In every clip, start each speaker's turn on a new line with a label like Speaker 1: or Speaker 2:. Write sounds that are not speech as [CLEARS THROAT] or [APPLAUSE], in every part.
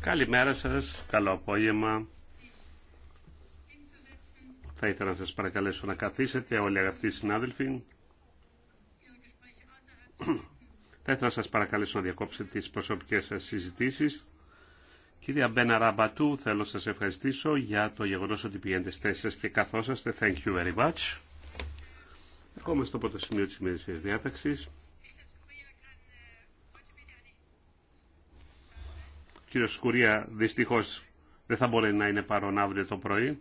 Speaker 1: Καλημέρα σας, καλό απόγευμα. Θα ήθελα να σας παρακαλέσω να καθίσετε όλοι αγαπητοί συνάδελφοι. Θα ήθελα να σας παρακαλέσω να διακόψετε τις προσωπικές σας συζητήσεις. Κυρία Μπένα Ραμπατού, θέλω να σας ευχαριστήσω για το γεγονός ότι πηγαίνετε στη θέση σας και καθόσαστε. Thank you very much. Ερχόμαστε στο πρώτο σημείο της ημερησίας διάταξης. κύριος Σκουρία δυστυχώς δεν θα μπορεί να είναι παρόν αύριο το πρωί.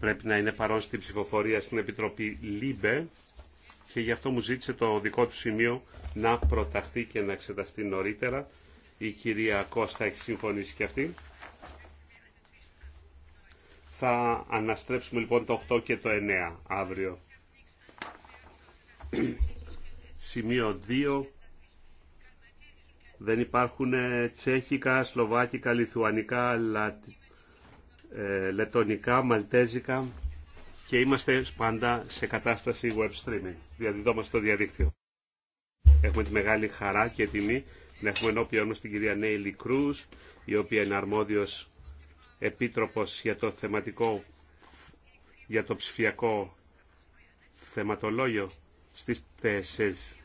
Speaker 1: Πρέπει να είναι παρόν στην ψηφοφορία στην Επιτροπή ΛΥΜΠΕ και γι' αυτό μου ζήτησε το δικό του σημείο να προταχθεί και να εξεταστεί νωρίτερα. Η κυρία Κώστα έχει συμφωνήσει και αυτή. Θα αναστρέψουμε λοιπόν το 8 και το 9 αύριο. Σημείο 2 δεν υπάρχουν ε, τσέχικα, σλοβάκικα, λιθουανικά, λα... Ε, λετονικά, μαλτέζικα και είμαστε πάντα σε κατάσταση web streaming. Διαδιδόμαστε το διαδίκτυο. Έχουμε τη μεγάλη χαρά και τιμή να έχουμε ενώπιον μας την κυρία Νέιλι Κρούς, η οποία είναι αρμόδιος επίτροπος για το θεματικό, για το ψηφιακό θεματολόγιο στις τέσσερις.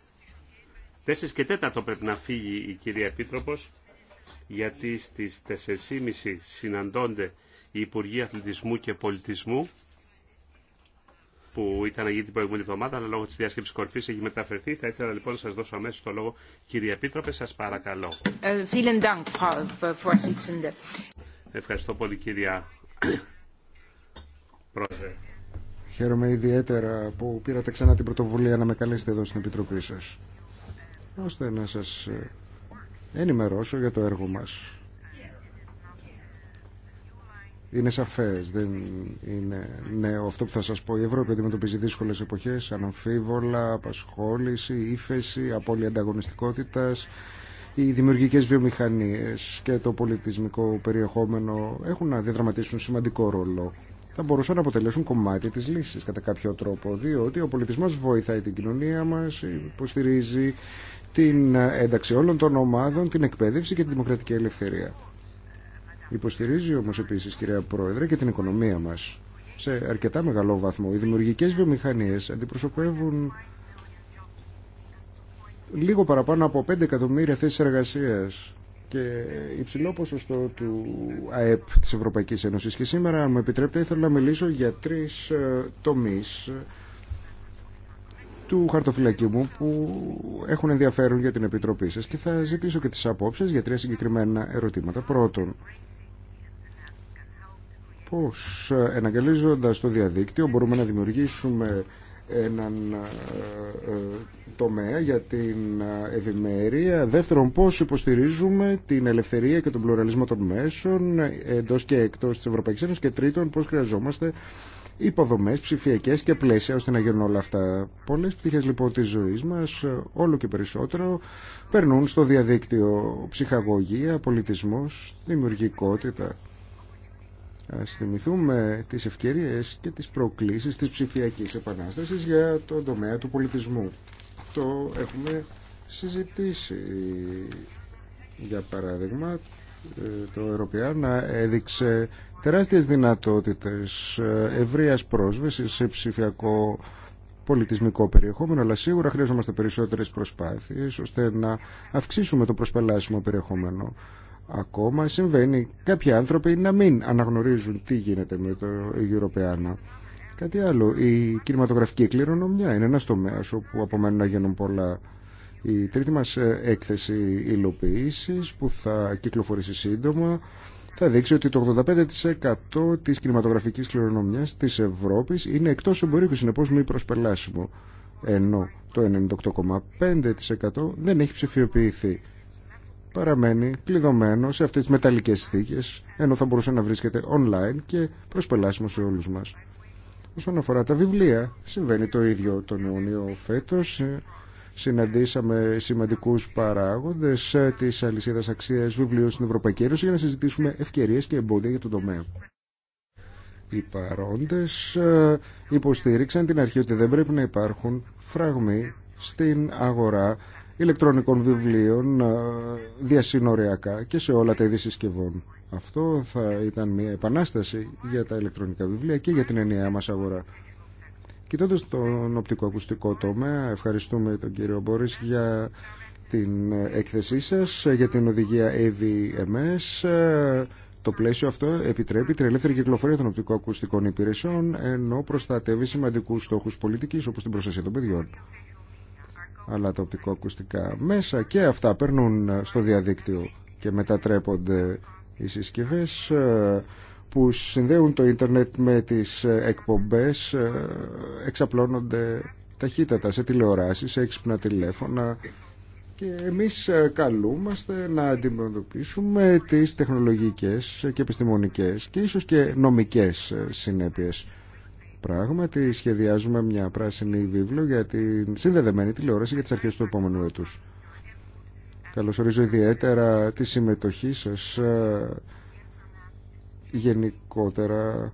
Speaker 1: 4 και 4 πρέπει να φύγει η κυρία Επίτροπος, γιατί στις 4.30 συναντώνται οι Υπουργοί Αθλητισμού και Πολιτισμού, που ήταν αγίτη την προηγούμενη εβδομάδα, αλλά λόγω της διάσκεψης κορφής έχει μεταφερθεί. Θα ήθελα λοιπόν να σας δώσω αμέσως το λόγο. Κυρία Επίτροπε, σας παρακαλώ. Ε, Ευχαριστώ πολύ κυρία Πρόεδρε.
Speaker 2: Χαίρομαι ιδιαίτερα που πήρατε ξανά την πρωτοβουλία να με καλέσετε εδώ στην Επιτροπή σας ώστε να σας ε, ενημερώσω για το έργο μας. Είναι σαφές, δεν είναι νέο αυτό που θα σας πω. Η Ευρώπη αντιμετωπίζει δύσκολες εποχές, αναμφίβολα, απασχόληση, ύφεση, απώλεια ανταγωνιστικότητας. Οι δημιουργικές βιομηχανίες και το πολιτισμικό περιεχόμενο έχουν να διαδραματίσουν σημαντικό ρόλο. Θα μπορούσαν να αποτελέσουν κομμάτι της λύσης κατά κάποιο τρόπο, διότι ο πολιτισμός βοηθάει την κοινωνία μας, υποστηρίζει την ένταξη όλων των ομάδων, την εκπαίδευση και τη δημοκρατική ελευθερία. Υποστηρίζει όμως επίσης, κυρία Πρόεδρε, και την οικονομία μας σε αρκετά μεγάλο βαθμό. Οι δημιουργικές βιομηχανίες αντιπροσωπεύουν λίγο παραπάνω από 5 εκατομμύρια θέσεις εργασίας και υψηλό ποσοστό του ΑΕΠ της Ευρωπαϊκής Ένωσης. Και σήμερα, αν μου επιτρέπετε, ήθελα να μιλήσω για τρεις ε, τομείς του χαρτοφυλακίου μου που έχουν ενδιαφέρον για την Επιτροπή σας και θα ζητήσω και τις απόψεις για τρία συγκεκριμένα ερωτήματα. Πρώτον, πώς ε, εναγκαλίζοντας το διαδίκτυο μπορούμε να δημιουργήσουμε έναν ε, ε, τομέα για την ευημερία. Δεύτερον, πώς υποστηρίζουμε την ελευθερία και τον πλουραλισμό των μέσων εντός και εκτός της Ευρωπαϊκής Ένωσης. Και τρίτον, πώς χρειαζόμαστε υποδομέ, ψηφιακέ και πλαίσια ώστε να γίνουν όλα αυτά. Πολλέ πτυχέ λοιπόν τη ζωής μας, όλο και περισσότερο, περνούν στο διαδίκτυο ψυχαγωγία, πολιτισμός, δημιουργικότητα. Α θυμηθούμε τις ευκαιρίε και τις προκλήσεις της ψηφιακής επανάσταση για τον τομέα του πολιτισμού. Το έχουμε συζητήσει για παράδειγμα ε, το να έδειξε τεράστιες δυνατότητες ε, ευρείας πρόσβεσης σε ψηφιακό πολιτισμικό περιεχόμενο, αλλά σίγουρα χρειαζόμαστε περισσότερες προσπάθειες ώστε να αυξήσουμε το προσπελάσιμο περιεχόμενο. Ακόμα συμβαίνει κάποιοι άνθρωποι να μην αναγνωρίζουν τι γίνεται με το Ευρωπαϊκό. Κάτι άλλο, η κινηματογραφική κληρονομιά είναι ένας τομέας όπου απομένουν να γίνουν πολλά η τρίτη μας ε, έκθεση υλοποίηση που θα κυκλοφορήσει σύντομα θα δείξει ότι το 85% της κινηματογραφικής κληρονομιάς της Ευρώπης είναι εκτός εμπορίου συνεπώς μη προσπελάσιμο ενώ το 98,5% δεν έχει ψηφιοποιηθεί. Παραμένει κλειδωμένο σε αυτές τις μεταλλικές θήκες ενώ θα μπορούσε να βρίσκεται online και προσπελάσιμο σε όλους μας. Όσον αφορά τα βιβλία, συμβαίνει το ίδιο τον Ιούνιο φέτος. Ε, συναντήσαμε σημαντικούς παράγοντες ε, της αλυσίδας αξίας βιβλίων στην Ευρωπαϊκή Ένωση για να συζητήσουμε ευκαιρίες και εμπόδια για τον τομέα. Οι παρόντες ε, υποστήριξαν την αρχή ότι δεν πρέπει να υπάρχουν φραγμοί στην αγορά ηλεκτρονικών βιβλίων ε, διασυνοριακά και σε όλα τα είδη συσκευών. Αυτό θα ήταν μια επανάσταση για τα ηλεκτρονικά βιβλία και για την ενιαία μας αγορά. Κοιτώντα τον οπτικοακουστικό τομέα, ευχαριστούμε τον κύριο Μπόρι για την έκθεσή σας για την οδηγία AVMS. Το πλαίσιο αυτό επιτρέπει την ελεύθερη κυκλοφορία των οπτικοακουστικών υπηρεσιών, ενώ προστατεύει σημαντικού στόχου πολιτική όπω την προστασία των παιδιών. Αλλά τα οπτικοακουστικά μέσα και αυτά περνούν στο διαδίκτυο και μετατρέπονται οι συσκευές που συνδέουν το ίντερνετ με τις ε, εκπομπές ε, εξαπλώνονται ταχύτατα σε τηλεοράσεις, σε έξυπνα τηλέφωνα και εμείς ε, καλούμαστε να αντιμετωπίσουμε τις τεχνολογικές και επιστημονικές και ίσως και νομικές συνέπειες. Πράγματι σχεδιάζουμε μια πράσινη βίβλο για τη συνδεδεμένη τηλεόραση για τις αρχές του επόμενου έτους. ορίζω ιδιαίτερα τη συμμετοχή σας γενικότερα,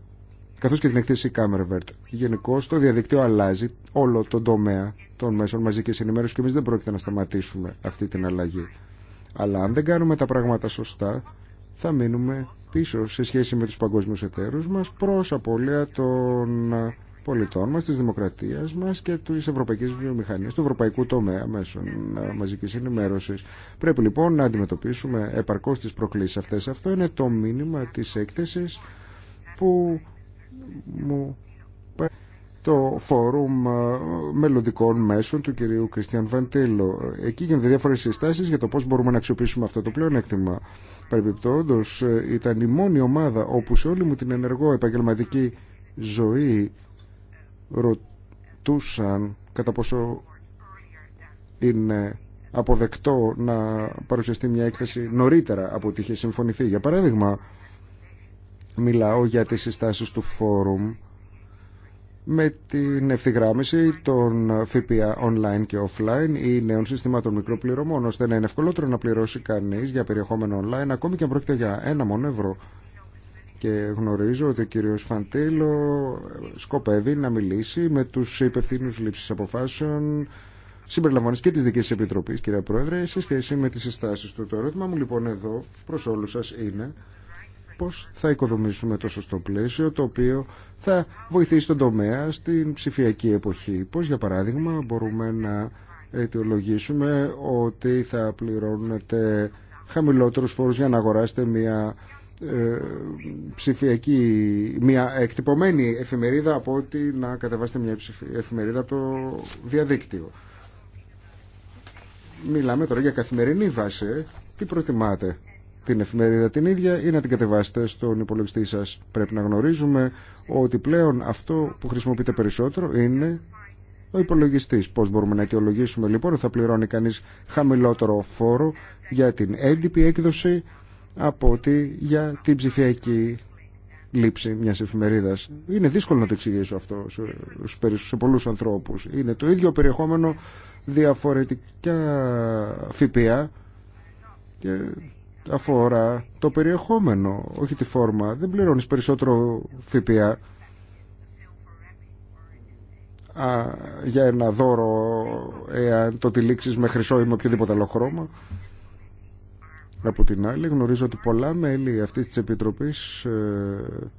Speaker 2: καθώς και την εκθέση Κάμερβερτ. Γενικώ το διαδικτύο αλλάζει όλο τον τομέα των μέσων μαζική ενημέρωση και εμεί δεν πρόκειται να σταματήσουμε αυτή την αλλαγή. Αλλά αν δεν κάνουμε τα πράγματα σωστά, θα μείνουμε πίσω σε σχέση με τους παγκόσμιους εταίρους μας προς απώλεια των πολιτών μας, της δημοκρατίας μας και της ευρωπαϊκής βιομηχανίας, του ευρωπαϊκού τομέα μέσων ε, μαζική ενημέρωση. Πρέπει λοιπόν να αντιμετωπίσουμε επαρκώς τις προκλήσεις αυτές. Αυτό είναι το μήνυμα τη έκθεση που μου το φόρουμ ε, μελλοντικών μέσων του κυρίου Κριστιαν Βαντήλο. Εκεί γίνονται διάφορε συστάσει για το πώ μπορούμε να αξιοποιήσουμε αυτό το πλεονέκτημα. Παρεμπιπτόντω, ε, ήταν η μόνη ομάδα όπου σε όλη μου την ενεργό επαγγελματική ζωή ρωτούσαν κατά πόσο είναι αποδεκτό να παρουσιαστεί μια έκθεση νωρίτερα από ό,τι είχε συμφωνηθεί. Για παράδειγμα, μιλάω για τις συστάσεις του φόρουμ με την ευθυγράμμιση των ΦΠΑ online και offline ή νέων συστημάτων μικροπληρωμών, ώστε να είναι ευκολότερο να πληρώσει κανείς για περιεχόμενο online, ακόμη και αν πρόκειται για ένα μόνο ευρώ και γνωρίζω ότι ο κύριος Φαντήλο σκοπεύει να μιλήσει με τους υπευθύνους λήψης αποφάσεων συμπεριλαμβάνεις και της Δικής Επιτροπής, κύριε Πρόεδρε, σε σχέση με τις συστάσεις του. Το ερώτημα μου λοιπόν εδώ προς όλους σας είναι πώς θα οικοδομήσουμε το σωστό πλαίσιο το οποίο θα βοηθήσει τον τομέα στην ψηφιακή εποχή. Πώς για παράδειγμα μπορούμε να αιτιολογήσουμε ότι θα πληρώνετε χαμηλότερους φόρους για να αγοράσετε μια ε, ψηφιακή, μια εκτυπωμένη εφημερίδα από ότι να κατεβάσετε μια εφημερίδα από το διαδίκτυο. Μιλάμε τώρα για καθημερινή βάση. Τι προτιμάτε, την εφημερίδα την ίδια ή να την κατεβάσετε στον υπολογιστή σας. Πρέπει να γνωρίζουμε ότι πλέον αυτό που χρησιμοποιείται περισσότερο είναι ο υπολογιστής. Πώς μπορούμε να αιτιολογήσουμε λοιπόν ότι θα πληρώνει κανεί χαμηλότερο φόρο για την έντυπη έκδοση από ότι για την ψηφιακή λήψη μια εφημερίδα. Είναι δύσκολο να το εξηγήσω αυτό σε, σε πολλού ανθρώπου. Είναι το ίδιο περιεχόμενο, διαφορετικά ΦΠΑ και αφορά το περιεχόμενο, όχι τη φόρμα. Δεν πληρώνει περισσότερο ΦΠΑ για ένα δώρο εάν το τυλίξεις με χρυσό ή με οποιοδήποτε άλλο χρώμα. Από την άλλη γνωρίζω ότι πολλά μέλη αυτής της Επιτροπής ε,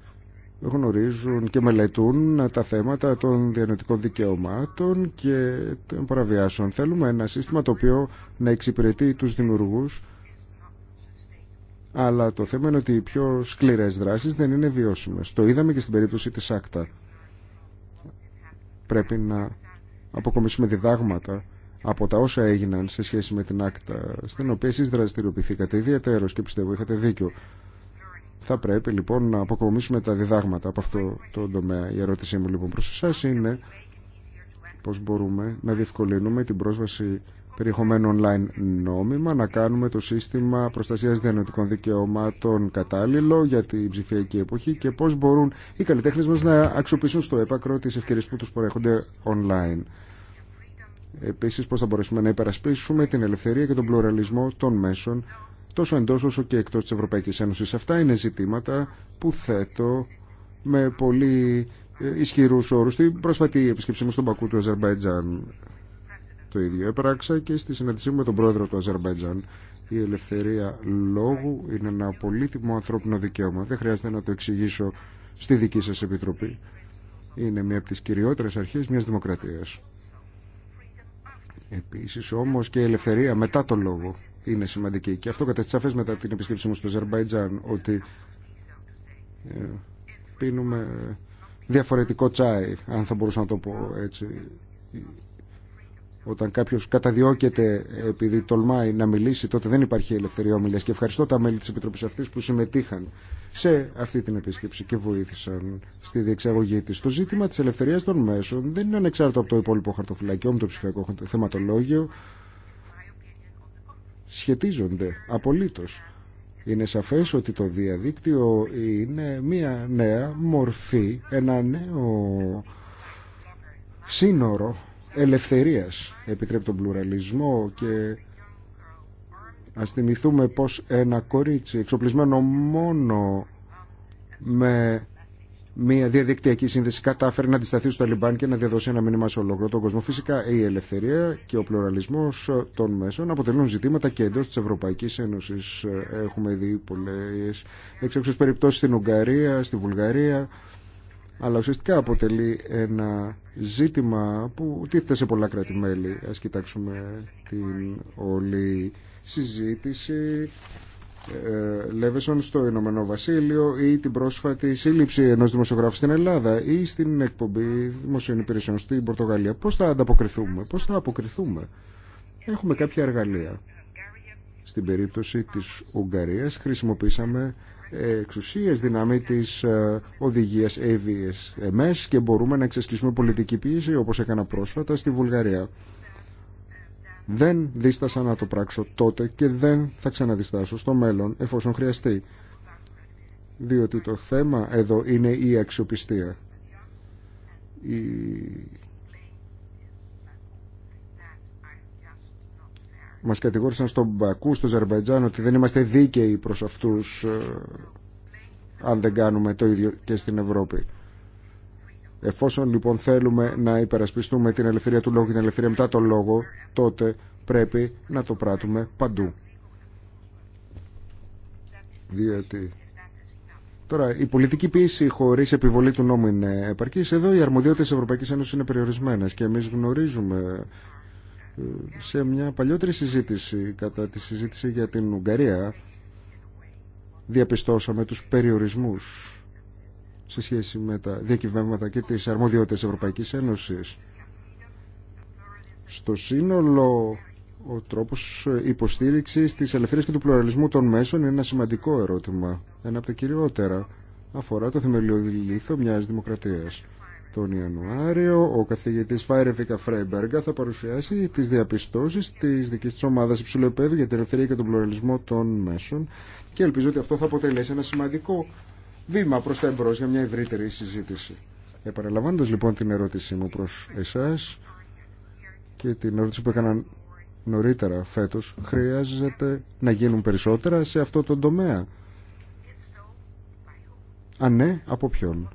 Speaker 2: γνωρίζουν και μελετούν τα θέματα των διανοητικών δικαιωμάτων και των παραβιάσεων. Θέλουμε ένα σύστημα το οποίο να εξυπηρετεί τους δημιουργούς αλλά το θέμα είναι ότι οι πιο σκληρές δράσεις δεν είναι βιώσιμες. Το είδαμε και στην περίπτωση της Άκτα. Πρέπει να αποκομίσουμε διδάγματα από τα όσα έγιναν σε σχέση με την άκτα στην οποία εσείς δραστηριοποιηθήκατε ιδιαίτερο και πιστεύω είχατε δίκιο. Θα πρέπει λοιπόν να αποκομίσουμε τα διδάγματα από αυτό το τομέα. Η ερώτησή μου λοιπόν προς εσάς είναι πώς μπορούμε να διευκολύνουμε την πρόσβαση περιεχομένου online νόμιμα, να κάνουμε το σύστημα προστασίας διανοητικών δικαιωμάτων κατάλληλο για την ψηφιακή εποχή και πώς μπορούν οι καλλιτέχνες μας να αξιοποιήσουν στο έπακρο τις ευκαιρίες που τους προέρχονται online. Επίσης πώς θα μπορέσουμε να υπερασπίσουμε την ελευθερία και τον πλουραλισμό των μέσων τόσο εντός όσο και εκτός της Ευρωπαϊκής Ένωσης. Αυτά είναι ζητήματα που θέτω με πολύ ε, ισχυρούς όρους στην πρόσφατη επισκέψη μου στον Πακού του Αζερμπαϊτζάν. Το ίδιο έπραξα και στη συναντησή μου με τον πρόεδρο του Αζερμπαϊτζάν. Η ελευθερία λόγου είναι ένα πολύτιμο ανθρώπινο δικαίωμα. Δεν χρειάζεται να το εξηγήσω στη δική σα επιτροπή. Είναι μία από τις κυριότερες αρχές μιας δημοκρατίας. Επίσης όμως και η ελευθερία μετά τον λόγο είναι σημαντική. Και αυτό σαφές μετά την επισκέψη μου στο Αζερμπαϊτζάν ότι ε, πίνουμε ε, διαφορετικό τσάι, αν θα μπορούσα να το πω έτσι. Όταν κάποιο καταδιώκεται επειδή τολμάει να μιλήσει, τότε δεν υπάρχει ελευθερία ομιλία. Και ευχαριστώ τα μέλη τη Επιτροπή αυτή που συμμετείχαν σε αυτή την επίσκεψη και βοήθησαν στη διεξαγωγή τη. Το ζήτημα τη ελευθερία των μέσων δεν είναι ανεξάρτητο από το υπόλοιπο χαρτοφυλακιό με το ψηφιακό θεματολόγιο. Σχετίζονται απολύτω. Είναι σαφέ ότι το διαδίκτυο είναι μια νέα μορφή, ένα νέο σύνορο ελευθερίας επιτρέπει τον πλουραλισμό και ας θυμηθούμε πως ένα κορίτσι εξοπλισμένο μόνο με μια διαδικτυακή σύνδεση κατάφερε να αντισταθεί στο Ταλιμπάν και να διαδώσει ένα μήνυμα σε ολόκληρο τον κόσμο. Φυσικά η ελευθερία και ο πλουραλισμό των μέσων αποτελούν ζητήματα και εντό τη Ευρωπαϊκή Ένωση. Έχουμε δει πολλέ εξέξω περιπτώσει στην Ουγγαρία, στη Βουλγαρία αλλά ουσιαστικά αποτελεί ένα ζήτημα που τίθεται σε πολλά κράτη-μέλη. Ας κοιτάξουμε την όλη συζήτηση ε, Λέβεσον στο Ηνωμένο Βασίλειο ή την πρόσφατη σύλληψη ενός δημοσιογράφου στην Ελλάδα ή στην εκπομπή δημοσίων υπηρεσιών στην Πορτογαλία. Πώς θα ανταποκριθούμε, πώς θα αποκριθούμε. Έχουμε κάποια εργαλεία. Στην περίπτωση της Ουγγαρίας χρησιμοποίησαμε εξουσίες δυναμή της ε, οδηγίας AVS και μπορούμε να εξασκήσουμε πολιτική πίεση όπως έκανα πρόσφατα στη Βουλγαρία. Δεν δίστασα να το πράξω τότε και δεν θα ξαναδιστάσω στο μέλλον εφόσον χρειαστεί. Διότι το θέμα εδώ είναι η αξιοπιστία. Μας κατηγόρησαν στον Πακού, στο Ζαρμπαϊτζάν ότι δεν είμαστε δίκαιοι προς αυτούς ε, αν δεν κάνουμε το ίδιο και στην Ευρώπη. Εφόσον λοιπόν θέλουμε να υπερασπιστούμε την ελευθερία του λόγου και την ελευθερία μετά τον λόγο, τότε πρέπει να το πράττουμε παντού. Διότι... Τώρα, η πολιτική πίεση χωρί επιβολή του νόμου είναι επαρκή. Εδώ οι αρμοδιότητε τη Ευρωπαϊκή Ένωση είναι περιορισμένε και εμεί γνωρίζουμε σε μια παλιότερη συζήτηση, κατά τη συζήτηση για την Ουγγαρία, διαπιστώσαμε τους περιορισμούς σε σχέση με τα διακυβεύματα και τις αρμοδιότητες Ευρωπαϊκής Ένωσης. Στο σύνολο, ο τρόπος υποστήριξης της ελευθερίας και του πλουραλισμού των μέσων είναι ένα σημαντικό ερώτημα. Ένα από τα κυριότερα αφορά το θεμελιωδή λίθο μιας δημοκρατίας. Τον Ιανουάριο ο καθηγητής Φάιρεφικα Φρέιμπεργκα θα παρουσιάσει τις διαπιστώσεις της δικής της ομάδας υψηλοεπέδου για την ελευθερία και τον πλουραλισμό των μέσων και ελπίζω ότι αυτό θα αποτελέσει ένα σημαντικό βήμα προς τα εμπρός για μια ευρύτερη συζήτηση. Επαναλαμβάνοντας λοιπόν την ερώτησή μου προς εσάς και την ερώτηση που έκαναν νωρίτερα φέτος, χρειάζεται να γίνουν περισσότερα σε αυτό το τομέα. Αν ναι, από ποιον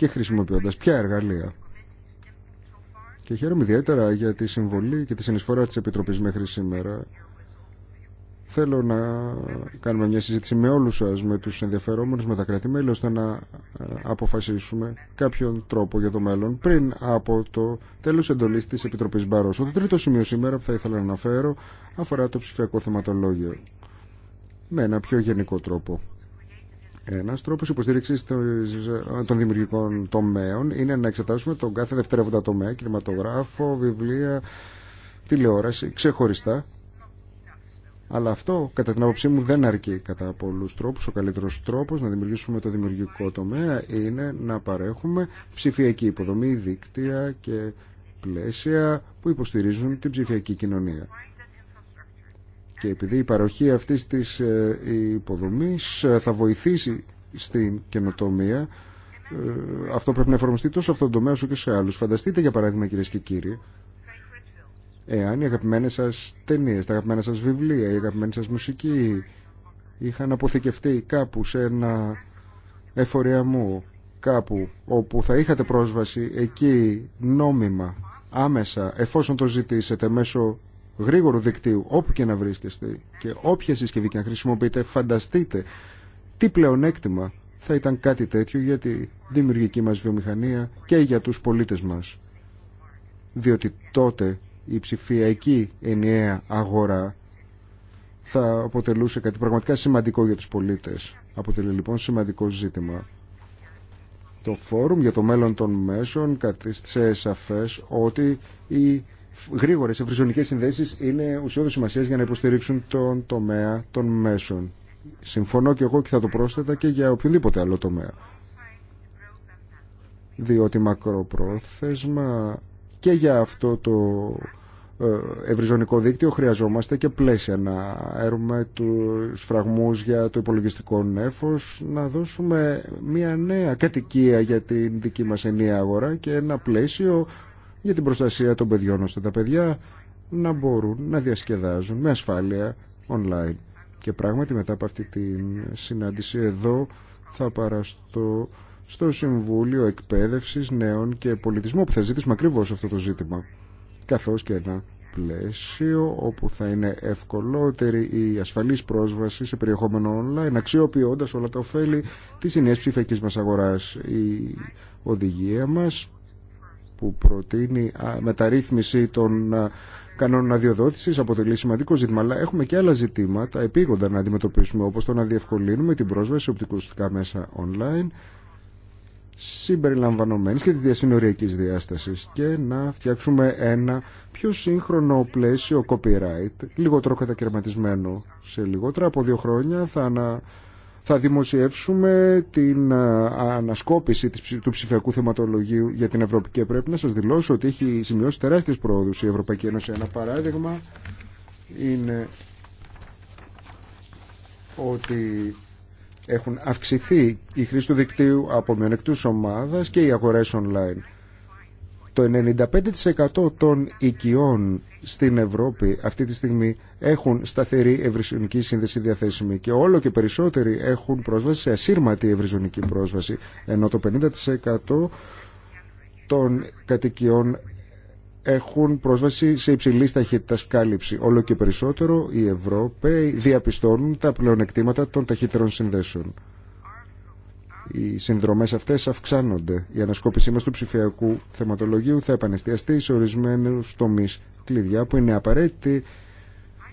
Speaker 2: και χρησιμοποιώντας ποια εργαλεία. Και χαίρομαι ιδιαίτερα για τη συμβολή και τη συνεισφορά της Επιτροπής μέχρι σήμερα. Θέλω να κάνουμε μια συζήτηση με όλους σας, με τους ενδιαφερόμενους, με τα κρατημέλη, ώστε να ε, αποφασίσουμε κάποιον τρόπο για το μέλλον πριν από το τέλος εντολής της Επιτροπής Μπαρόσο. Το τρίτο σημείο σήμερα που θα ήθελα να αναφέρω αφορά το ψηφιακό θεματολόγιο με ένα πιο γενικό τρόπο. Ένα τρόπο υποστηρίξη των δημιουργικών τομέων είναι να εξετάσουμε τον κάθε δευτερεύοντα τομέα, κινηματογράφο, βιβλία, τηλεόραση, ξεχωριστά. Αλλά αυτό, κατά την άποψή μου, δεν αρκεί κατά πολλού τρόπου. Ο καλύτερο τρόπο να δημιουργήσουμε το δημιουργικό τομέα είναι να παρέχουμε ψηφιακή υποδομή, δίκτυα και πλαίσια που υποστηρίζουν την ψηφιακή κοινωνία. Και επειδή η παροχή αυτής της ε, υποδομής ε, θα βοηθήσει στην καινοτομία, ε, αυτό πρέπει να εφαρμοστεί τόσο αυτόν τον τομέα όσο και σε άλλους. Φανταστείτε για παράδειγμα κυρίε και κύριοι, εάν οι αγαπημένες σας ταινίες, τα αγαπημένα σας βιβλία, η αγαπημένη σας μουσική είχαν αποθηκευτεί κάπου σε ένα μου κάπου όπου θα είχατε πρόσβαση εκεί νόμιμα, άμεσα, εφόσον το ζητήσετε μέσω γρήγορου δικτύου όπου και να βρίσκεστε και όποια συσκευή και να χρησιμοποιείτε φανταστείτε τι πλεονέκτημα θα ήταν κάτι τέτοιο για τη δημιουργική μας βιομηχανία και για τους πολίτες μας. Διότι τότε η ψηφιακή ενιαία αγορά θα αποτελούσε κάτι πραγματικά σημαντικό για τους πολίτες. Αποτελεί λοιπόν σημαντικό ζήτημα. Το φόρουμ για το μέλλον των μέσων κατήστησε σαφές ότι η γρήγορε ευρυζωνικέ συνδέσει είναι ουσιώδη σημασία για να υποστηρίξουν τον τομέα των μέσων. Συμφωνώ και εγώ και θα το πρόσθετα και για οποιοδήποτε άλλο τομέα. Διότι μακροπρόθεσμα και για αυτό το ε, ευρυζωνικό δίκτυο χρειαζόμαστε και πλαίσια να έρουμε του φραγμούς για το υπολογιστικό νέφος να δώσουμε μια νέα κατοικία για την δική μας ενία αγορά και ένα πλαίσιο για την προστασία των παιδιών ώστε τα παιδιά να μπορούν να διασκεδάζουν με ασφάλεια online. Και πράγματι μετά από αυτή τη συνάντηση εδώ θα παραστώ στο Συμβούλιο Εκπαίδευσης Νέων και Πολιτισμού που θα ζητήσουμε ακριβώ αυτό το ζήτημα. Καθώς και ένα πλαίσιο όπου θα είναι ευκολότερη η ασφαλής πρόσβαση σε περιεχόμενο online αξιοποιώντα όλα τα ωφέλη της νέας ψηφιακής μας αγοράς. Η οδηγία μας που προτείνει μεταρρύθμιση των κανόνων αδειοδότησης αποτελεί σημαντικό ζήτημα, αλλά έχουμε και άλλα ζητήματα επίγοντα να αντιμετωπίσουμε, όπως το να διευκολύνουμε την πρόσβαση σε οπτικοστικά μέσα online, συμπεριλαμβανομένης και τη διασυνοριακή διάστασης και να φτιάξουμε ένα πιο σύγχρονο πλαίσιο copyright, λιγότερο κατακαιρματισμένο. Σε λιγότερα από δύο χρόνια θα ανα θα δημοσιεύσουμε την ε, ανασκόπηση του ψηφιακού θεματολογίου για την Ευρωπαϊκή και πρέπει να σας δηλώσω ότι έχει σημειώσει τεράστιες πρόοδους η Ευρωπαϊκή Ένωση. Ένα παράδειγμα είναι ότι έχουν αυξηθεί η χρήση του δικτύου από μειονεκτούς ομάδας και οι αγορές online. Το 95% των οικειών στην Ευρώπη αυτή τη στιγμή έχουν σταθερή ευρυζωνική σύνδεση διαθέσιμη και όλο και περισσότεροι έχουν πρόσβαση σε ασύρματη ευρυζωνική πρόσβαση, ενώ το 50% των κατοικιών έχουν πρόσβαση σε υψηλή ταχύτητα κάλυψη. Όλο και περισσότερο οι Ευρώπαιοι διαπιστώνουν τα πλεονεκτήματα των ταχύτερων συνδέσεων. Οι συνδρομέ αυτέ αυξάνονται. Η ανασκόπησή μα του ψηφιακού θεματολογίου θα επανεστιαστεί σε ορισμένου τομείς κλειδιά που είναι απαραίτητοι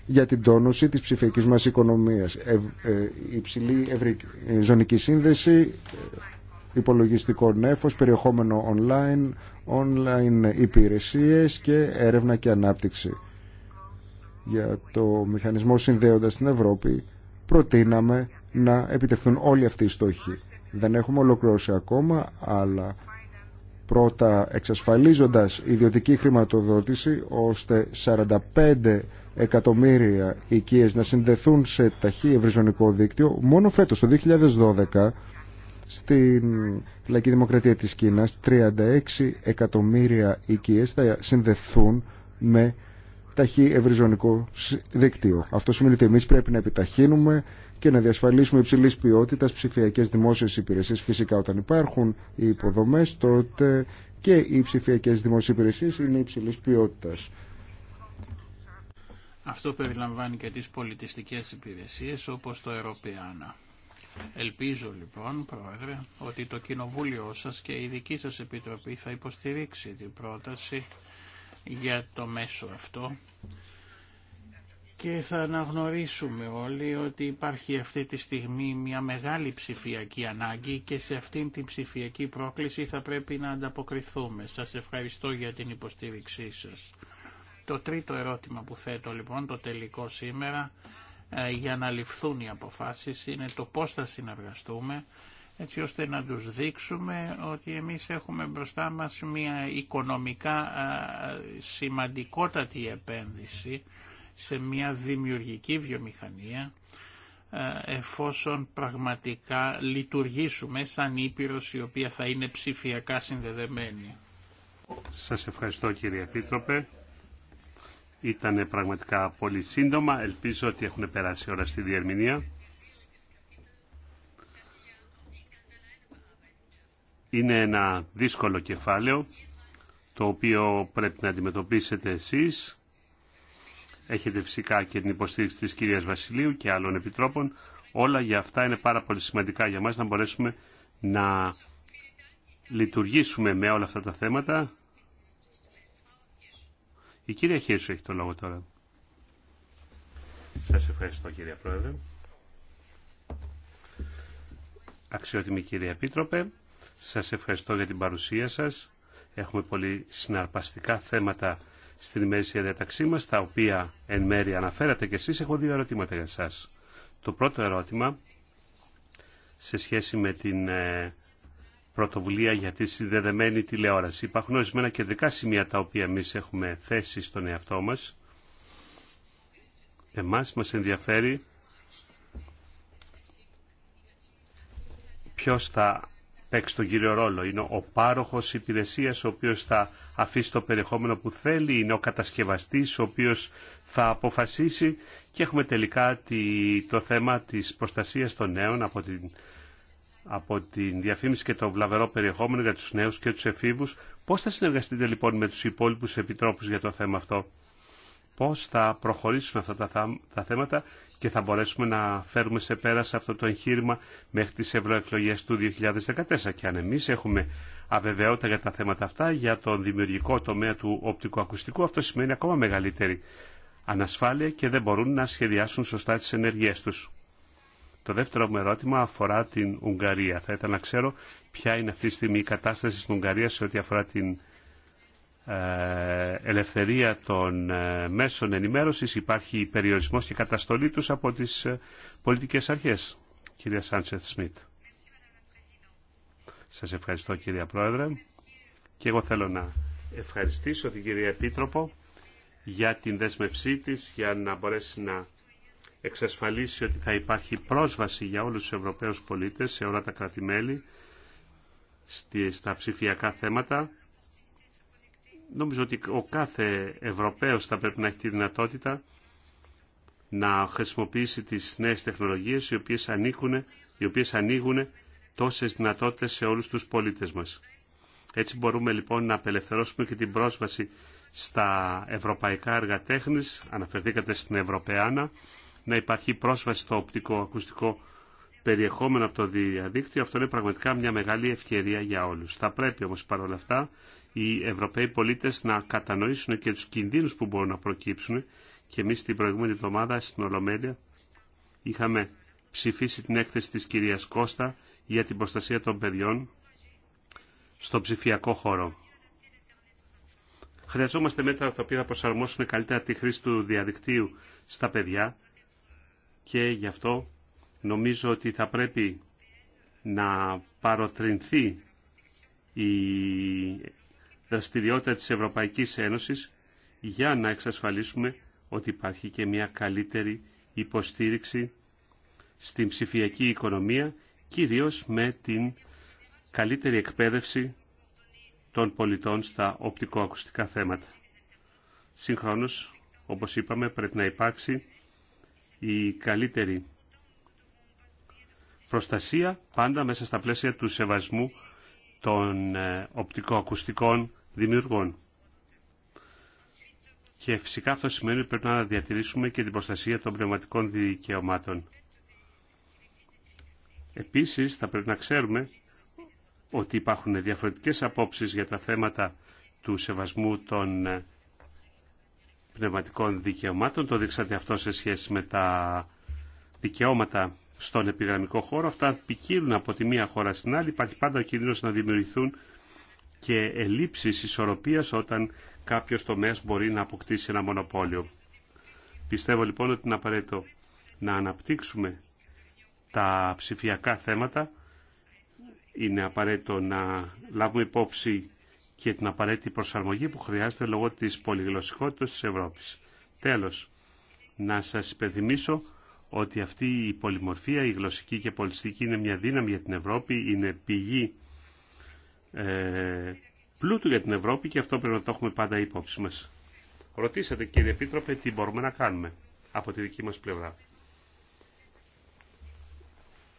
Speaker 2: για την τόνωση της ψηφιακής μας οικονομίας. η ε, υψηλή ευρυ, ε, ζωνική σύνδεση, ε, υπολογιστικό νέφος, περιεχόμενο online, online υπηρεσίες και έρευνα και ανάπτυξη. Για το μηχανισμό συνδέοντας την Ευρώπη προτείναμε να επιτευχθούν όλοι αυτοί οι στόχοι. Δεν έχουμε ολοκληρώσει ακόμα, αλλά πρώτα εξασφαλίζοντας ιδιωτική χρηματοδότηση ώστε 45 εκατομμύρια οικίες να συνδεθούν σε ταχύ ευρυζωνικό δίκτυο μόνο φέτος το 2012 στην Λαϊκή Δημοκρατία της Κίνας 36 εκατομμύρια οικίες θα συνδεθούν με ταχύ ευρυζωνικό δίκτυο. Αυτό σημαίνει ότι εμείς πρέπει να επιταχύνουμε και να διασφαλίσουμε υψηλής ποιότητας ψηφιακές δημόσιες υπηρεσίες. Φυσικά όταν υπάρχουν οι υποδομές τότε και οι ψηφιακές δημόσιες υπηρεσίες είναι υψηλής ποιότητας.
Speaker 3: Αυτό περιλαμβάνει και τις πολιτιστικές υπηρεσίες όπως το Ευρωπαϊκό. Ελπίζω λοιπόν, Πρόεδρε, ότι το Κοινοβούλιο σας και η δική σας Επιτροπή θα υποστηρίξει την πρόταση για το μέσο αυτό και θα αναγνωρίσουμε όλοι ότι υπάρχει αυτή τη στιγμή μια μεγάλη ψηφιακή ανάγκη και σε αυτήν την ψηφιακή πρόκληση θα πρέπει να ανταποκριθούμε. Σας ευχαριστώ για την υποστήριξή σας. Το τρίτο ερώτημα που θέτω λοιπόν, το τελικό σήμερα, ε, για να ληφθούν οι αποφάσεις είναι το πώς θα συνεργαστούμε έτσι ώστε να τους δείξουμε ότι εμείς έχουμε μπροστά μας μια οικονομικά ε, σημαντικότατη επένδυση σε μια δημιουργική βιομηχανία ε, εφόσον πραγματικά λειτουργήσουμε σαν Ήπειρος η οποία θα είναι ψηφιακά συνδεδεμένη.
Speaker 1: Σας ευχαριστώ κύριε Επίτροπε. Ήταν πραγματικά πολύ σύντομα. Ελπίζω ότι έχουν περάσει ώρα στη διερμηνία. Είναι ένα δύσκολο κεφάλαιο το οποίο πρέπει να αντιμετωπίσετε εσείς Έχετε φυσικά και την υποστήριξη της κυρίας Βασιλείου και άλλων επιτρόπων. Όλα για αυτά είναι πάρα πολύ σημαντικά για μας να μπορέσουμε να λειτουργήσουμε με όλα αυτά τα θέματα. Η κυρία Χέσου έχει το λόγο τώρα. Σας ευχαριστώ κυρία Πρόεδρε. Αξιότιμη κυρία Επίτροπε, σας ευχαριστώ για την παρουσία σας. Έχουμε πολύ συναρπαστικά θέματα στην ημερήσια διαταξή μας, τα οποία εν μέρει αναφέρατε και εσείς. Έχω δύο ερωτήματα για εσάς. Το πρώτο ερώτημα, σε σχέση με την ε, πρωτοβουλία για τη συνδεδεμένη τηλεόραση. Υπάρχουν ορισμένα κεντρικά σημεία τα οποία εμεί έχουμε θέσει στον εαυτό μας. Εμάς μας ενδιαφέρει ποιος θα παίξει τον κύριο ρόλο. Είναι ο πάροχο υπηρεσία, ο οποίο θα αφήσει το περιεχόμενο που θέλει, είναι ο κατασκευαστής ο οποίο θα αποφασίσει και έχουμε τελικά το θέμα της προστασίας των νέων από την, από την διαφήμιση και το βλαβερό περιεχόμενο για τους νέους και τους εφήβους. Πώς θα συνεργαστείτε λοιπόν με του υπόλοιπου επιτρόπους για το θέμα αυτό πώς θα προχωρήσουν αυτά τα, θέματα και θα μπορέσουμε να φέρουμε σε πέρα σε αυτό το εγχείρημα μέχρι τις ευρωεκλογέ του 2014. Και αν εμείς έχουμε αβεβαιότητα για τα θέματα αυτά, για τον δημιουργικό τομέα του οπτικοακουστικού, αυτό σημαίνει ακόμα μεγαλύτερη ανασφάλεια και δεν μπορούν να σχεδιάσουν σωστά τις ενέργειές τους. Το δεύτερο μου ερώτημα αφορά την Ουγγαρία. Θα ήθελα να ξέρω ποια είναι αυτή τη στιγμή η κατάσταση στην Ουγγαρία σε ό,τι αφορά την ε, ελευθερία των ε, μέσων ενημέρωσης, υπάρχει περιορισμός και καταστολή τους από τις ε, πολιτικές αρχές. Κυρία Σάντσεθ Σμιτ. Σας ευχαριστώ κυρία Πρόεδρε και εγώ θέλω να ευχαριστήσω την κυρία Επίτροπο για την δέσμευσή της για να μπορέσει να εξασφαλίσει ότι θα υπάρχει πρόσβαση για όλους τους Ευρωπαίους πολίτες σε όλα τα κράτη-μέλη στα ψηφιακά θέματα Νομίζω ότι ο κάθε Ευρωπαίος θα πρέπει να έχει τη δυνατότητα να χρησιμοποιήσει τις νέες τεχνολογίες οι οποίες, οι οποίες ανοίγουν τόσες δυνατότητες σε όλους τους πολίτες μας. Έτσι μπορούμε λοιπόν να απελευθερώσουμε και την πρόσβαση στα ευρωπαϊκά έργα τέχνης, αναφερθήκατε στην Ευρωπαϊάνα, να υπάρχει πρόσβαση στο οπτικό-ακουστικό περιεχόμενο από το διαδίκτυο. Αυτό είναι πραγματικά μια μεγάλη ευκαιρία για όλους. Θα πρέπει όμως παρόλα αυτά οι Ευρωπαίοι πολίτες να κατανοήσουν και τους κινδύνους που μπορούν να προκύψουν και εμείς την προηγούμενη εβδομάδα στην Ολομέλεια είχαμε ψηφίσει την έκθεση της κυρίας Κώστα για την προστασία των παιδιών στο ψηφιακό χώρο. Χρειαζόμαστε μέτρα τα οποία θα προσαρμόσουν καλύτερα τη χρήση του διαδικτύου στα παιδιά και γι' αυτό νομίζω ότι θα πρέπει να παροτρινθεί η δραστηριότητα της Ευρωπαϊκής Ένωσης για να εξασφαλίσουμε ότι υπάρχει και μια καλύτερη υποστήριξη στην ψηφιακή οικονομία, κυρίως με την καλύτερη εκπαίδευση των πολιτών στα οπτικοακουστικά θέματα. Συγχρόνως, όπως είπαμε, πρέπει να υπάρξει η καλύτερη προστασία πάντα μέσα στα πλαίσια του σεβασμού των ε, οπτικοακουστικών δημιουργών. Και φυσικά αυτό σημαίνει ότι πρέπει να διατηρήσουμε και την προστασία των πνευματικών δικαιωμάτων. Επίσης θα πρέπει να ξέρουμε ότι υπάρχουν διαφορετικές απόψεις για τα θέματα του σεβασμού των ε, πνευματικών δικαιωμάτων. Το δείξατε αυτό σε σχέση με τα δικαιώματα στον επιγραμμικό χώρο. Αυτά ποικίλουν από τη μία χώρα στην άλλη. Υπάρχει πάντα ο κίνδυνος να δημιουργηθούν και ελλείψεις ισορροπίας όταν κάποιος τομέας μπορεί να αποκτήσει ένα μονοπόλιο. Πιστεύω λοιπόν ότι είναι απαραίτητο να αναπτύξουμε τα ψηφιακά θέματα. Είναι απαραίτητο να λάβουμε υπόψη και την απαραίτητη προσαρμογή που χρειάζεται λόγω της πολυγλωσσικότητας της Ευρώπης. Τέλος, να σας υπενθυμίσω ότι αυτή η πολυμορφία, η γλωσσική και η πολιστική είναι μια δύναμη για την Ευρώπη, είναι πηγή ε, πλούτου για την Ευρώπη και αυτό πρέπει να το έχουμε πάντα υπόψη μας. Ρωτήσατε κύριε Επίτροπε τι μπορούμε να κάνουμε από τη δική μας πλευρά.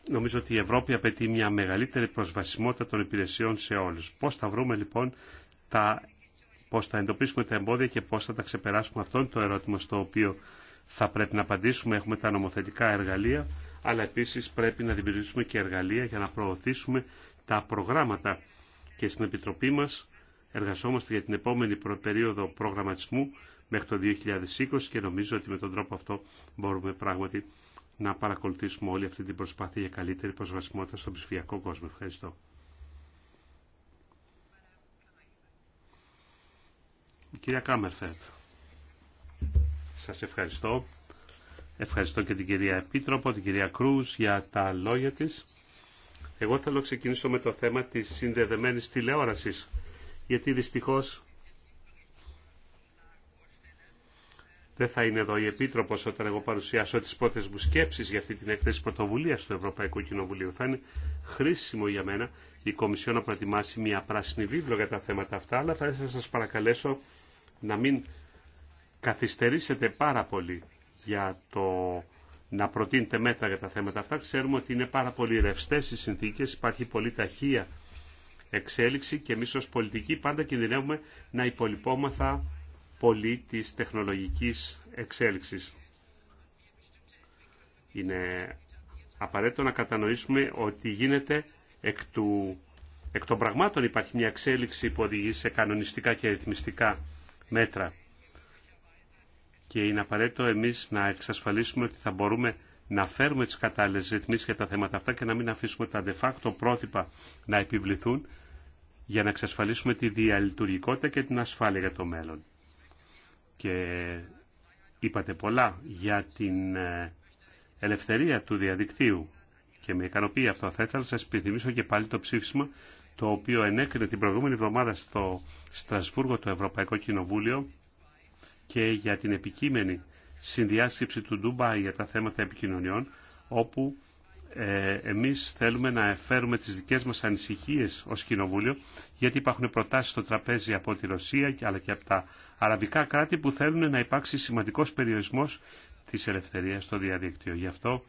Speaker 1: Νομίζω ότι η Ευρώπη απαιτεί μια μεγαλύτερη προσβασιμότητα των υπηρεσιών σε όλους. Πώς θα βρούμε λοιπόν τα πώς θα εντοπίσουμε τα εμπόδια και πώς θα τα ξεπεράσουμε. Αυτό είναι το ερώτημα στο οποίο θα πρέπει να απαντήσουμε. Έχουμε τα νομοθετικά εργαλεία, αλλά επίσης πρέπει να δημιουργήσουμε και εργαλεία για να προωθήσουμε τα προγράμματα και στην Επιτροπή μας εργαζόμαστε για την επόμενη περίοδο προγραμματισμού μέχρι το 2020 και νομίζω ότι με τον τρόπο αυτό μπορούμε πράγματι να παρακολουθήσουμε όλη αυτή την προσπάθεια για καλύτερη προσβασιμότητα στον ψηφιακό κόσμο. Ευχαριστώ. κυρία Κάμερφερτ, σας ευχαριστώ. Ευχαριστώ και την κυρία Επίτροπο, την κυρία Κρούς για τα λόγια της. Εγώ θέλω να ξεκινήσω με το θέμα της συνδεδεμένης τηλεόρασης, γιατί δυστυχώς δεν θα είναι εδώ η Επίτροπος όταν εγώ παρουσιάσω τις πρώτες μου σκέψεις για αυτή την έκθεση πρωτοβουλία του Ευρωπαϊκού Κοινοβουλίου. Θα είναι χρήσιμο για μένα η Κομισιόν να προετοιμάσει μια πράσινη βίβλο για τα θέματα αυτά, αλλά θα ήθελα να σας παρακαλέσω να μην καθυστερήσετε πάρα πολύ για το να προτείνετε μέτρα για τα θέματα αυτά. Ξέρουμε ότι είναι πάρα πολύ ρευστέ οι συνθήκε, υπάρχει πολύ ταχεία εξέλιξη και εμεί ω πολιτικοί πάντα κινδυνεύουμε να υπολοιπόμαθα πολύ τη τεχνολογική εξέλιξη. Είναι απαραίτητο να κατανοήσουμε ότι γίνεται εκ, του, εκ των πραγμάτων υπάρχει μια εξέλιξη που οδηγεί σε κανονιστικά και ρυθμιστικά μέτρα και είναι απαραίτητο εμείς να εξασφαλίσουμε ότι θα μπορούμε να φέρουμε τις κατάλληλες ρυθμίσει για τα θέματα αυτά και να μην αφήσουμε τα de facto πρότυπα να επιβληθούν για να εξασφαλίσουμε τη διαλειτουργικότητα και την ασφάλεια για το μέλλον. Και είπατε πολλά για την ε, ελευθερία του διαδικτύου και με ικανοποιεί αυτό. Θα ήθελα να σας επιθυμίσω και πάλι το ψήφισμα το οποίο ενέκρινε την προηγούμενη εβδομάδα στο Στρασβούργο το Ευρωπαϊκό Κοινοβούλιο και για την επικείμενη συνδιάσκεψη του Ντούμπαϊ για τα θέματα επικοινωνιών, όπου ε, εμείς θέλουμε να εφέρουμε τις δικές μας ανησυχίες ως Κοινοβούλιο, γιατί υπάρχουν προτάσεις στο τραπέζι από τη Ρωσία αλλά και από τα αραβικά κράτη που θέλουν να υπάρξει σημαντικός περιορισμός της ελευθερίας στο διαδίκτυο. Γι' αυτό,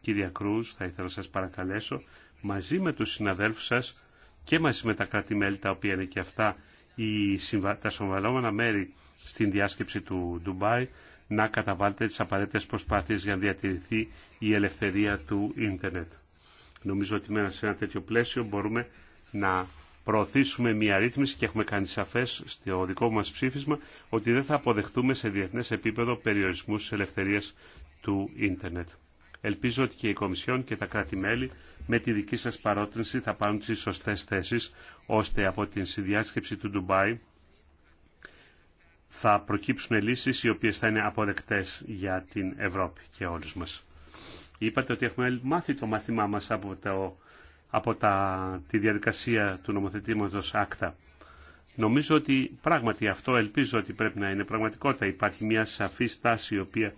Speaker 1: κύριε Κρούς, θα ήθελα να σας παρακαλέσω μαζί με τους συναδέλφους σας και μαζί με τα κράτη-μέλη τα οποία είναι και αυτά οι, τα συμβαλόμενα μέρη στην διάσκεψη του Ντουμπάι να καταβάλλεται τις απαραίτητες προσπάθειες για να διατηρηθεί η ελευθερία του ίντερνετ. Νομίζω ότι μέσα σε ένα τέτοιο πλαίσιο μπορούμε να προωθήσουμε μια ρύθμιση και έχουμε κάνει σαφές στο δικό μας ψήφισμα ότι δεν θα αποδεχτούμε σε διεθνές επίπεδο περιορισμούς της ελευθερίας του ίντερνετ. Ελπίζω ότι και η Κομισιόν και τα κράτη-μέλη με τη δική σας παρότρινση θα πάρουν τις σωστές θέσεις, ώστε από την συνδιάσκεψη του Ντουμπάι θα προκύψουν λύσεις οι οποίες θα είναι αποδεκτές για την Ευρώπη και όλους μας. Είπατε ότι έχουμε μάθει το μάθημά μας από, το, από τα, τη διαδικασία του νομοθετήματος ΑΚΤΑ. Νομίζω ότι πράγματι αυτό ελπίζω ότι πρέπει να είναι πραγματικότητα. Υπάρχει μια σαφή στάση η οποία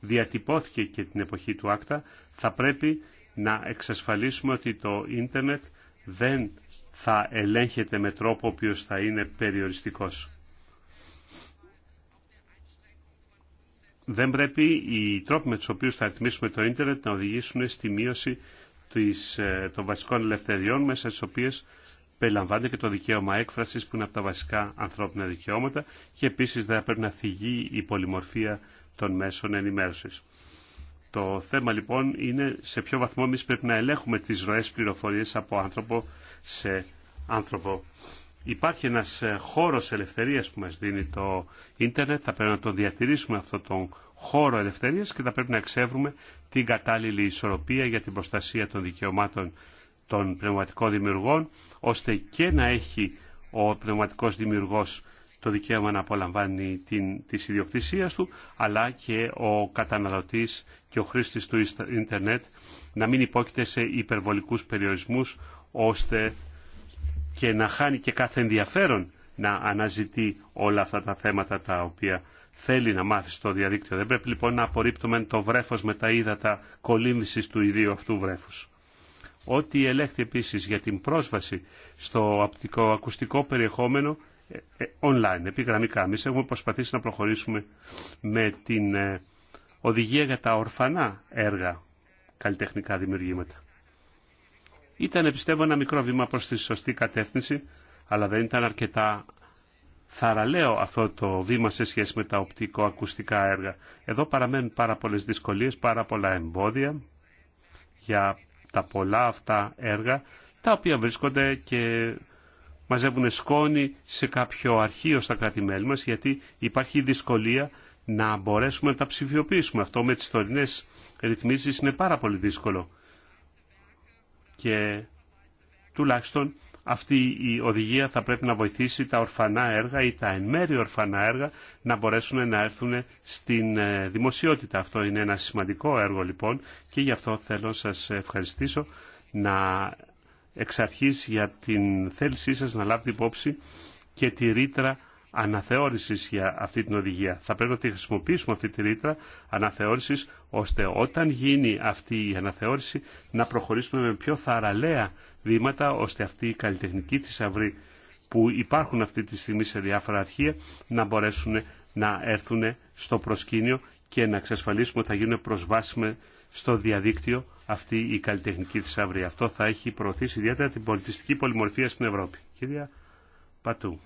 Speaker 1: διατυπώθηκε και την εποχή του Άκτα, θα πρέπει να εξασφαλίσουμε ότι το ίντερνετ δεν θα ελέγχεται με τρόπο ο οποίος θα είναι περιοριστικός. Δεν πρέπει οι τρόποι με τους οποίους θα ρυθμίσουμε το ίντερνετ να οδηγήσουν στη μείωση ε, των βασικών ελευθεριών μέσα στις οποίες περιλαμβάνεται και το δικαίωμα έκφρασης που είναι από τα βασικά ανθρώπινα δικαιώματα και επίσης δεν πρέπει να θυγεί η πολυμορφία των μέσων ενημέρωσης. Το θέμα λοιπόν είναι σε ποιο βαθμό εμείς πρέπει να ελέγχουμε τις ροές πληροφορίες από άνθρωπο σε άνθρωπο. Υπάρχει ένας ε, χώρος ελευθερίας που μας δίνει το ίντερνετ, θα πρέπει να το διατηρήσουμε αυτό τον χώρο ελευθερίας και θα πρέπει να εξεύρουμε την κατάλληλη ισορροπία για την προστασία των δικαιωμάτων των πνευματικών δημιουργών, ώστε και να έχει ο πνευματικός δημιουργός το δικαίωμα να απολαμβάνει την, της ιδιοκτησίας του, αλλά και ο καταναλωτής και ο χρήστης του ίντερνετ να μην υπόκειται σε υπερβολικούς περιορισμούς, ώστε και να χάνει και κάθε ενδιαφέρον να αναζητεί όλα αυτά τα θέματα τα οποία θέλει να μάθει στο διαδίκτυο. Δεν πρέπει λοιπόν να απορρίπτουμε το βρέφος με τα ύδατα κολύμβησης του ιδίου αυτού βρέφους. Ό,τι ελέγχθη επίσης για την πρόσβαση στο ακουστικό περιεχόμενο ε, ε, online, επιγραμμικά. Εμεί έχουμε προσπαθήσει να προχωρήσουμε με την ε, οδηγία για τα ορφανά έργα, καλλιτεχνικά δημιουργήματα. Ήταν, πιστεύω, ένα μικρό βήμα προς τη σωστή κατεύθυνση, αλλά δεν ήταν αρκετά θαραλέο αυτό το βήμα σε σχέση με τα οπτικοακουστικά έργα. Εδώ παραμένουν πάρα πολλές δυσκολίες, πάρα πολλά εμπόδια για τα πολλά αυτά έργα, τα οποία βρίσκονται και μαζεύουν σκόνη σε κάποιο αρχείο στα κράτη-μέλη μας, γιατί υπάρχει δυσκολία να μπορέσουμε να τα ψηφιοποιήσουμε. Αυτό με τις τωρινές ρυθμίσεις είναι πάρα πολύ δύσκολο. Και τουλάχιστον αυτή η οδηγία θα πρέπει να βοηθήσει τα ορφανά έργα ή τα εν μέρη ορφανά έργα να μπορέσουν να έρθουν στην ε, δημοσιότητα. Αυτό είναι ένα σημαντικό έργο λοιπόν και γι' αυτό θέλω να σας ευχαριστήσω να εξ αρχής για την θέλησή σας να λάβετε υπόψη και τη ρήτρα αναθεώρησης για αυτή την οδηγία. Θα πρέπει να τη χρησιμοποιήσουμε αυτή τη ρήτρα αναθεώρησης, ώστε όταν γίνει αυτή η αναθεώρηση να προχωρήσουμε με πιο θαραλέα βήματα, ώστε αυτή η καλλιτεχνική θησαυρή που υπάρχουν αυτή τη στιγμή σε διάφορα αρχεία να μπορέσουν να έρθουν στο προσκήνιο και να εξασφαλίσουμε ότι θα γίνουν προσβάσιμε στο διαδίκτυο αυτή η καλλιτεχνική θησαυρία. Αυτό θα έχει προωθήσει ιδιαίτερα την πολιτιστική πολυμορφία στην Ευρώπη. Κυρία Πατού.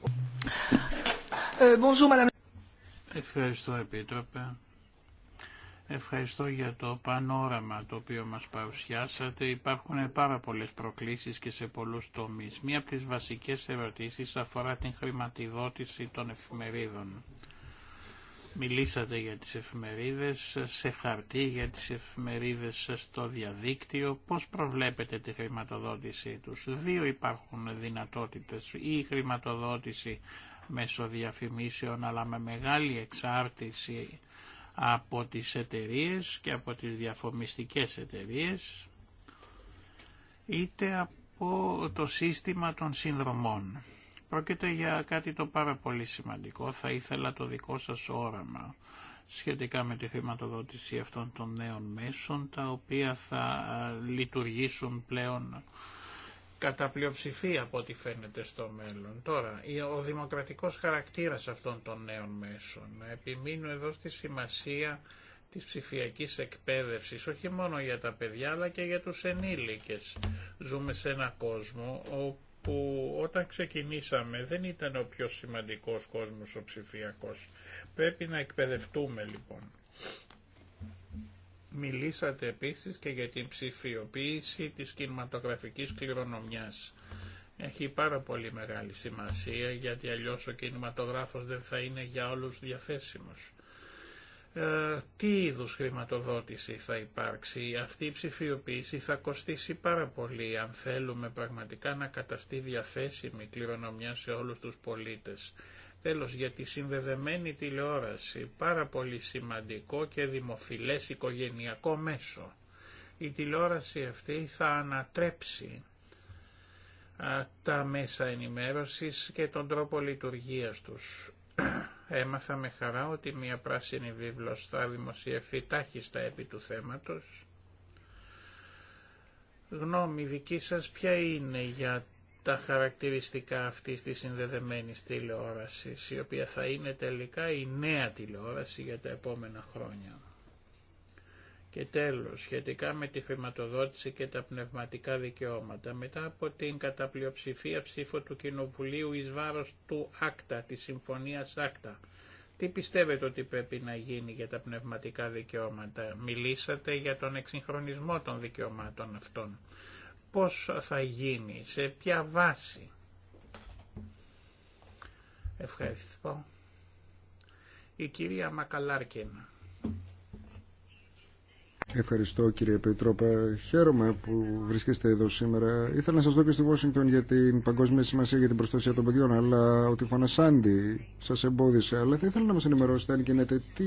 Speaker 3: Ε, Ευχαριστώ Επίτροπε. Ευχαριστώ για το πανόραμα το οποίο μας παρουσιάσατε. Υπάρχουν πάρα πολλές προκλήσεις και σε πολλούς τομείς. Μία από τις βασικές ερωτήσεις αφορά την χρηματοδότηση των εφημερίδων. Μιλήσατε για τις εφημερίδες σε χαρτί, για τις εφημερίδες στο διαδίκτυο. Πώς προβλέπετε τη χρηματοδότησή τους. Δύο υπάρχουν δυνατότητες. Ή η χρηματοδότηση μέσω διαφημίσεων αλλά με μεγάλη εξάρτηση από τις εταιρείες και από τις διαφομιστικές εταιρείες είτε από το σύστημα των συνδρομών. Πρόκειται για κάτι το πάρα πολύ σημαντικό. Θα ήθελα το δικό σας όραμα σχετικά με τη χρηματοδότηση αυτών των νέων μέσων, τα οποία θα ε, λειτουργήσουν πλέον κατά πλειοψηφία από ό,τι φαίνεται στο μέλλον. Τώρα, ο δημοκρατικός χαρακτήρας αυτών των νέων μέσων. Επιμείνω εδώ στη σημασία της ψηφιακής εκπαίδευσης, όχι μόνο για τα παιδιά αλλά και για τους ενήλικες. Ζούμε σε ένα κόσμο που όταν ξεκινήσαμε δεν ήταν ο πιο σημαντικός κόσμος ο ψηφιακός. Πρέπει να εκπαιδευτούμε λοιπόν. Μιλήσατε επίσης και για την ψηφιοποίηση της κινηματογραφικής κληρονομιάς. Έχει πάρα πολύ μεγάλη σημασία γιατί αλλιώς ο κινηματογράφος δεν θα είναι για όλους διαθέσιμος. Ε, τι είδους χρηματοδότηση θα υπάρξει. Αυτή η ψηφιοποίηση θα κοστίσει πάρα πολύ αν θέλουμε πραγματικά να καταστεί διαθέσιμη κληρονομιά σε όλους τους πολίτες. Τέλος, για τη συνδεδεμένη τηλεόραση, πάρα πολύ σημαντικό και δημοφιλές οικογενειακό μέσο. Η τηλεόραση αυτή θα ανατρέψει τα μέσα ενημέρωσης και τον τρόπο λειτουργίας τους. Έμαθα με χαρά ότι μια πράσινη βίβλος θα δημοσιευθεί τάχιστα επί του θέματος. Γνώμη δική σας ποια είναι για τα χαρακτηριστικά αυτής της συνδεδεμένης τηλεόρασης, η οποία θα είναι τελικά η νέα τηλεόραση για τα επόμενα χρόνια. Και τέλος, σχετικά με τη χρηματοδότηση και τα πνευματικά δικαιώματα, μετά από την καταπλειοψηφία ψήφο του Κοινοβουλίου εις βάρος του ΑΚΤΑ, της Συμφωνίας ΑΚΤΑ, τι πιστεύετε ότι πρέπει να γίνει για τα πνευματικά δικαιώματα. Μιλήσατε για τον εξυγχρονισμό των δικαιωμάτων αυτών. Πώς θα γίνει, σε ποια βάση. Ευχαριστώ. Η κυρία Μακαλάρκινα.
Speaker 2: Ευχαριστώ κύριε Πετρόπα. Χαίρομαι που βρίσκεστε εδώ σήμερα. Ήθελα να σας δω και στη Washington για την παγκόσμια σημασία για την προστασία των παιδιών, αλλά ο τυφώνα Σάντι σας εμπόδισε. Αλλά θα ήθελα να μας ενημερώσετε αν γίνεται τι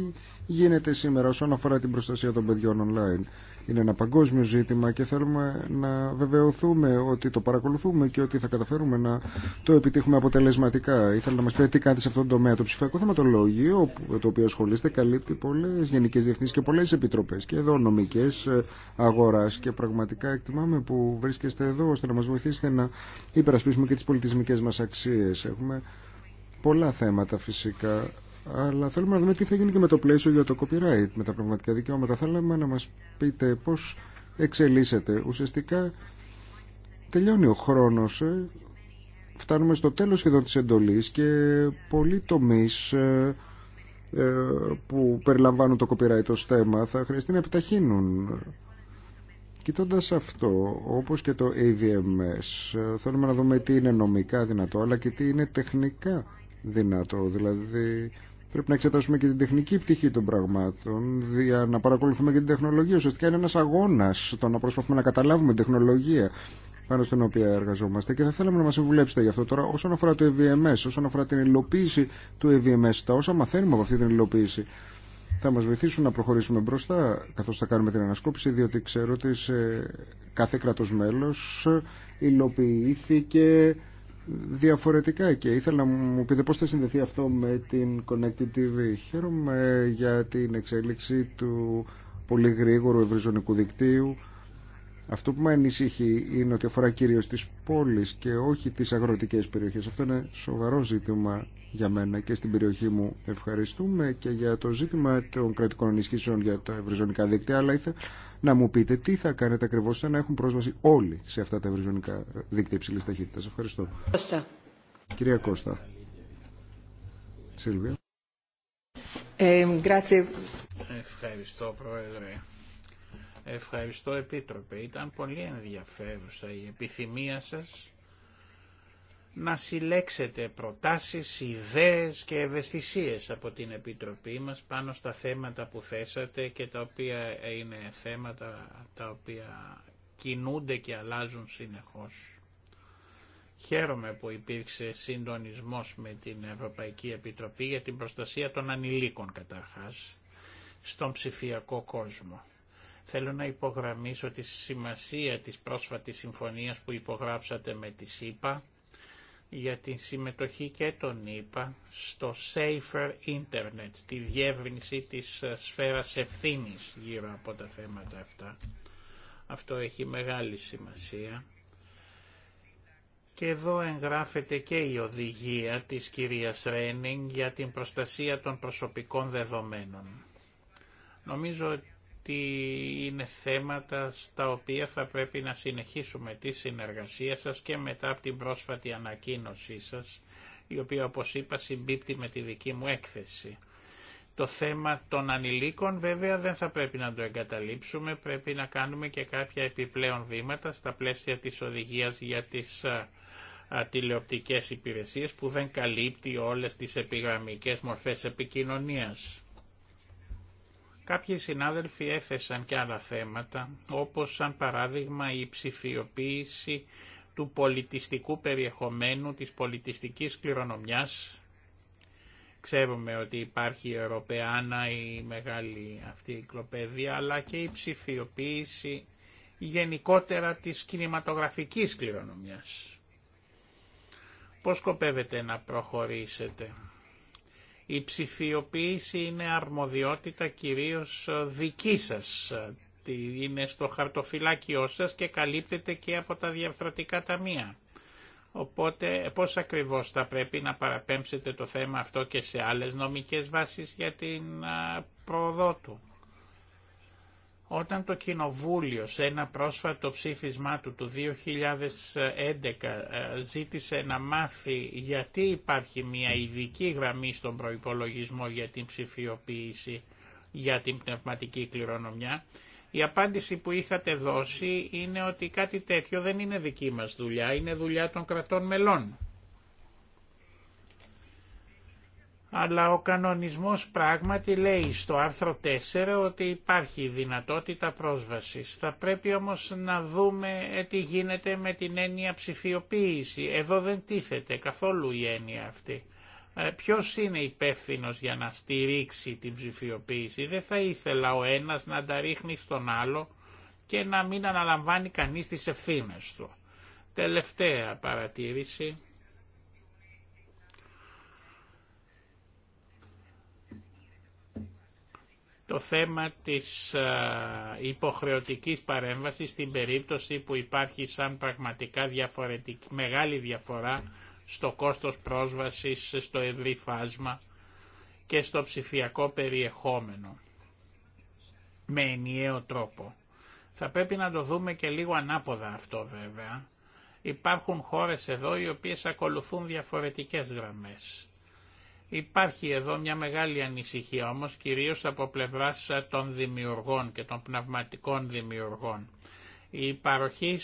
Speaker 2: γίνεται σήμερα όσον αφορά την προστασία των παιδιών online. Είναι ένα παγκόσμιο ζήτημα και θέλουμε να βεβαιωθούμε ότι το παρακολουθούμε και ότι θα καταφέρουμε να το επιτύχουμε αποτελεσματικά. Ήθελα να μα πείτε τι κάνετε σε αυτόν τον τομέα. Το ψηφιακό θεματολόγιο, το οποίο ασχολείστε, καλύπτει πολλέ γενικέ διευθύνσει και πολλέ επιτροπέ και εδώ νομικέ ε, αγορά. Και πραγματικά εκτιμάμε που βρίσκεστε εδώ ώστε να μα βοηθήσετε να υπερασπίσουμε και τι πολιτισμικέ μα αξίε. Έχουμε πολλά θέματα φυσικά αλλά θέλουμε να δούμε τι θα γίνει και με το πλαίσιο για το copyright, με τα πραγματικά δικαιώματα. Θέλαμε να μας πείτε πώς εξελίσσεται. Ουσιαστικά τελειώνει ο χρόνος, ε. φτάνουμε στο τέλος σχεδόν της εντολής και πολλοί τομείς ε, ε, που περιλαμβάνουν το copyright ως θέμα θα χρειαστεί να επιταχύνουν. Κοιτώντας αυτό, όπως και το AVMS, θέλουμε να δούμε τι είναι νομικά δυνατό, αλλά και τι είναι τεχνικά δυνατό. Δηλαδή, πρέπει να εξετάσουμε και την τεχνική πτυχή των πραγμάτων, για να παρακολουθούμε και την τεχνολογία. Ουσιαστικά είναι ένα αγώνα το να προσπαθούμε να καταλάβουμε την τεχνολογία πάνω στην οποία εργαζόμαστε και θα θέλαμε να μα συμβουλέψετε γι' αυτό τώρα όσον αφορά το EVMS, όσον αφορά την υλοποίηση του EVMS, τα όσα μαθαίνουμε από αυτή την υλοποίηση. Θα μας βοηθήσουν να προχωρήσουμε μπροστά καθώς θα κάνουμε την ανασκόπηση διότι ξέρω ότι σε κάθε κράτος μέλος υλοποιήθηκε διαφορετικά και ήθελα να μου πείτε πώς θα συνδεθεί αυτό με την Connected TV. Χαίρομαι για την εξέλιξη του πολύ γρήγορου ευρυζωνικού δικτύου αυτό που με ανησυχεί είναι ότι αφορά κυρίω τις πόλεις και όχι τι αγροτικέ περιοχέ. Αυτό είναι σοβαρό ζήτημα για μένα και στην περιοχή μου. Ευχαριστούμε και για το ζήτημα των κρατικών ενισχύσεων για τα ευρυζωνικά δίκτυα, αλλά ήθελα να μου πείτε τι θα κάνετε ακριβώ ώστε να έχουν πρόσβαση όλοι σε αυτά τα ευρυζωνικά δίκτυα υψηλή ταχύτητα. Ευχαριστώ. Κώστα. Κυρία Κώστα. Σίλβια. Ε,
Speaker 3: Ευχαριστώ, Πρόεδρε. Ευχαριστώ Επίτροπε. Ήταν πολύ ενδιαφέρουσα η επιθυμία σας να συλλέξετε προτάσεις, ιδέες και ευαισθησίες από την Επιτροπή μας πάνω στα θέματα που θέσατε και τα οποία είναι θέματα τα οποία κινούνται και αλλάζουν συνεχώς. Χαίρομαι που υπήρξε συντονισμός με την Ευρωπαϊκή Επιτροπή για την προστασία των ανηλίκων καταρχάς στον ψηφιακό κόσμο. Θέλω να υπογραμμίσω τη σημασία της πρόσφατης συμφωνίας που υπογράψατε με τη ΣΥΠΑ για τη συμμετοχή και τον ΗΠΑ στο Safer Internet, τη διεύρυνση της ε, σφαίρας ευθύνης γύρω από τα θέματα αυτά. Αυτό έχει μεγάλη σημασία. Και εδώ εγγράφεται και η οδηγία της κυρίας Ρένινγκ για την προστασία των προσωπικών δεδομένων. Νομίζω ότι είναι θέματα στα οποία θα πρέπει να συνεχίσουμε τη συνεργασία σας και μετά από την πρόσφατη ανακοίνωσή σας, η οποία όπως είπα συμπίπτει με τη δική μου έκθεση. Το θέμα των ανηλίκων βέβαια δεν θα πρέπει να το εγκαταλείψουμε, πρέπει να κάνουμε και κάποια επιπλέον βήματα στα πλαίσια της οδηγίας για τις τηλεοπτικές υπηρεσίες που δεν καλύπτει όλες τις επιγραμμικές μορφές επικοινωνίας. Κάποιοι συνάδελφοι έθεσαν και άλλα θέματα, όπως σαν παράδειγμα η ψηφιοποίηση του πολιτιστικού περιεχομένου της πολιτιστικής κληρονομιάς. Ξέρουμε ότι υπάρχει η Ευρωπαϊκή, η μεγάλη αυτή αλλά και η ψηφιοποίηση γενικότερα της κινηματογραφικής κληρονομιάς. Πώς σκοπεύετε να προχωρήσετε η ψηφιοποίηση είναι αρμοδιότητα κυρίως ε, δική σας. Είναι στο χαρτοφυλάκιό σας και καλύπτεται και από τα διαφθορτικά ταμεία. Οπότε πώς ακριβώς θα πρέπει να παραπέμψετε το θέμα αυτό και σε άλλες νομικές βάσεις για την ε, προοδό του. Όταν το Κοινοβούλιο σε ένα πρόσφατο ψήφισμά του του 2011 ε, ζήτησε να μάθει γιατί υπάρχει μια ειδική γραμμή στον προϋπολογισμό για την ψηφιοποίηση για την πνευματική κληρονομιά, η απάντηση που είχατε δώσει είναι ότι κάτι τέτοιο δεν είναι δική μας δουλειά, είναι δουλειά των κρατών μελών. αλλά ο κανονισμός πράγματι λέει στο άρθρο 4 ότι υπάρχει δυνατότητα πρόσβασης. Θα πρέπει όμως να δούμε ε, τι γίνεται με την έννοια ψηφιοποίηση. Εδώ δεν τίθεται καθόλου η έννοια αυτή. Ε, ποιος είναι υπεύθυνο για να στηρίξει την ψηφιοποίηση. Δεν θα ήθελα ο ένας να τα ρίχνει στον άλλο και να μην αναλαμβάνει κανείς τις ευθύνες του. Τελευταία παρατήρηση το θέμα της ε, υποχρεωτικής παρέμβασης στην περίπτωση που υπάρχει σαν πραγματικά διαφορετική, μεγάλη διαφορά στο κόστος πρόσβασης στο ευρύ φάσμα και στο ψηφιακό περιεχόμενο με ενιαίο τρόπο. Θα πρέπει να το δούμε και λίγο ανάποδα αυτό βέβαια. Υπάρχουν χώρες εδώ οι οποίες ακολουθούν διαφορετικές γραμμές. Υπάρχει εδώ μια μεγάλη ανησυχία όμως κυρίως από πλευράς ε, των δημιουργών και των πνευματικών δημιουργών. Οι παροχή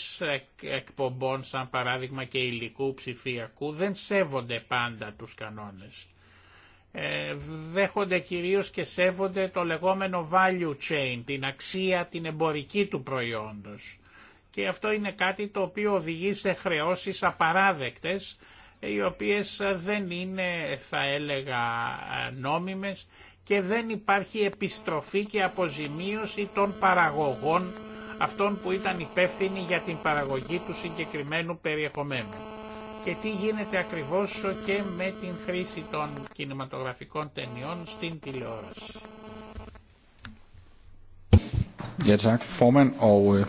Speaker 3: εκπομπών σαν παράδειγμα και υλικού ψηφιακού δεν σέβονται πάντα τους κανόνες. Ε, δέχονται κυρίως και σέβονται το λεγόμενο value chain, την αξία την εμπορική του προϊόντος. Και αυτό είναι κάτι το οποίο οδηγεί σε χρεώσεις απαράδεκτες οι οποίες ε, δεν είναι θα έλεγα ε, νόμιμες και δεν υπάρχει επιστροφή και αποζημίωση των παραγωγών αυτών που ήταν υπεύθυνοι για την παραγωγή του συγκεκριμένου περιεχομένου. Και τι γίνεται ακριβώς και με την χρήση των κινηματογραφικών ταινιών στην τηλεόραση. Øh,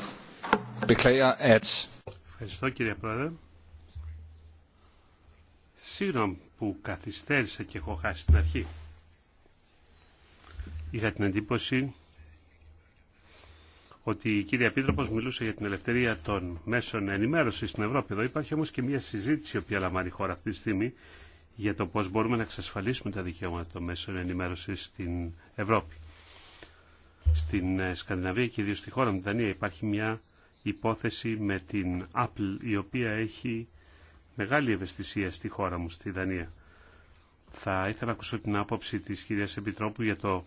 Speaker 1: Ευχαριστώ κύριε Πρόεδρε. Συγγνώμη που καθυστέρησα και έχω χάσει την αρχή. Είχα την εντύπωση ότι η κυρία Πίτροπος μιλούσε για την ελευθερία των μέσων ενημέρωσης στην Ευρώπη. Εδώ υπάρχει όμως και μια συζήτηση η οποία λαμβάνει η χώρα αυτή τη στιγμή για το πώς μπορούμε να εξασφαλίσουμε τα δικαιώματα των μέσων ενημέρωσης στην Ευρώπη. Στην ε, Σκανδιναβία και ιδίως στη χώρα μου, Δανία, υπάρχει μια υπόθεση με την Apple η οποία έχει μεγάλη ευαισθησία στη χώρα μου, στη Δανία. Θα ήθελα να ακούσω την άποψη της κυρίας Επιτρόπου για το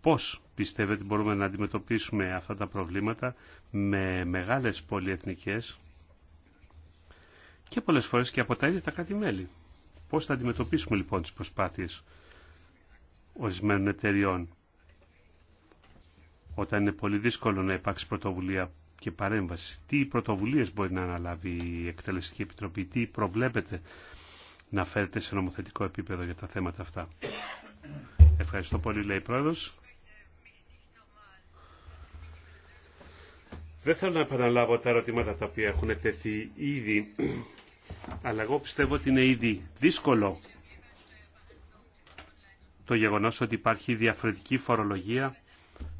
Speaker 1: πώς πιστεύετε μπορούμε να αντιμετωπίσουμε αυτά τα προβλήματα με μεγάλες πολυεθνικές και πολλές φορές και από τα ίδια τα κάτι μέλη. Πώς θα αντιμετωπίσουμε λοιπόν τις προσπάθειες ορισμένων εταιριών όταν είναι πολύ δύσκολο να υπάρξει πρωτοβουλία και παρέμβαση. Τι πρωτοβουλίες μπορεί να αναλάβει η Εκτελεστική Επιτροπή, τι προβλέπετε να φέρετε σε νομοθετικό επίπεδο για τα θέματα αυτά. Ευχαριστώ πολύ, λέει η Πρόεδρος. Δεν θέλω να επαναλάβω τα ερωτήματα τα οποία έχουν τεθεί ήδη, αλλά εγώ πιστεύω ότι είναι ήδη δύσκολο το γεγονός ότι υπάρχει διαφορετική φορολογία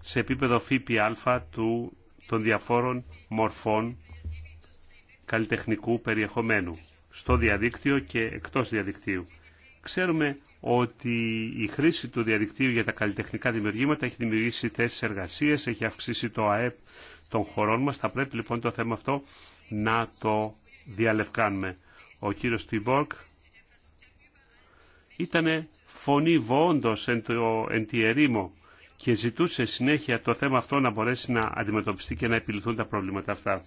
Speaker 1: σε επίπεδο ΦΠΑ του των διαφόρων μορφών καλλιτεχνικού περιεχομένου στο διαδίκτυο και εκτός διαδικτύου. Ξέρουμε ότι η χρήση του διαδικτύου για τα καλλιτεχνικά δημιουργήματα έχει δημιουργήσει θέσεις εργασίας, έχει αυξήσει το ΑΕΠ των χωρών μας. Θα πρέπει λοιπόν το θέμα αυτό να το διαλευκάνουμε. Ο κύριος Τιμπόρκ ήταν φωνή βόντος εν, το, εν τη ερήμο και ζητούσε συνέχεια το θέμα αυτό να μπορέσει να αντιμετωπιστεί και να επιληθούν τα προβλήματα αυτά.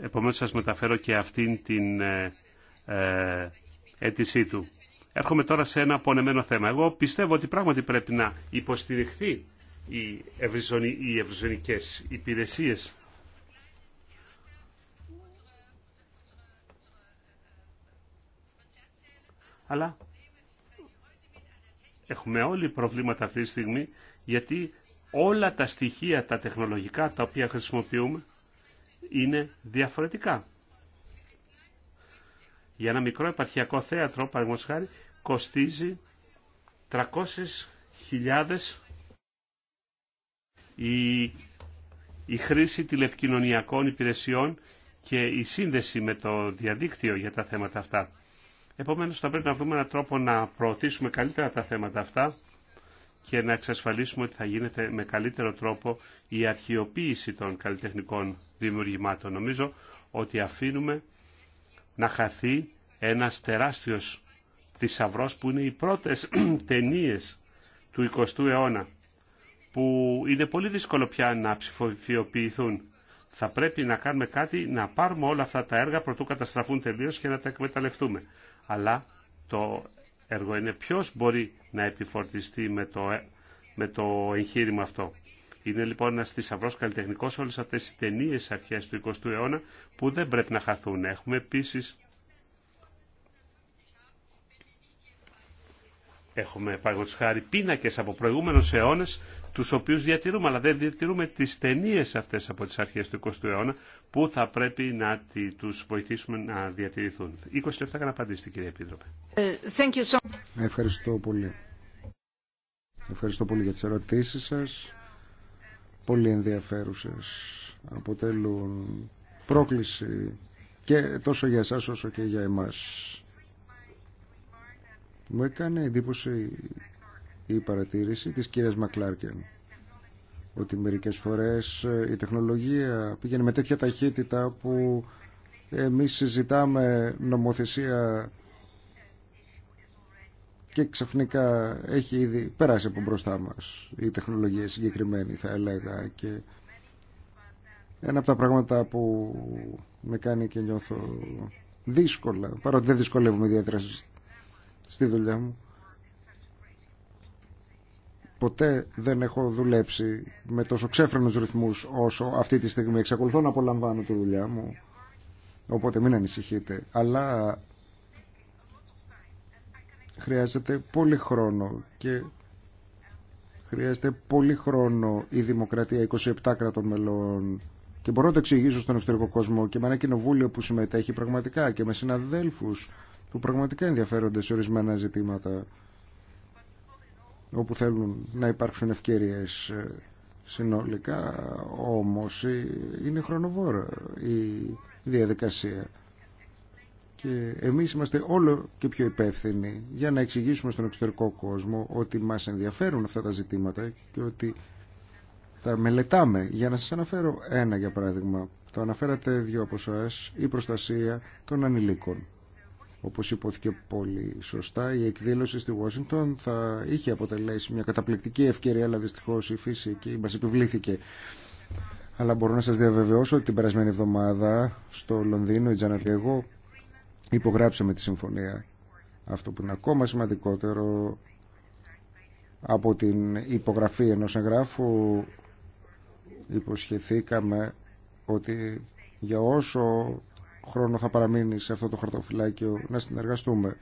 Speaker 1: Επομένως σας μεταφέρω και αυτήν την ε, ε αίτησή του. Έρχομαι τώρα σε ένα απονεμένο θέμα. Εγώ πιστεύω ότι πράγματι πρέπει να υποστηριχθεί οι, ευρυζωνι, οι ευρυζωνικές υπηρεσίες αλλά Έχουμε όλοι προβλήματα αυτή τη στιγμή γιατί όλα τα στοιχεία, τα τεχνολογικά τα οποία χρησιμοποιούμε είναι διαφορετικά. Για ένα μικρό επαρχιακό θέατρο, παραδείγματος χάρη, κοστίζει 300.000 η, η χρήση τηλεπικοινωνιακών υπηρεσιών και η σύνδεση με το διαδίκτυο για τα θέματα αυτά. Επόμενο θα πρέπει να βρούμε έναν τρόπο να προωθήσουμε καλύτερα τα θέματα αυτά και να εξασφαλίσουμε ότι θα γίνεται με καλύτερο τρόπο η αρχιοποίηση των καλλιτεχνικών δημιουργημάτων. Νομίζω ότι αφήνουμε να χαθεί ένας τεράστιος θησαυρό που είναι οι πρώτες [CLEARS THROAT] ταινίε του 20ου αιώνα που είναι πολύ δύσκολο πια να ψηφοποιηθούν. Θα πρέπει να κάνουμε κάτι, να πάρουμε όλα αυτά τα έργα προτού καταστραφούν τελείως και να τα εκμεταλλευτούμε αλλά το έργο είναι ποιος μπορεί να επιφορτιστεί με το, ε, με το εγχείρημα αυτό. Είναι λοιπόν ένα θησαυρό καλλιτεχνικό όλε αυτέ οι ταινίε αρχέ του 20ου αιώνα που δεν πρέπει να χαθούν. Έχουμε επίση Έχουμε παραγωγή χάρη πίνακες από προηγούμενους αιώνες, τους οποίους διατηρούμε, αλλά δεν διατηρούμε τις ταινίε αυτές από τις αρχές του 20ου αιώνα, που θα πρέπει να τους βοηθήσουμε να διατηρηθούν. 20 λεπτά για να απαντήσετε, κύριε Επίτροπε.
Speaker 3: Ε,
Speaker 2: Ευχαριστώ πολύ. Ευχαριστώ πολύ για τις ερωτήσεις σας. Πολύ ενδιαφέρουσες. Αποτελούν πρόκληση και τόσο για εσάς όσο και για εμάς. Μου έκανε εντύπωση η παρατήρηση της κυρίας Μακλάρκεν ότι μερικές φορές ε, η τεχνολογία πήγαινε με τέτοια ταχύτητα που εμείς συζητάμε νομοθεσία και ξαφνικά έχει ήδη περάσει από μπροστά μας η τεχνολογία συγκεκριμένη θα έλεγα και ένα από τα πράγματα που με κάνει και νιώθω δύσκολα παρότι δεν δυσκολεύουμε ιδιαίτερα στη δουλειά μου. Ποτέ δεν έχω δουλέψει με τόσο ξέφρενους ρυθμούς όσο αυτή τη στιγμή. Εξακολουθώ να απολαμβάνω τη δουλειά μου, οπότε μην ανησυχείτε. Αλλά χρειάζεται πολύ χρόνο και χρειάζεται πολύ χρόνο η δημοκρατία 27 κρατών μελών και μπορώ να το εξηγήσω στον εξωτερικό κόσμο και με ένα κοινοβούλιο που συμμετέχει πραγματικά και με συναδέλφους που πραγματικά ενδιαφέρονται σε ορισμένα ζητήματα όπου θέλουν να υπάρξουν ευκαιρίες ε, συνολικά όμως ε, είναι χρονοβόρα η διαδικασία και εμείς είμαστε όλο και πιο υπεύθυνοι για να εξηγήσουμε στον εξωτερικό κόσμο ότι μας ενδιαφέρουν αυτά τα ζητήματα και ότι τα μελετάμε. Για να σας αναφέρω ένα για παράδειγμα. Το αναφέρατε δύο από εσάς, η προστασία των ανηλίκων. Όπως υπόθηκε πολύ σωστά, η εκδήλωση στη Washington θα είχε αποτελέσει μια καταπληκτική ευκαιρία, αλλά δυστυχώς η φύση εκεί μας επιβλήθηκε. Αλλά μπορώ να σας διαβεβαιώσω ότι την περασμένη εβδομάδα στο Λονδίνο η Τζάνα υπογράψαμε τη συμφωνία. Αυτό που είναι ακόμα σημαντικότερο από την υπογραφή ενός εγγράφου υποσχεθήκαμε ότι για όσο χρόνο θα παραμείνει σε αυτό το χαρτοφυλάκιο να συνεργαστούμε.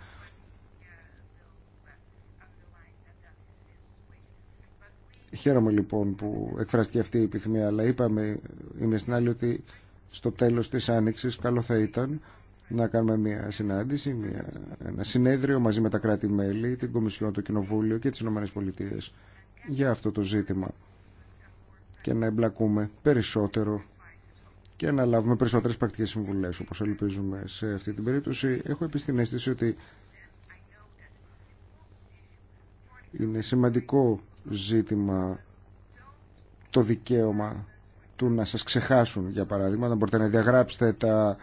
Speaker 2: Χαίρομαι λοιπόν που εκφράστηκε αυτή η επιθυμία, αλλά είπαμε, είμαι στην άλλη ότι στο τέλος της Άνοιξης καλό θα ήταν να κάνουμε μια συνάντηση, μια, ένα συνέδριο μαζί με τα κράτη-μέλη, την Κομισιόν, το Κοινοβούλιο και τις ΗΠΑ για αυτό το ζήτημα και να εμπλακούμε περισσότερο και να λάβουμε περισσότερε πρακτικέ συμβουλέ, όπω ελπίζουμε σε αυτή την περίπτωση. Έχω επίση την αίσθηση ότι είναι σημαντικό ζήτημα το δικαίωμα του να σας ξεχάσουν, για παράδειγμα, να μπορείτε να διαγράψετε τα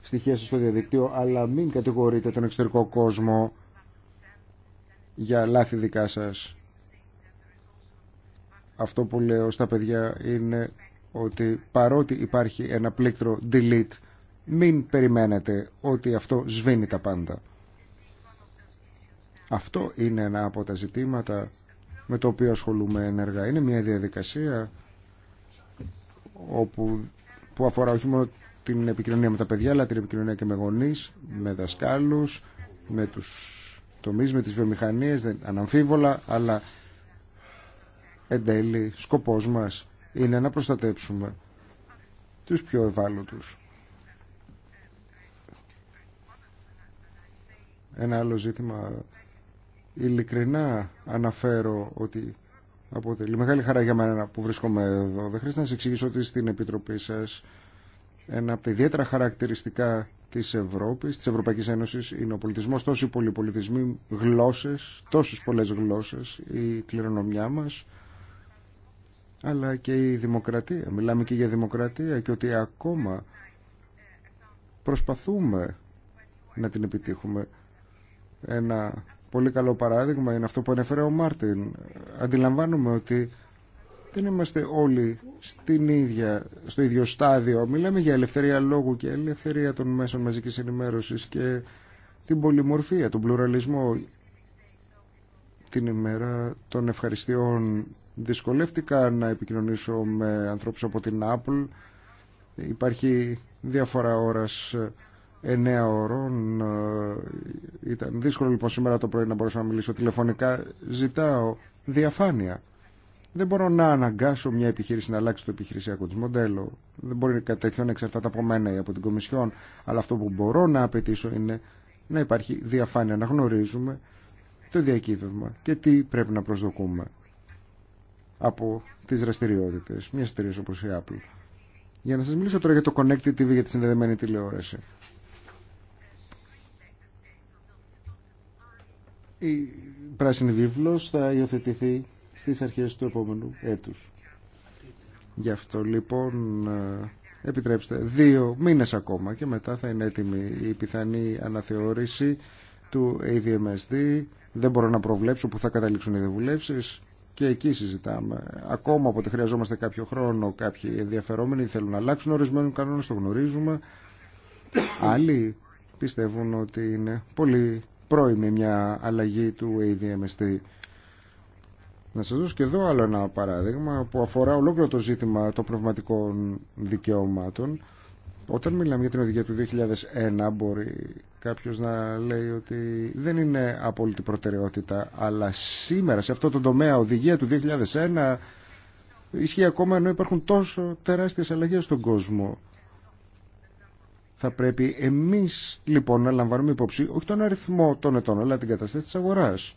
Speaker 2: στοιχεία σας στο διαδικτύο, αλλά μην κατηγορείτε τον εξωτερικό κόσμο για λάθη δικά σας. Αυτό που λέω στα παιδιά είναι ότι παρότι υπάρχει ένα πλήκτρο delete μην περιμένετε ότι αυτό σβήνει τα πάντα. Αυτό είναι ένα από τα ζητήματα με το οποίο ασχολούμαι ενεργά. Είναι μια διαδικασία όπου, που αφορά όχι μόνο την επικοινωνία με τα παιδιά, αλλά την επικοινωνία και με γονείς, με δασκάλους, με τους τομείς, με τις βιομηχανίες, αναμφίβολα, αλλά εν τέλει σκοπός μας είναι να προστατέψουμε τους πιο ευάλωτους. Ένα άλλο ζήτημα ειλικρινά αναφέρω ότι αποτελεί μεγάλη χαρά για μένα που βρίσκομαι εδώ. Δεν χρειάζεται να σας εξηγήσω ότι στην Επιτροπή σας ένα από τα ιδιαίτερα χαρακτηριστικά της Ευρώπης, της Ευρωπαϊκής Ένωσης είναι ο πολιτισμός, τόσοι πολυπολιτισμοί, γλώσσες, τόσες πολλές γλώσσες, η κληρονομιά μας αλλά και η δημοκρατία. Μιλάμε και για δημοκρατία και ότι ακόμα προσπαθούμε να την επιτύχουμε. Ένα πολύ καλό παράδειγμα είναι αυτό που ανέφερε ο Μάρτιν. Αντιλαμβάνουμε ότι δεν είμαστε όλοι στην ίδια, στο ίδιο στάδιο. Μιλάμε για ελευθερία λόγου και ελευθερία των μέσων μαζικής ενημέρωσης και την πολυμορφία, τον πλουραλισμό την ημέρα των ευχαριστειών Δυσκολεύτηκα να επικοινωνήσω με ανθρώπους από την Apple. Υπάρχει διαφορά ώρας 9 ε, ώρων. Ε, ήταν δύσκολο λοιπόν σήμερα το πρωί να μπορούσα να μιλήσω τηλεφωνικά. Ζητάω διαφάνεια. Δεν μπορώ να αναγκάσω μια επιχείρηση να αλλάξει το επιχειρησιακό τη μοντέλο. Δεν μπορεί κάτι τέτοιο να εξαρτάται από μένα ή από την Κομισιόν. Αλλά αυτό που μπορώ να απαιτήσω είναι να υπάρχει διαφάνεια, να γνωρίζουμε το διακύβευμα και τι πρέπει να προσδοκούμε από τις δραστηριότητε, μια εταιρεία όπω η Apple. Για να σας μιλήσω τώρα για το Connected TV για τη συνδεδεμένη τηλεόραση. Η πράσινη βίβλο θα υιοθετηθεί στις αρχέ του επόμενου έτους. Γι' αυτό λοιπόν ε, επιτρέψτε δύο μήνες ακόμα και μετά θα είναι έτοιμη η πιθανή αναθεώρηση του AVMSD. Δεν μπορώ να προβλέψω που θα καταλήξουν οι δεβουλεύσεις και εκεί συζητάμε. Ακόμα από ότι χρειαζόμαστε κάποιο χρόνο, κάποιοι ενδιαφερόμενοι θέλουν να αλλάξουν ορισμένου κανόνε, το γνωρίζουμε. Άλλοι πιστεύουν ότι είναι πολύ πρώιμη μια αλλαγή του ADMST. Να σας δώσω και εδώ άλλο ένα παράδειγμα που αφορά ολόκληρο το ζήτημα των πνευματικών δικαιωμάτων. Όταν μιλάμε για την οδηγία του 2001 μπορεί κάποιος να λέει ότι δεν είναι απόλυτη προτεραιότητα αλλά σήμερα σε αυτό το τομέα οδηγία του 2001 ισχύει ακόμα ενώ υπάρχουν τόσο τεράστιες αλλαγές στον κόσμο. Θα πρέπει εμείς λοιπόν να λαμβάνουμε υπόψη όχι τον αριθμό των ετών αλλά την κατάσταση της αγοράς.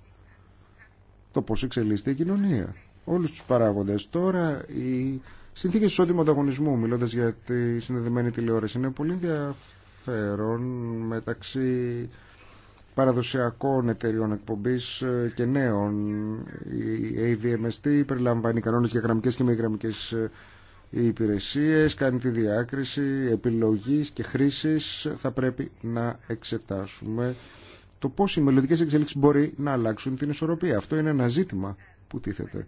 Speaker 2: Το πώς εξελίσσεται η κοινωνία. Όλους τους παράγοντες τώρα η Συνθήκε ισότιμου ανταγωνισμού, μιλώντα για τη συνδεδεμένη τηλεόραση, είναι πολύ ενδιαφέρον μεταξύ παραδοσιακών εταιριών εκπομπή ε, και νέων. Η AVMST περιλαμβάνει κανόνε για γραμμικέ και μη γραμμικέ ε, υπηρεσίε, κάνει τη διάκριση επιλογή και χρήση. Θα πρέπει να εξετάσουμε το πώ οι μελλοντικέ εξελίξει μπορεί να αλλάξουν την ισορροπία. Αυτό είναι ένα ζήτημα που τίθεται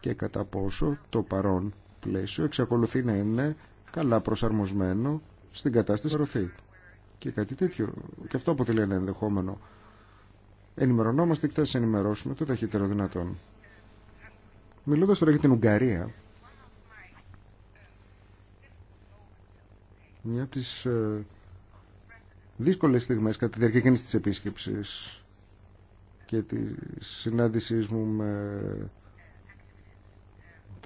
Speaker 2: και κατά πόσο το παρόν πλαίσιο εξακολουθεί να είναι καλά προσαρμοσμένο στην κατάσταση που Και κάτι τέτοιο. Και αυτό αποτελεί ένα ενδεχόμενο. Ενημερωνόμαστε και θα σα ενημερώσουμε το ταχύτερο δυνατόν. Μιλώντα τώρα για την Ουγγαρία, μια από τις ε, δύσκολες στιγμές κατά τη διάρκεια τη τη και τη συνάντησή μου με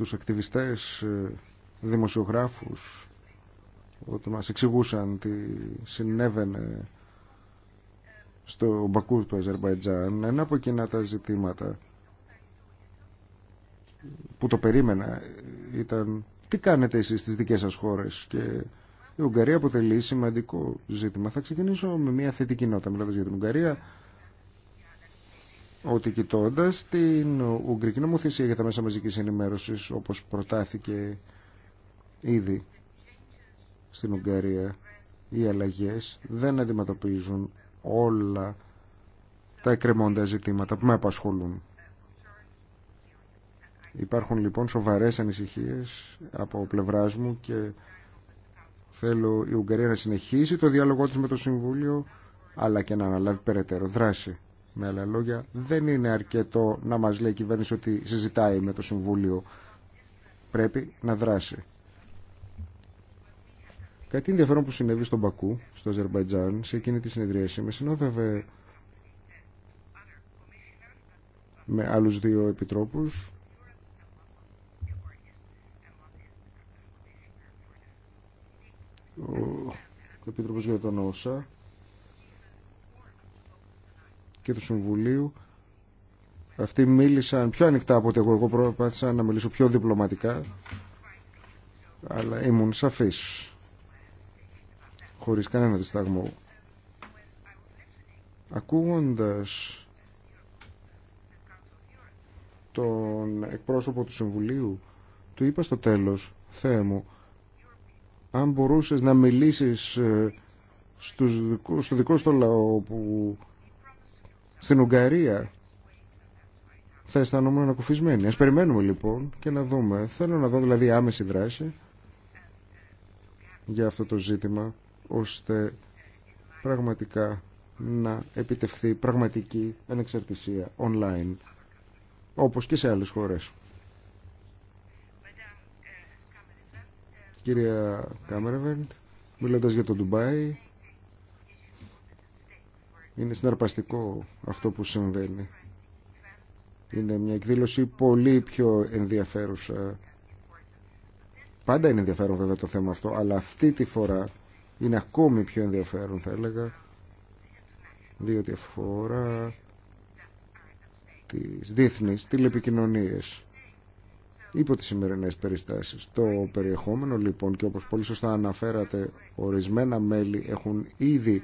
Speaker 2: τους ακτιβιστές, ε, δημοσιογράφους, ότι μας εξηγούσαν τι συνέβαινε στο Μπακού του Αζερβαϊτζάν. Ένα από κοινά τα ζητήματα που το περίμενα ήταν τι κάνετε εσείς στις δικές σας χώρες και η Ουγγαρία αποτελεί σημαντικό ζήτημα. Θα ξεκινήσω με μια θετική νότα μιλώντας για την Ουγγαρία ότι κοιτώντα την Ουγγρική νομοθεσία για τα μέσα μαζικής ενημέρωσης όπως προτάθηκε ήδη στην Ουγγαρία οι αλλαγές δεν αντιμετωπίζουν όλα τα εκκρεμόντα ζητήματα που με απασχολούν. Υπάρχουν λοιπόν σοβαρές ανησυχίες από πλευράς μου και θέλω η Ουγγαρία να συνεχίσει το διάλογό της με το Συμβούλιο αλλά και να αναλάβει περαιτέρω δράση. Με άλλα λόγια, δεν είναι αρκετό να μας λέει η κυβέρνηση ότι συζητάει με το Συμβούλιο. Πρέπει να δράσει. Κάτι ενδιαφέρον που συνέβη στον Πακού, στο Αζερμπαϊτζάν, σε εκείνη τη συνεδρίαση, με συνόδευε με άλλους δύο επιτρόπους ο Επίτροπος για τον ΩΣΑ και του Συμβουλίου αυτοί μίλησαν πιο ανοιχτά από ότι εγώ. Εγώ προσπάθησα να μιλήσω πιο διπλωματικά, αλλά ήμουν σαφής, χωρίς κανένα δισταγμό. Ακούγοντας τον εκπρόσωπο του Συμβουλίου, του είπα στο τέλος, Θεέ μου, αν μπορούσες να μιλήσεις ε, στο δικό σου λαό που στην Ουγγαρία θα αισθανόμουν ανακουφισμένοι. Ας περιμένουμε λοιπόν και να δούμε. Θέλω να δω δηλαδή άμεση δράση για αυτό το ζήτημα ώστε πραγματικά να επιτευχθεί πραγματική ανεξαρτησία online όπως και σε άλλες χώρες. Κυρία Κάμερεβερντ, μιλώντας για το Ντουμπάι, είναι συναρπαστικό αυτό που συμβαίνει. Είναι μια εκδήλωση πολύ πιο ενδιαφέρουσα. Πάντα είναι ενδιαφέρον βέβαια το θέμα αυτό, αλλά αυτή τη φορά είναι ακόμη πιο ενδιαφέρον θα έλεγα, διότι αφορά τις διεθνείς τηλεπικοινωνίες υπό τις σημερινές περιστάσεις. Το περιεχόμενο λοιπόν και όπως πολύ σωστά αναφέρατε ορισμένα μέλη έχουν ήδη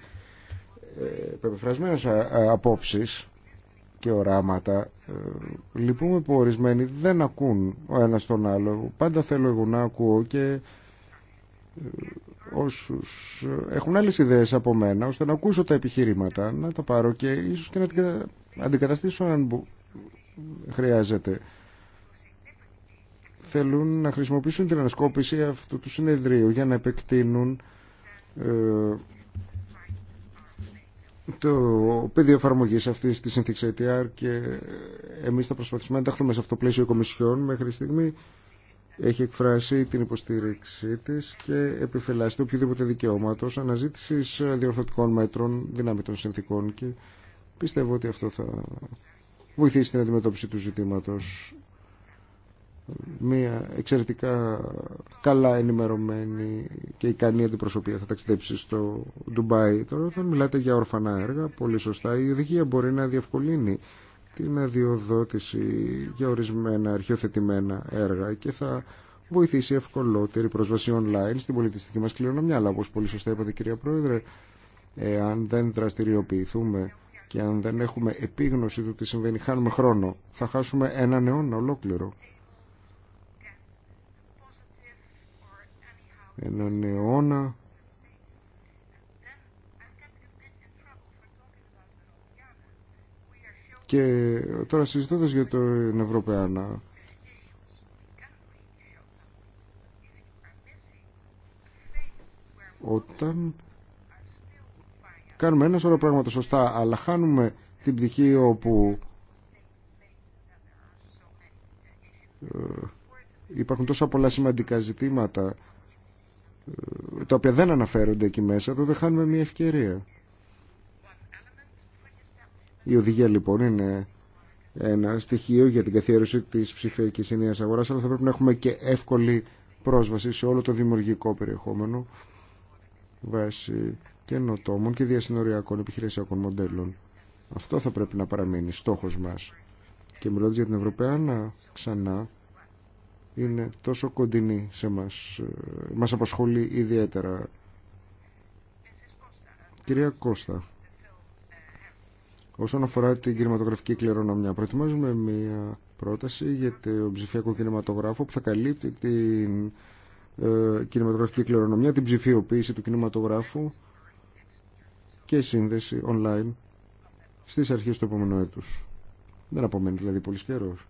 Speaker 2: ε, πεπεφρασμένες ε, ε, απόψεις και οράματα λυπούμε που ορισμένοι δεν ακούν ο ένας τον άλλο πάντα θέλω εγώ να ακούω και όσους έχουν άλλες ιδέες από μένα ώστε να ακούσω τα επιχειρήματα να τα πάρω και ίσως και να αντικαταστήσω αν χρειάζεται θέλουν να χρησιμοποιήσουν την ανασκόπηση αυτού του συνεδρίου για να επεκτείνουν το πεδίο εφαρμογή αυτή τη συνθήκη ATR και εμεί θα προσπαθήσουμε να ενταχθούμε σε αυτό το πλαίσιο Κομισιόν Μέχρι στιγμή έχει εκφράσει την υποστήριξή τη και επιφυλάσσει το οποιοδήποτε δικαιώματο αναζήτηση διορθωτικών μέτρων δυνάμεων των συνθήκων και πιστεύω ότι αυτό θα βοηθήσει την αντιμετώπιση του ζητήματο μια εξαιρετικά καλά ενημερωμένη και ικανή αντιπροσωπεία θα ταξιδέψει στο Ντουμπάι. Τώρα όταν μιλάτε για ορφανά έργα, πολύ σωστά, η οδηγία μπορεί να διευκολύνει την αδειοδότηση για ορισμένα αρχαιοθετημένα έργα και θα βοηθήσει ευκολότερη πρόσβαση online στην πολιτιστική μας κληρονομιά. Αλλά όπως πολύ σωστά είπατε κυρία Πρόεδρε, αν δεν δραστηριοποιηθούμε και αν δεν έχουμε επίγνωση του τι συμβαίνει, χάνουμε χρόνο, θα χάσουμε έναν αιώνα ολόκληρο. έναν αιώνα και τώρα συζητώντας για το Ευρωπαϊκό όταν κάνουμε ένα σωρό πράγματα σωστά αλλά χάνουμε την πτυχή όπου ε, υπάρχουν τόσα πολλά σημαντικά ζητήματα τα οποία δεν αναφέρονται εκεί μέσα, τότε χάνουμε μια ευκαιρία. Η οδηγία λοιπόν είναι ένα στοιχείο για την καθιέρωση της ψηφιακής ενίας αγοράς, αλλά θα πρέπει να έχουμε και εύκολη πρόσβαση σε όλο το δημιουργικό περιεχόμενο βάσει καινοτόμων και διασυνοριακών επιχειρησιακών μοντέλων. Αυτό θα πρέπει να παραμείνει στόχος μας. Και μιλώντας για την να ξανά είναι τόσο κοντινή σε μας. Ε, μας απασχολεί ιδιαίτερα. Κυρία Κώστα, όσον αφορά την κινηματογραφική κληρονομιά, προετοιμάζουμε μία πρόταση για τον ψηφιακό κινηματογράφο που θα καλύπτει την ε, κινηματογραφική κληρονομιά, την ψηφιοποίηση του κινηματογράφου και σύνδεση online στις αρχές του επόμενου έτους. Δεν απομένει δηλαδή πολύ καιρός.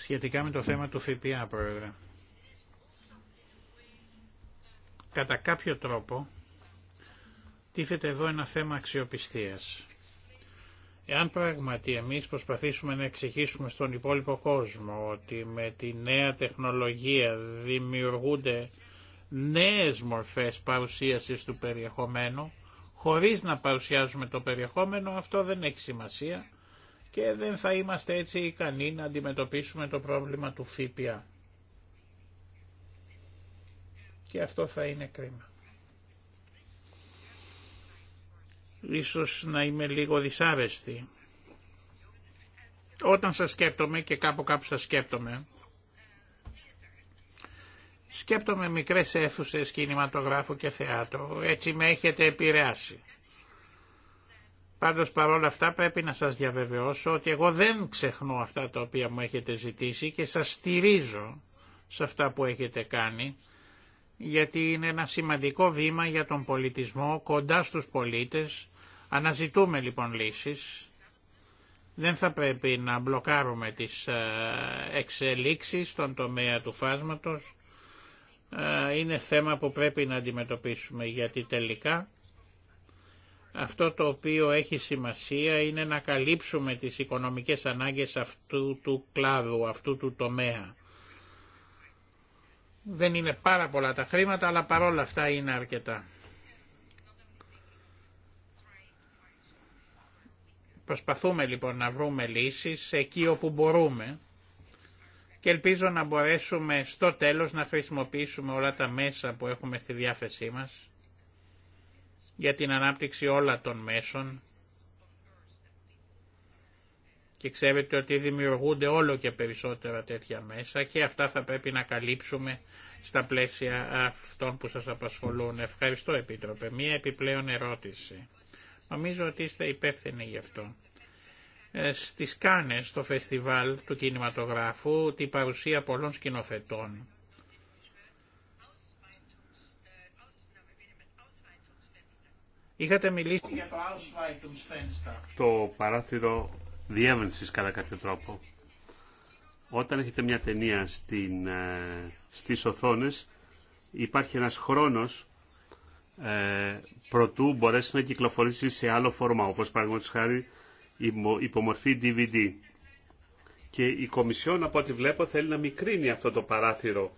Speaker 3: σχετικά με το θέμα του ΦΠΑ, Πρόεδρε. Κατά κάποιο τρόπο, τίθεται εδώ ένα θέμα αξιοπιστίας. Εάν πράγματι εμείς προσπαθήσουμε να εξηγήσουμε στον υπόλοιπο κόσμο ότι με τη νέα τεχνολογία δημιουργούνται νέες μορφές παρουσίασης του περιεχομένου, χωρίς να παρουσιάζουμε το περιεχόμενο, αυτό δεν έχει σημασία και δεν θα είμαστε έτσι ικανοί να αντιμετωπίσουμε το πρόβλημα του ΦΠΑ. Και αυτό θα είναι κρίμα. Ίσως να είμαι λίγο δυσάρεστη. Όταν σας σκέπτομαι και κάπου κάπου σας σκέπτομαι, σκέπτομαι μικρές αίθουσες κινηματογράφου και θεάτρου, έτσι με έχετε επηρεάσει. Πάντω παρόλα αυτά πρέπει να σας διαβεβαιώσω ότι εγώ δεν ξεχνώ αυτά τα οποία μου έχετε ζητήσει και σα στηρίζω σε αυτά που έχετε κάνει γιατί είναι ένα σημαντικό βήμα για τον πολιτισμό κοντά στους πολίτες. Αναζητούμε λοιπόν λύσεις. Δεν θα πρέπει να μπλοκάρουμε τις ε, εξελίξεις στον τομέα του φάσματος. Ε, είναι θέμα που πρέπει να αντιμετωπίσουμε γιατί τελικά αυτό το οποίο έχει σημασία είναι να καλύψουμε τις οικονομικές ανάγκες αυτού του κλάδου, αυτού του τομέα. Δεν είναι πάρα πολλά τα χρήματα, αλλά παρόλα αυτά είναι αρκετά. Προσπαθούμε λοιπόν να βρούμε λύσεις εκεί όπου μπορούμε και ελπίζω να μπορέσουμε στο τέλος να χρησιμοποιήσουμε όλα τα μέσα που έχουμε στη διάθεσή μας για την ανάπτυξη όλα των μέσων και ξέρετε ότι δημιουργούνται όλο και περισσότερα τέτοια μέσα και αυτά θα πρέπει να καλύψουμε στα πλαίσια αυτών που σας απασχολούν. Ευχαριστώ Επίτροπε. Μία επιπλέον ερώτηση. Νομίζω ότι είστε υπεύθυνοι γι' αυτό. Ε, στις Κάνες, στο φεστιβάλ του κινηματογράφου, την παρουσία πολλών σκηνοθετών Είχατε μιλήσει για το Ausweitungsfenster.
Speaker 1: Το παράθυρο διεύρυνσης κατά κάποιο τρόπο. Όταν έχετε μια ταινία στι ε, στις οθόνες υπάρχει ένας χρόνος ε, προτού μπορέσει να κυκλοφορήσει σε άλλο φόρμα, όπως παραδείγματο χάρη υπομορφή DVD. Και η Κομισιόν, από ό,τι βλέπω, θέλει να μικρύνει αυτό το παράθυρο,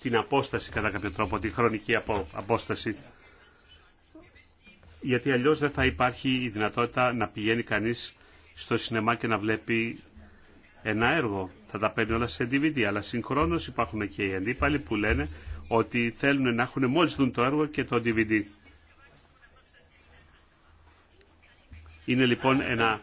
Speaker 1: την απόσταση κατά κάποιο τρόπο, τη χρονική απόσταση γιατί αλλιώς δεν θα υπάρχει η δυνατότητα να πηγαίνει κανείς στο σινεμά και να βλέπει ένα έργο. Θα τα παίρνει όλα σε DVD, αλλά συγχρόνως υπάρχουν και οι αντίπαλοι που λένε ότι θέλουν να έχουν μόλις δουν το έργο και το DVD. Είναι λοιπόν ένα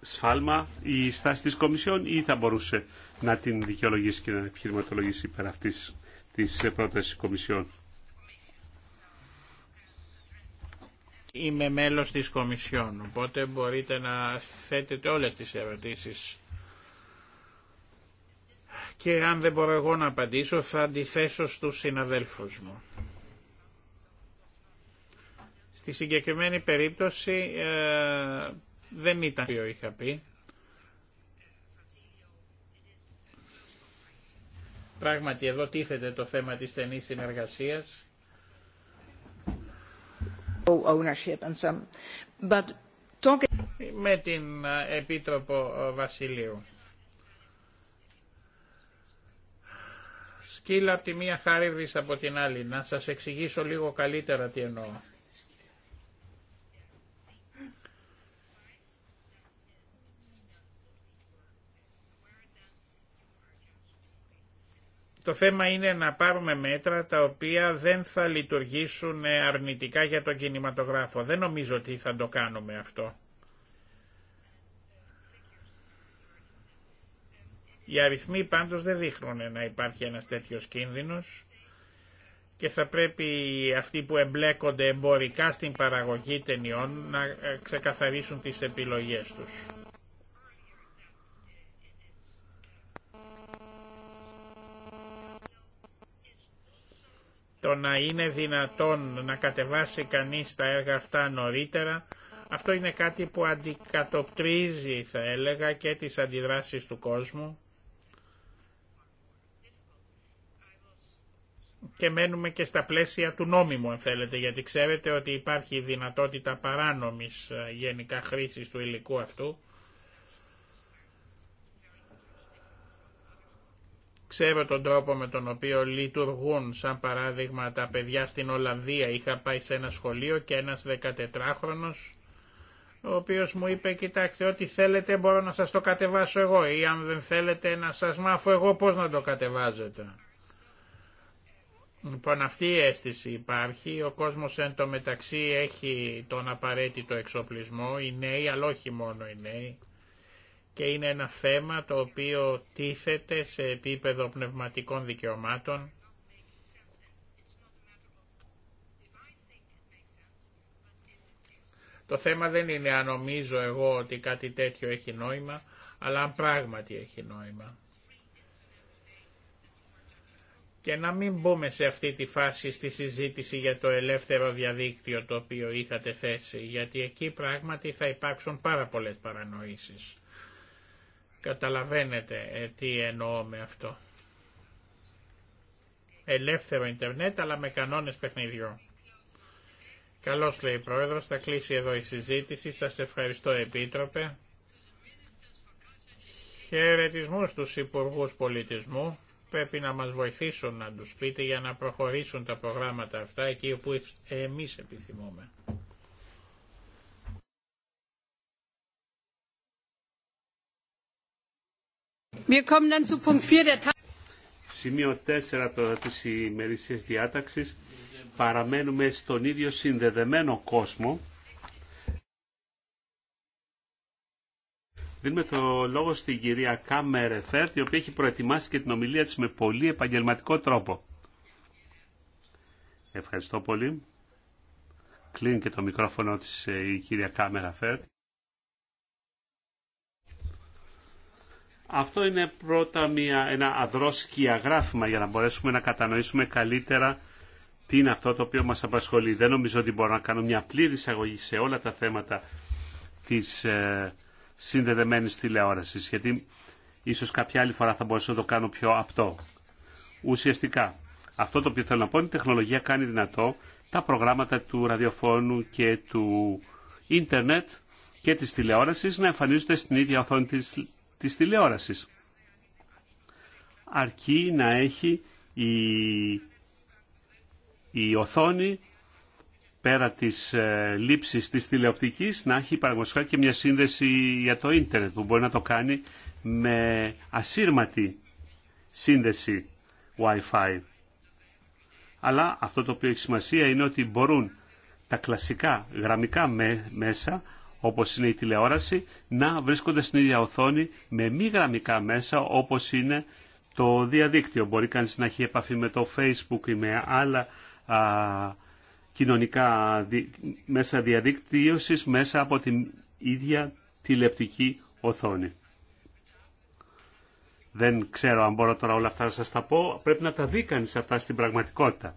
Speaker 1: σφάλμα η στάση της Κομισιόν ή θα μπορούσε να την δικαιολογήσει και να επιχειρηματολογήσει υπέρ αυτής της πρότασης Κομισιόν.
Speaker 3: Είμαι μέλος της Κομισιόν, οπότε μπορείτε να θέτετε όλες τις ερωτήσεις. Και αν δεν μπορώ εγώ να απαντήσω, θα αντιθέσω στους συναδέλφους μου. Στη συγκεκριμένη περίπτωση ε, δεν ήταν ποιο είχα πει. Πράγματι εδώ τίθεται το θέμα της στενής συνεργασίας με την ε, Επίτροπο ε, Βασιλείου. Σκύλα από τη μία χάρη από την άλλη. Να σας εξηγήσω λίγο καλύτερα τι εννοώ. Το θέμα είναι να πάρουμε μέτρα τα οποία δεν θα λειτουργήσουν ε, αρνητικά για τον κινηματογράφο. Δεν νομίζω ότι θα το κάνουμε αυτό. Οι αριθμοί πάντως δεν δείχνουν να υπάρχει ένας τέτοιος κίνδυνος και θα πρέπει αυτοί που εμπλέκονται εμπορικά στην παραγωγή ταινιών να ε, ξεκαθαρίσουν τις επιλογές τους. το να είναι δυνατόν να κατεβάσει κανείς τα έργα αυτά νωρίτερα, αυτό είναι κάτι που αντικατοπτρίζει, θα έλεγα, και τις αντιδράσεις του κόσμου. Και μένουμε και στα πλαίσια του νόμιμου, αν θέλετε, γιατί ξέρετε ότι υπάρχει δυνατότητα παράνομης ε, γενικά χρήσης του υλικού αυτού Ξέρω τον τρόπο με τον οποίο λειτουργούν, σαν παράδειγμα, τα παιδιά στην Ολλανδία. Είχα πάει σε ένα σχολείο και ένας 14χρονο, ο οποίος μου είπε, κοιτάξτε, ό,τι θέλετε μπορώ να σα το κατεβάσω εγώ ή αν δεν θέλετε να σας μάθω εγώ πώς να το κατεβάζετε. Λοιπόν, αυτή η αίσθηση υπάρχει. Ο κόσμος εν τω μεταξύ έχει τον απαραίτητο εξοπλισμό, οι νέοι, αλλά όχι μόνο οι νέοι και είναι ένα θέμα το οποίο τίθεται σε επίπεδο πνευματικών δικαιωμάτων Το θέμα δεν είναι αν νομίζω εγώ ότι κάτι τέτοιο έχει νόημα, αλλά αν πράγματι έχει νόημα. Και να μην μπούμε σε αυτή τη φάση στη συζήτηση για το ελεύθερο διαδίκτυο το οποίο είχατε θέσει, γιατί εκεί πράγματι θα υπάρξουν πάρα πολλές παρανοήσεις. Καταλαβαίνετε ε, τι εννοώ με αυτό. Ελεύθερο ίντερνετ αλλά με κανόνες παιχνιδιών. Καλώς λέει η Πρόεδρος, θα κλείσει εδώ η συζήτηση. Σας ευχαριστώ Επίτροπε. Χαιρετισμού στους Υπουργούς Πολιτισμού. Πρέπει να μας βοηθήσουν να τους πείτε για να προχωρήσουν τα προγράμματα αυτά εκεί όπου εμείς επιθυμούμε.
Speaker 1: Σημείο 4 τώρα της ημερησίας διάταξης. Παραμένουμε στον ίδιο συνδεδεμένο κόσμο. Δίνουμε το λόγο στην κυρία Κάμερε Φέρτ, η οποία έχει προετοιμάσει και την ομιλία της με πολύ επαγγελματικό τρόπο. Ευχαριστώ πολύ. Κλείνει και το μικρόφωνο της ε, η κυρία Κάμερα Φέρτ. Αυτό είναι πρώτα μια, ένα αδρό γράφημα για να μπορέσουμε να κατανοήσουμε καλύτερα τι είναι αυτό το οποίο μας απασχολεί. Δεν νομίζω ότι μπορώ να κάνω μια πλήρη εισαγωγή σε όλα τα θέματα της ε, συνδεδεμένης τηλεόρασης, γιατί ίσως κάποια άλλη φορά θα μπορέσω να το κάνω πιο απτό. Ουσιαστικά, αυτό το οποίο θέλω να πω είναι η τεχνολογία κάνει δυνατό τα προγράμματα του ραδιοφώνου και του ίντερνετ και της τηλεόρασης να εμφανίζονται στην ίδια οθόνη της της τηλεόρασης. Αρκεί να έχει η, η οθόνη πέρα της ε, λήψης της τηλεοπτικής να έχει παραγωγικά και μια σύνδεση για το ίντερνετ που μπορεί να το κάνει με ασύρματη σύνδεση Wi-Fi. Αλλά αυτό το οποίο έχει σημασία είναι ότι μπορούν τα κλασικά γραμμικά μέσα όπως είναι η τηλεόραση, να βρίσκονται στην ίδια οθόνη με μη γραμμικά μέσα όπως είναι το διαδίκτυο. Μπορεί κανείς να έχει επαφή με το Facebook ή με άλλα κοινωνικά μέσα διαδικτύωσης μέσα από την ίδια τηλεπτική οθόνη. Δεν ξέρω αν μπορώ τώρα όλα αυτά να σας τα πω. Πρέπει να τα δει κανείς αυτά στην πραγματικότητα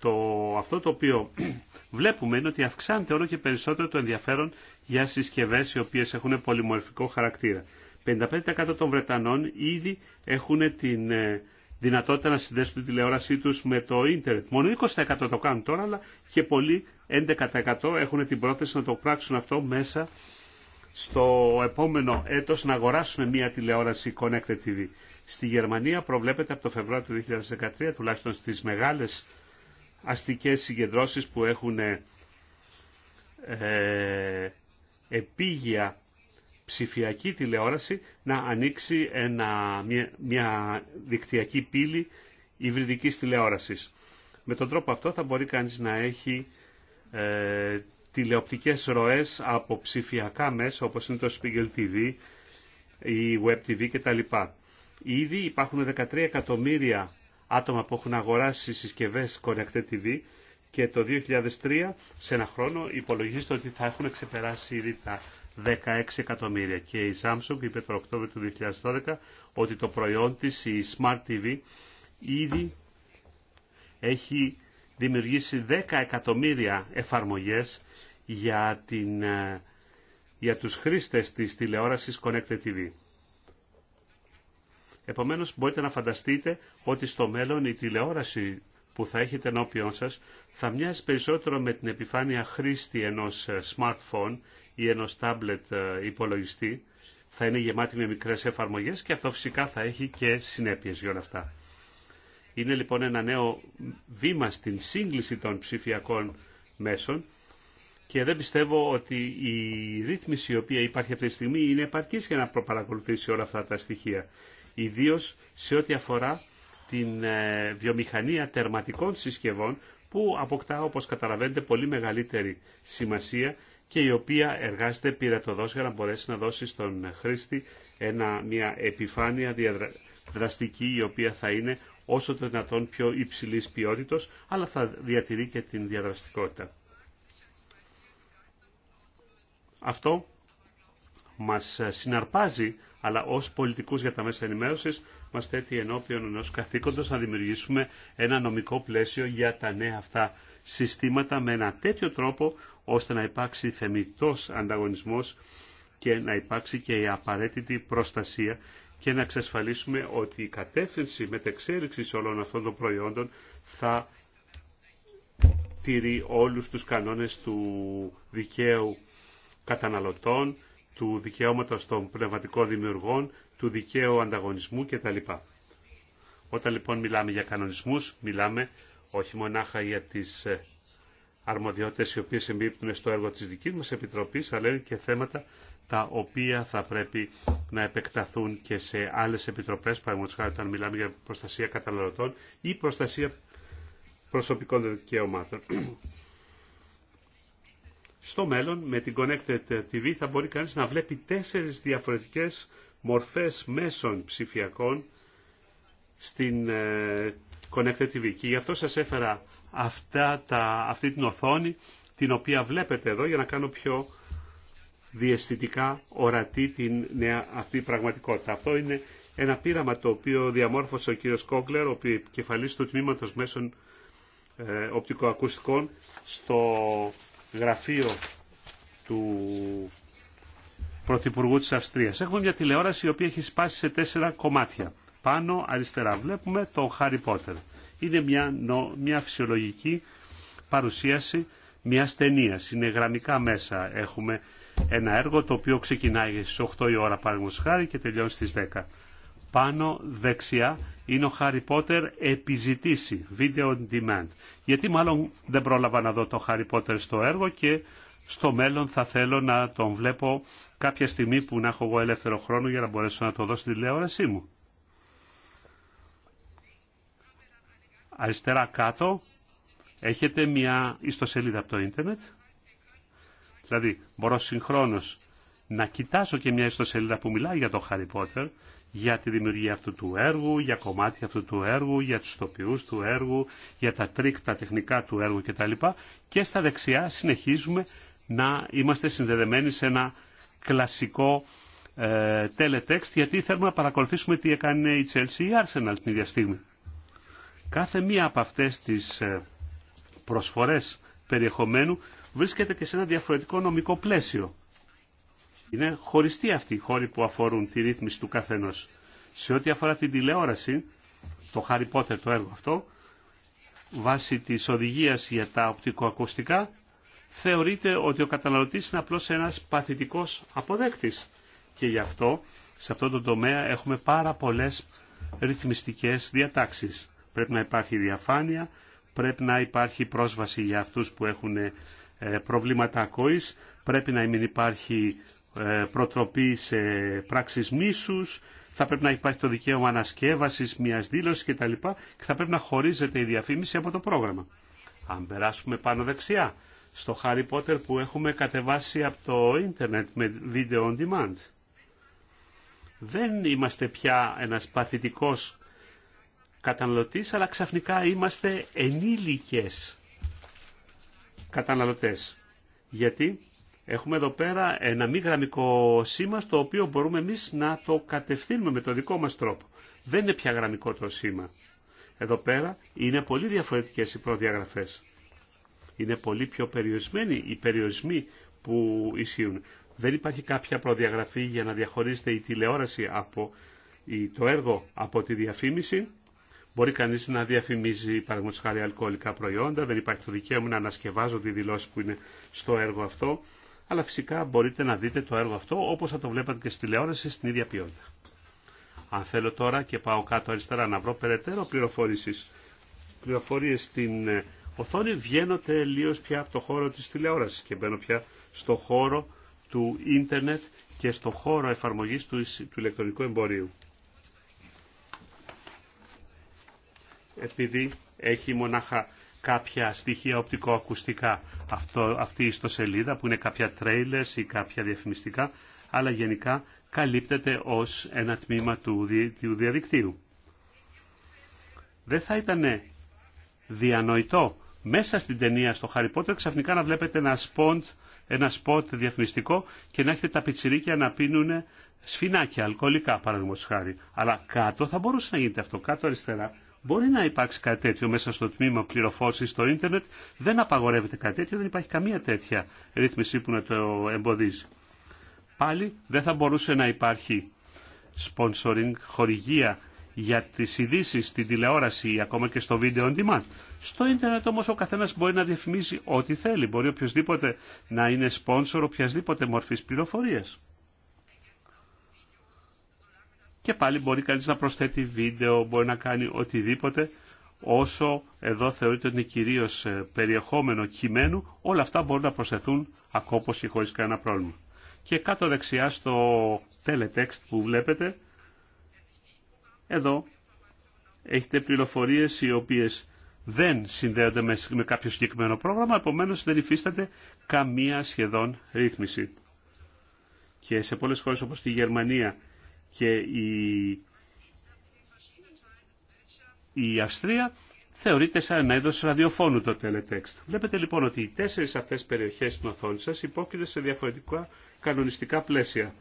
Speaker 1: το, αυτό το οποίο [CLEARS THROAT] βλέπουμε είναι ότι αυξάνεται όλο και περισσότερο το ενδιαφέρον για συσκευέ οι οποίε έχουν πολυμορφικό χαρακτήρα. 55% των Βρετανών ήδη έχουν την ε, δυνατότητα να συνδέσουν τη τηλεόρασή του με το ίντερνετ. Μόνο 20% το κάνουν τώρα, αλλά και πολλοί 11% έχουν την πρόθεση να το πράξουν αυτό μέσα στο επόμενο έτος να αγοράσουν μια τηλεόραση Connected TV. Στη Γερμανία προβλέπεται από το Φεβρουάριο του 2013, τουλάχιστον στις μεγάλες αστικές συγκεντρώσεις που έχουν ε, επίγεια ψηφιακή τηλεόραση να ανοίξει ένα, μια, δικτυακή πύλη υβριδικής τηλεόρασης. Με τον τρόπο αυτό θα μπορεί κανείς να έχει ε, τηλεοπτικές ροές από ψηφιακά μέσα όπως είναι το Spiegel TV, η Web TV κτλ. Ήδη υπάρχουν 13 εκατομμύρια άτομα που έχουν αγοράσει συσκευές Connected TV και το 2003 σε ένα χρόνο υπολογίζεται ότι θα έχουν ξεπεράσει ήδη τα 16 εκατομμύρια και η Samsung είπε το Οκτώβριο του 2012 ότι το προϊόν της, η Smart TV, ήδη έχει δημιουργήσει 10 εκατομμύρια εφαρμογές για, την, ε, για τους χρήστες της τηλεόρασης Connected TV. Επομένως μπορείτε να φανταστείτε ότι στο μέλλον η τηλεόραση που θα έχετε ενώπιόν σας θα μοιάζει περισσότερο με την επιφάνεια χρήστη ενός ε, smartphone ή ενός tablet ε, υπολογιστή. Θα είναι γεμάτη με μικρές εφαρμογές και αυτό φυσικά θα έχει και συνέπειες για όλα αυτά. Είναι λοιπόν ένα νέο βήμα στην σύγκληση των ψηφιακών μέσων και δεν πιστεύω ότι η ρύθμιση η οποία υπάρχει αυτή τη στιγμή είναι επαρκής για να προπαρακολουθήσει όλα αυτά τα στοιχεία ιδίως σε ό,τι αφορά την ε, βιομηχανία τερματικών συσκευών που αποκτά όπως καταλαβαίνετε πολύ μεγαλύτερη σημασία και η οποία εργάζεται πειρατοδός για να μπορέσει να δώσει στον χρήστη ένα, μια επιφάνεια διαδραστική η οποία θα είναι όσο το δυνατόν πιο υψηλής ποιότητος αλλά θα διατηρεί και την διαδραστικότητα. Αυτό μας συναρπάζει αλλά ως πολιτικούς για τα μέσα ενημέρωσης μας θέτει ενώπιον ενό καθήκοντο να δημιουργήσουμε ένα νομικό πλαίσιο για τα νέα αυτά συστήματα με ένα τέτοιο τρόπο ώστε να υπάρξει θεμητός ανταγωνισμός και να υπάρξει και η απαραίτητη προστασία και να εξασφαλίσουμε ότι η κατεύθυνση μετεξέλιξη όλων αυτών των προϊόντων θα τηρεί όλους τους κανόνες του δικαίου καταναλωτών, του δικαιώματο των πνευματικών δημιουργών, του δικαίου ανταγωνισμού κτλ. Όταν λοιπόν μιλάμε για κανονισμούς, μιλάμε όχι μονάχα για τις ε, αρμοδιότητες οι οποίες εμπίπτουν στο έργο της δικής μας Επιτροπής, αλλά είναι και θέματα τα οποία θα πρέπει να επεκταθούν και σε άλλες επιτροπές, παραδείγματος χάρη όταν μιλάμε για προστασία καταναλωτών ή προστασία προσωπικών δικαιωμάτων. Στο μέλλον με την Connected TV θα μπορεί κανείς να βλέπει τέσσερις διαφορετικές μορφές μέσων ψηφιακών στην ε, Connected TV. Και γι' αυτό σας έφερα αυτά τα, αυτή την οθόνη την οποία βλέπετε εδώ για να κάνω πιο διαισθητικά ορατή την νέα αυτή πραγματικότητα. Αυτό είναι ένα πείραμα το οποίο διαμόρφωσε ο κύριος Κόγκλερ, ο του τμήματος μέσων ε, οπτικοακουστικών στο γραφείο του Πρωθυπουργού της Αυστρίας. Έχουμε μια τηλεόραση η οποία έχει σπάσει σε τέσσερα κομμάτια. Πάνω αριστερά βλέπουμε το Χάρι Πότερ. Είναι μια, μια φυσιολογική παρουσίαση μια ταινία. Είναι γραμμικά μέσα. Έχουμε ένα έργο το οποίο ξεκινάει στις 8 η ώρα παραδείγματος χάρη και τελειώνει στις 10 πάνω δεξιά είναι ο Harry Potter επιζητήσει, video on demand. Γιατί μάλλον δεν πρόλαβα να δω το Harry Potter στο έργο και στο μέλλον θα θέλω να τον βλέπω κάποια στιγμή που να έχω εγώ ελεύθερο χρόνο για να μπορέσω να το δω στην τηλεόρασή μου. Αριστερά κάτω έχετε μια ιστοσελίδα από το ίντερνετ. Δηλαδή μπορώ συγχρόνως να κοιτάζω και μια ιστοσελίδα που μιλάει για το Harry Potter, για τη δημιουργία αυτού του έργου, για κομμάτια αυτού του έργου, για τους τοπιούς του έργου, για τα τρίκτα τεχνικά του έργου κτλ. Και στα δεξιά συνεχίζουμε να είμαστε συνδεδεμένοι σε ένα κλασικό ε, teletext, γιατί θέλουμε να παρακολουθήσουμε τι έκανε η Chelsea ή η Arsenal την ίδια στιγμή. Κάθε μία από αυτές τις ε, προσφορές περιεχομένου βρίσκεται και σε ένα διαφορετικό νομικό πλαίσιο. Είναι χωριστοί αυτοί οι χώροι που αφορούν τη ρύθμιση του καθενό. Σε ό,τι αφορά την τηλεόραση, το Harry Potter το έργο αυτό, βάσει της οδηγίας για τα οπτικοακουστικά, θεωρείται ότι ο καταναλωτής είναι απλώς ένας παθητικός αποδέκτης. Και γι' αυτό, σε αυτό το τομέα έχουμε πάρα πολλές ρυθμιστικές διατάξεις. Πρέπει να υπάρχει διαφάνεια, πρέπει να υπάρχει πρόσβαση για αυτούς που έχουν ε, προβλήματα ακοής, πρέπει να μην υπάρχει ε, προτροπή σε πράξεις μίσου, θα πρέπει να υπάρχει το δικαίωμα ανασκεύαση μιας δήλωσης κτλ. Και θα πρέπει να χωρίζεται η διαφήμιση από το πρόγραμμα. Αν περάσουμε πάνω δεξιά, στο Harry Potter που έχουμε κατεβάσει από το ίντερνετ με video on demand. Δεν είμαστε πια ένας παθητικός καταναλωτής, αλλά ξαφνικά είμαστε ενήλικες καταναλωτές. Γιατί Έχουμε εδώ πέρα ένα μη γραμμικό σήμα στο οποίο μπορούμε εμείς να το κατευθύνουμε με το δικό μας τρόπο. Δεν είναι πια γραμμικό το σήμα. Εδώ πέρα είναι πολύ διαφορετικές οι προδιαγραφές. Είναι πολύ πιο περιορισμένοι οι περιορισμοί που ισχύουν. Δεν υπάρχει κάποια προδιαγραφή για να διαχωρίζεται η τηλεόραση από το έργο από τη διαφήμιση. Μπορεί κανείς να διαφημίζει παραδείγματος χάρη αλκοολικά προϊόντα, δεν υπάρχει το δικαίωμα να ανασκευάζονται οι δηλώσεις που είναι στο έργο αυτό αλλά φυσικά μπορείτε να δείτε το έργο αυτό όπως θα το βλέπατε και στη τηλεόραση στην ίδια ποιότητα. Αν θέλω τώρα και πάω κάτω αριστερά να βρω περαιτέρω πληροφορίες, πληροφορίες στην ε, οθόνη, βγαίνω τελείω πια από το χώρο της τηλεόρασης και μπαίνω πια στο χώρο του ίντερνετ και στο χώρο εφαρμογής του, του ηλεκτρονικού εμπορίου. Επειδή έχει μονάχα κάποια στοιχεία οπτικοακουστικά. Αυτό, αυτή η ιστοσελίδα που είναι κάποια τρέιλες ή κάποια διαφημιστικά, αλλά γενικά καλύπτεται ως ένα τμήμα του, διαδικτύου. Δεν θα ήταν διανοητό μέσα στην ταινία στο Harry ξαφνικά να βλέπετε ένα σποντ ένα σποτ διαφημιστικό και να έχετε τα πιτσιρίκια να πίνουν σφινάκια, αλκοολικά παραδείγματος χάρη. Αλλά κάτω θα μπορούσε να γίνεται αυτό. Κάτω αριστερά Μπορεί να υπάρξει κάτι τέτοιο μέσα στο τμήμα πληροφόρηση στο ίντερνετ. Δεν απαγορεύεται κάτι τέτοιο, δεν υπάρχει καμία τέτοια ρύθμιση που να το εμποδίζει. Πάλι δεν θα μπορούσε να υπάρχει sponsoring, χορηγία για τι ειδήσει στην τηλεόραση ή ακόμα και στο βίντεο on demand. Στο ίντερνετ όμω ο καθένα μπορεί να διαφημίζει ό,τι θέλει. Μπορεί οποιοδήποτε να είναι sponsor οποιασδήποτε μορφή πληροφορία. Και πάλι μπορεί κανείς να προσθέτει βίντεο, μπορεί να κάνει οτιδήποτε, όσο εδώ θεωρείται ότι είναι κυρίως ε, περιεχόμενο κειμένου, όλα αυτά μπορούν να προσθεθούν ακόπως και χωρίς κανένα πρόβλημα. Και κάτω δεξιά στο teletext που βλέπετε, εδώ έχετε πληροφορίες οι οποίες δεν συνδέονται με κάποιο συγκεκριμένο πρόγραμμα, επομένως δεν υφίσταται καμία σχεδόν ρύθμιση. Και σε πολλές χώρες όπως τη Γερμανία και η, Αυστρία θεωρείται σαν ένα είδος ραδιοφώνου το teletext. Βλέπετε λοιπόν ότι οι τέσσερις αυτές περιοχές στην οθόνη σας υπόκειται σε διαφορετικά κανονιστικά πλαίσια.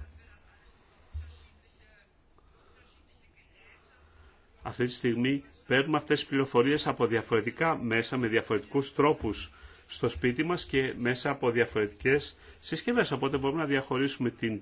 Speaker 1: Αυτή τη στιγμή παίρνουμε αυτές τις πληροφορίες από διαφορετικά μέσα, με διαφορετικούς τρόπους στο σπίτι μας και μέσα από διαφορετικές συσκευές. Οπότε μπορούμε να διαχωρίσουμε την,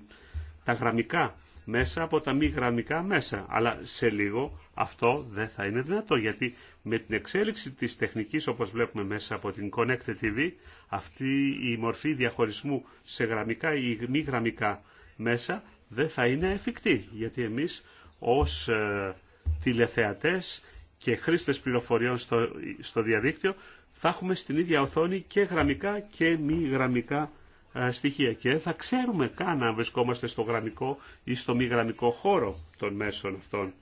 Speaker 1: τα γραμμικά μέσα από τα μη γραμμικά μέσα. Αλλά σε λίγο αυτό δεν θα είναι δυνατό γιατί με την εξέλιξη της τεχνικής όπως βλέπουμε μέσα από την Connected TV αυτή η μορφή διαχωρισμού σε γραμμικά ή μη γραμμικά μέσα δεν θα είναι εφικτή γιατί εμείς ως ε, τηλεθεατές και χρήστες πληροφοριών στο, στο διαδίκτυο θα έχουμε στην ίδια οθόνη και γραμμικά και μη γραμμικά ε, στοιχεία και δεν θα ξέρουμε καν αν βρισκόμαστε στο γραμμικό ή στο μη γραμμικό χώρο των μέσων αυτών.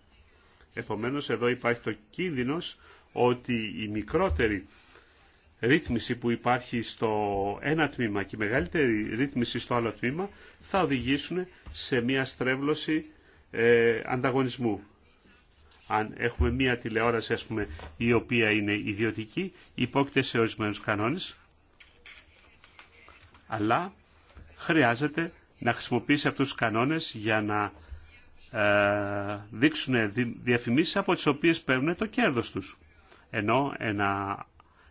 Speaker 1: Επομένως εδώ υπάρχει το κίνδυνος ότι η μικρότερη ρύθμιση που υπάρχει στο ένα τμήμα και η μεγαλύτερη ρύθμιση στο άλλο τμήμα θα οδηγήσουν σε μια στρέβλωση ε, ανταγωνισμού. Αν έχουμε μια τηλεόραση ας πούμε, η οποία είναι ιδιωτική, υπόκειται σε ορισμένους κανόνες αλλά χρειάζεται να χρησιμοποιήσει αυτούς τους κανόνες για να ε, δείξουν διαφημίσεις από τις οποίες παίρνουν το κέρδος τους. Ενώ ένα,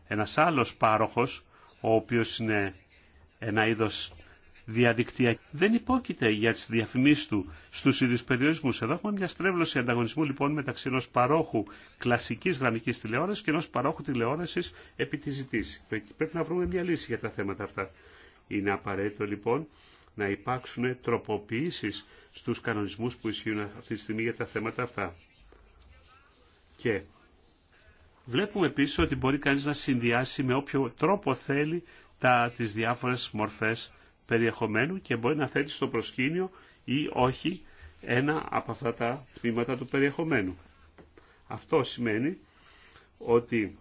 Speaker 1: ένας άλλος πάροχος, ο οποίος είναι ένα είδος διαδικτυακή, δεν υπόκειται για τις διαφημίσεις του στους ίδιους περιορισμούς. Εδώ έχουμε μια στρέβλωση ανταγωνισμού λοιπόν μεταξύ ενός παρόχου κλασικής γραμμικής τηλεόρασης και ενός παρόχου τηλεόρασης επί τη ζητήση. Πρέπει να βρούμε μια λύση για τα θέματα αυτά. Είναι απαραίτητο λοιπόν να υπάρξουν τροποποιήσεις στους κανονισμούς που ισχύουν αυτή τη στιγμή για τα θέματα αυτά. Και βλέπουμε επίσης ότι μπορεί κανείς να συνδυάσει με όποιο τρόπο θέλει τα, τις διάφορες μορφές περιεχομένου και μπορεί να θέτει στο προσκήνιο ή όχι ένα από αυτά τα τμήματα του περιεχομένου. Αυτό σημαίνει ότι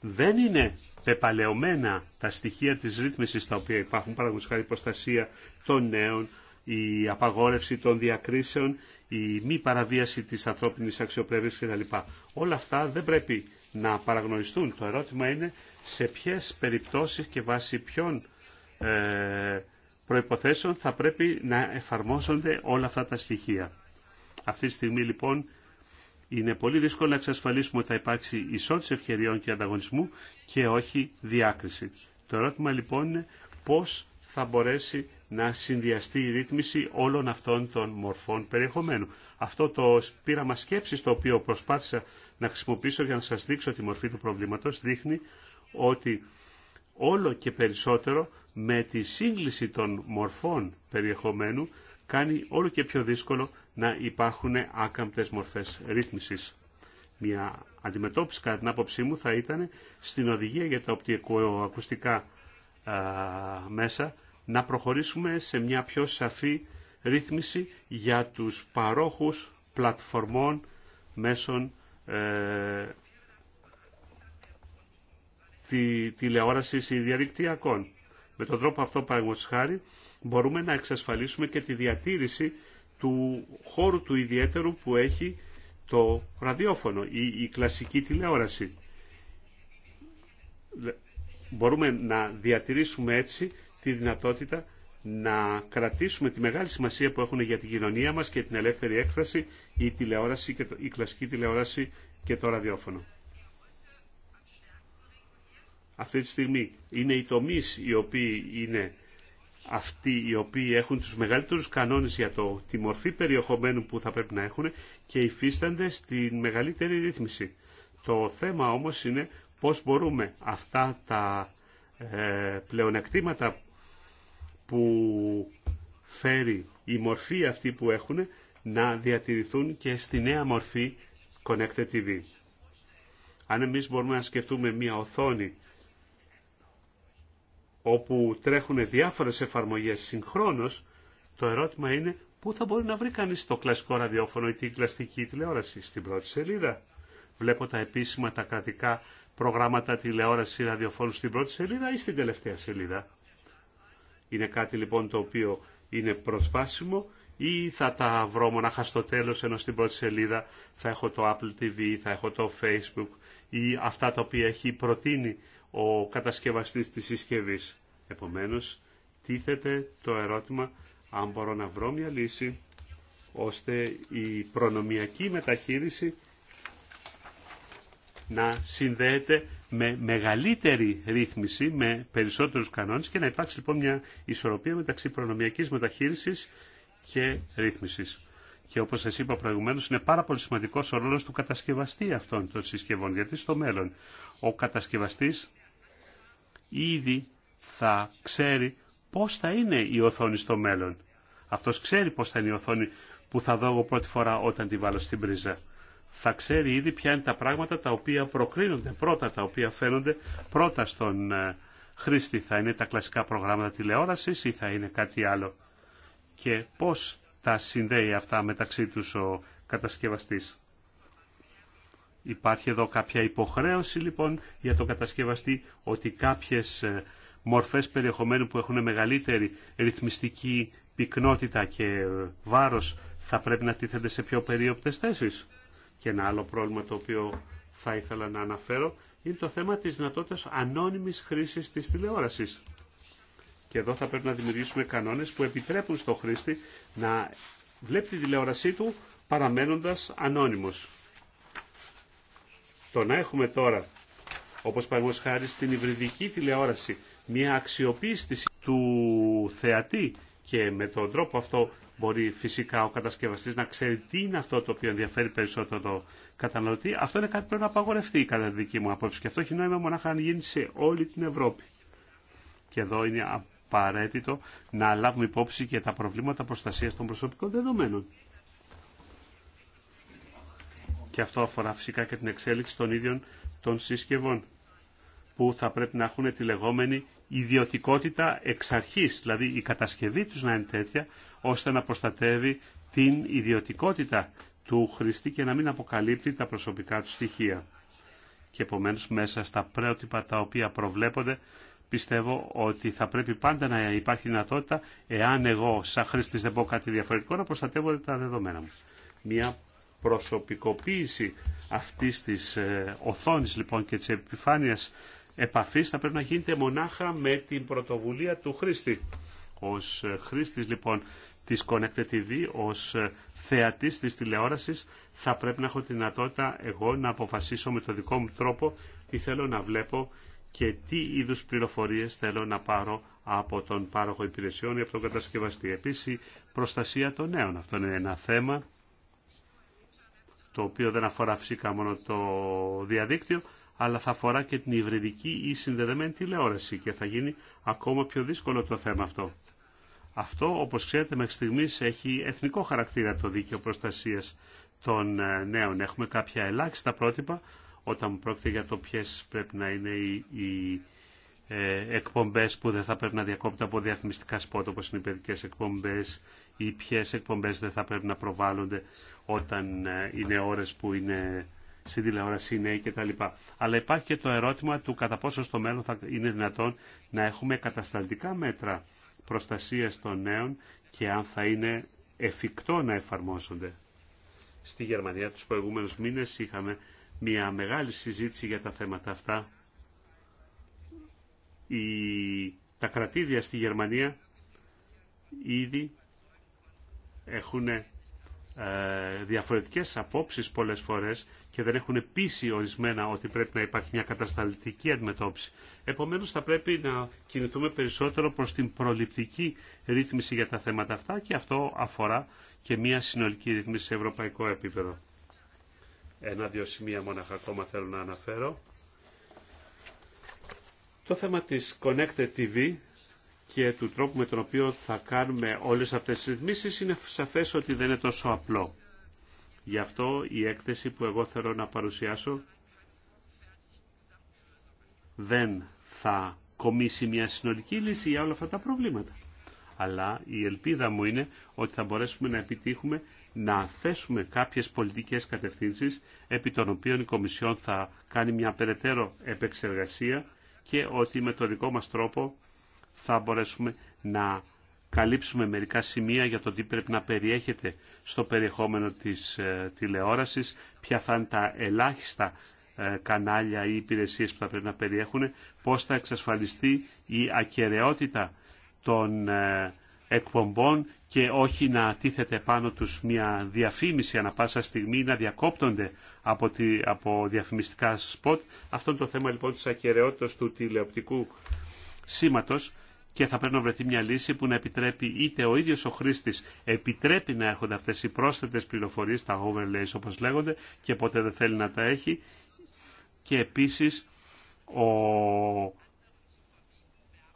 Speaker 1: δεν είναι πεπαλαιωμένα τα στοιχεία της ρύθμισης τα οποία υπάρχουν, παραδείγματος χάρη προστασία των νέων, η απαγόρευση των διακρίσεων, η μη παραβίαση της ανθρώπινης αξιοπρέπειας κλπ. Όλα αυτά δεν πρέπει να παραγνωριστούν. Το ερώτημα είναι σε ποιες περιπτώσεις και βάσει ποιων ε, προϋποθέσεων θα πρέπει να εφαρμόσονται όλα αυτά τα στοιχεία. Αυτή τη στιγμή λοιπόν είναι πολύ δύσκολο να εξασφαλίσουμε ότι θα υπάρξει ισότητα ευκαιριών και ανταγωνισμού και όχι διάκριση. Το ερώτημα λοιπόν είναι πώς θα μπορέσει να συνδυαστεί η ρύθμιση όλων αυτών των μορφών περιεχομένου. Αυτό το πείραμα σκέψης το οποίο προσπάθησα να χρησιμοποιήσω για να σας δείξω τη μορφή του προβλήματος δείχνει ότι όλο και περισσότερο με τη σύγκληση των μορφών περιεχομένου κάνει όλο και πιο δύσκολο να υπάρχουν άκαμπτες μορφές ρύθμισης. Μια αντιμετώπιση κατά την άποψή μου θα ήταν στην οδηγία για τα οπτικοακουστικά μέσα να προχωρήσουμε σε μια πιο σαφή ρύθμιση για τους παρόχους πλατφορμών μέσων ε, τη, τηλεόρασης ή διαδικτυακών. Με τον τρόπο αυτό, παραγωγός μπορούμε να εξασφαλίσουμε και τη διατήρηση του χώρου του ιδιαίτερου που έχει το ραδιόφωνο ή η κλασική τηλεόραση. Μπορούμε να διατηρήσουμε έτσι τη δυνατότητα να κρατήσουμε τη μεγάλη σημασία που έχουν για την κοινωνία μας και την ελεύθερη έκφραση η, τηλεόραση και το, η κλασική τηλεόραση και το ραδιόφωνο. Αυτή τη στιγμή είναι οι τομείς οι οποίοι είναι αυτοί οι οποίοι έχουν τους μεγαλύτερους κανόνες για το, τη μορφή περιεχομένου που θα πρέπει να έχουν και υφίστανται στην μεγαλύτερη ρύθμιση. Το θέμα όμως είναι πώς μπορούμε αυτά τα ε, πλεονεκτήματα που φέρει η μορφή αυτή που έχουν να διατηρηθούν και στη νέα μορφή Connected TV. Αν εμείς μπορούμε να σκεφτούμε μια οθόνη όπου τρέχουν διάφορες εφαρμογές συγχρόνως, το ερώτημα είναι πού θα μπορεί να βρει κανείς το κλασικό ραδιόφωνο ή την κλαστική τηλεόραση. Στην πρώτη σελίδα βλέπω τα επίσημα τα κρατικά προγράμματα τηλεόραση ραδιοφώνου στην πρώτη σελίδα ή στην τελευταία σελίδα. Είναι κάτι λοιπόν το οποίο είναι προσβάσιμο ή θα τα βρω μονάχα στο τέλος ενώ στην πρώτη σελίδα θα έχω το Apple TV, θα έχω το Facebook ή αυτά τα οποία έχει προτείνει ο κατασκευαστής της συσκευής. Επομένως, τίθεται το ερώτημα αν μπορώ να βρω μια λύση ώστε η προνομιακή μεταχείριση να συνδέεται με μεγαλύτερη ρύθμιση, με περισσότερους κανόνες και να υπάρξει λοιπόν μια ισορροπία μεταξύ προνομιακής μεταχείρισης και ρύθμισης. Και όπως σας είπα προηγουμένως είναι πάρα πολύ σημαντικός ο ρόλος του κατασκευαστή αυτών των συσκευών, γιατί στο μέλλον ο κατασκευαστής ήδη θα ξέρει πώς θα είναι η οθόνη στο μέλλον. Αυτός ξέρει πώς θα είναι η οθόνη που θα δω εγώ πρώτη φορά όταν τη βάλω στην πρίζα. Θα ξέρει ήδη ποια είναι τα πράγματα τα οποία προκρίνονται πρώτα, τα οποία φαίνονται πρώτα στον ε, χρήστη. Θα είναι τα κλασικά προγράμματα τηλεόρασης ή θα είναι κάτι άλλο. Και πώς τα συνδέει αυτά μεταξύ τους ο κατασκευαστής. Υπάρχει εδώ κάποια υποχρέωση λοιπόν για τον κατασκευαστή ότι κάποιες ε, μορφές περιεχομένου που έχουν μεγαλύτερη ρυθμιστική πυκνότητα και ε, βάρος θα πρέπει να τίθενται σε πιο περίοπτες θέσεις. Και ένα άλλο πρόβλημα το οποίο θα ήθελα να αναφέρω είναι το θέμα της δυνατότητα ανώνυμης χρήσης της τηλεόρασης. Και εδώ θα πρέπει να δημιουργήσουμε κανόνες που επιτρέπουν στο χρήστη να βλέπει τη τηλεόρασή του παραμένοντας ανώνυμος. Το να έχουμε τώρα, όπως παραγωγός χάρη στην υβριδική τηλεόραση, μια αξιοποίηση του θεατή και με τον τρόπο αυτό μπορεί φυσικά ο κατασκευαστής να ξέρει τι είναι αυτό το οποίο ενδιαφέρει περισσότερο το καταναλωτή. Αυτό είναι κάτι που πρέπει να απαγορευτεί κατά τη δική μου απόψη και αυτό έχει νόημα μονάχα να γίνει σε όλη την Ευρώπη. Και εδώ είναι απαραίτητο να λάβουμε υπόψη και τα προβλήματα προστασίας των προσωπικών δεδομένων. Και αυτό αφορά φυσικά και την εξέλιξη των ίδιων των συσκευών που θα πρέπει να έχουν τη λεγόμενη ιδιωτικότητα εξ αρχής, δηλαδή η κατασκευή τους να είναι τέτοια, ώστε να προστατεύει την ιδιωτικότητα του χρηστή και να μην αποκαλύπτει τα προσωπικά του στοιχεία. Και επομένως μέσα στα πρότυπα τα οποία προβλέπονται, πιστεύω ότι θα πρέπει πάντα να υπάρχει δυνατότητα, εάν εγώ σαν χρήστης δεν πω κάτι διαφορετικό, να προστατεύω τα δεδομένα μου. Μια προσωπικοποίηση αυτής της ε, οθόνης λοιπόν και της επιφάνειας επαφής θα πρέπει να γίνεται μονάχα με την πρωτοβουλία του χρήστη. Ως ε, χρήστης λοιπόν της Connected TV, ως ε, θεατής της τηλεόρασης θα πρέπει να έχω τη δυνατότητα εγώ να αποφασίσω με το δικό μου τρόπο τι θέλω να βλέπω και τι είδους πληροφορίες θέλω να πάρω από τον πάροχο υπηρεσιών ή από τον κατασκευαστή. Επίση, προστασία των νέων. Αυτό είναι ένα θέμα το οποίο δεν αφορά φυσικά μόνο το διαδίκτυο, αλλά θα αφορά και την υβριδική ή συνδεδεμένη τηλεόραση και θα γίνει ακόμα πιο δύσκολο το θέμα αυτό. Αυτό, όπως ξέρετε, μέχρι στιγμής έχει εθνικό χαρακτήρα το δίκαιο προστασίας των ε, νέων. Έχουμε κάποια ελάχιστα πρότυπα όταν πρόκειται για το ποιε πρέπει να είναι οι, οι ε, εκπομπές που δεν θα πρέπει να διακόπτουν από διαφημιστικά σπότ όπως είναι οι παιδικές εκπομπές ή ποιες εκπομπές δεν θα πρέπει να προβάλλονται όταν ε, είναι ώρες που είναι στην τηλεόραση οι νέοι κτλ. Αλλά υπάρχει και το ερώτημα του κατά πόσο στο μέλλον θα είναι δυνατόν να έχουμε κατασταλτικά μέτρα προστασίας των νέων και αν θα είναι εφικτό να εφαρμόσονται. Στη Γερμανία τους προηγούμενους μήνες είχαμε μια μεγάλη συζήτηση για τα θέματα αυτά η, τα κρατήδια στη Γερμανία ήδη έχουν ε, διαφορετικές απόψεις πολλές φορές και δεν έχουν πείσει ορισμένα ότι πρέπει να υπάρχει μια κατασταλτική αντιμετώπιση. Επομένως θα πρέπει να κινηθούμε περισσότερο προς την προληπτική ρύθμιση για τα θέματα αυτά και αυτό αφορά και μια συνολική ρύθμιση σε ευρωπαϊκό επίπεδο. Ένα-δύο σημεία μόνο ακόμα θέλω να αναφέρω. Το θέμα της Connected TV και του τρόπου με τον οποίο θα κάνουμε όλες αυτές τις ρυθμίσεις είναι σαφές ότι δεν είναι τόσο απλό. Γι' αυτό η έκθεση που εγώ θέλω να παρουσιάσω δεν θα κομίσει μια συνολική λύση για όλα αυτά τα προβλήματα. Αλλά η ελπίδα μου είναι ότι θα μπορέσουμε να επιτύχουμε να θέσουμε κάποιες πολιτικές κατευθύνσεις επί των οποίων η Κομισιόν θα κάνει μια περαιτέρω επεξεργασία και ότι με τον δικό μας τρόπο θα μπορέσουμε να καλύψουμε μερικά σημεία για το τι πρέπει να περιέχεται στο περιεχόμενο της ε, τηλεόρασης, ποια θα είναι τα ελάχιστα ε, κανάλια ή υπηρεσίες που θα πρέπει να περιέχουν, πώς θα εξασφαλιστεί η ακαιρεότητα των ε, εκπομπών και όχι να τίθεται πάνω τους μια διαφήμιση ανα πάσα στιγμή να διακόπτονται από, τη, από διαφημιστικά σποτ. Αυτό είναι το θέμα λοιπόν της ακαιρεότητας του τηλεοπτικού σήματος και θα πρέπει να βρεθεί μια λύση που να επιτρέπει είτε ο ίδιος ο χρήστης επιτρέπει να έχουν αυτές οι πρόσθετες πληροφορίες, τα overlays όπως λέγονται και ποτέ δεν θέλει να τα έχει και επίσης ο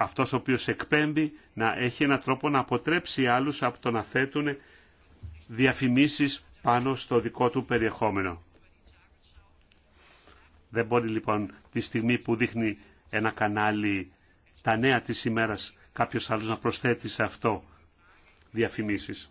Speaker 1: αυτός ο οποίος εκπέμπει να έχει έναν τρόπο να αποτρέψει άλλους από το να θέτουν διαφημίσεις πάνω στο δικό του περιεχόμενο. Δεν μπορεί λοιπόν τη στιγμή που δείχνει ένα κανάλι τα νέα της ημέρας κάποιος άλλος να προσθέτει σε αυτό διαφημίσεις.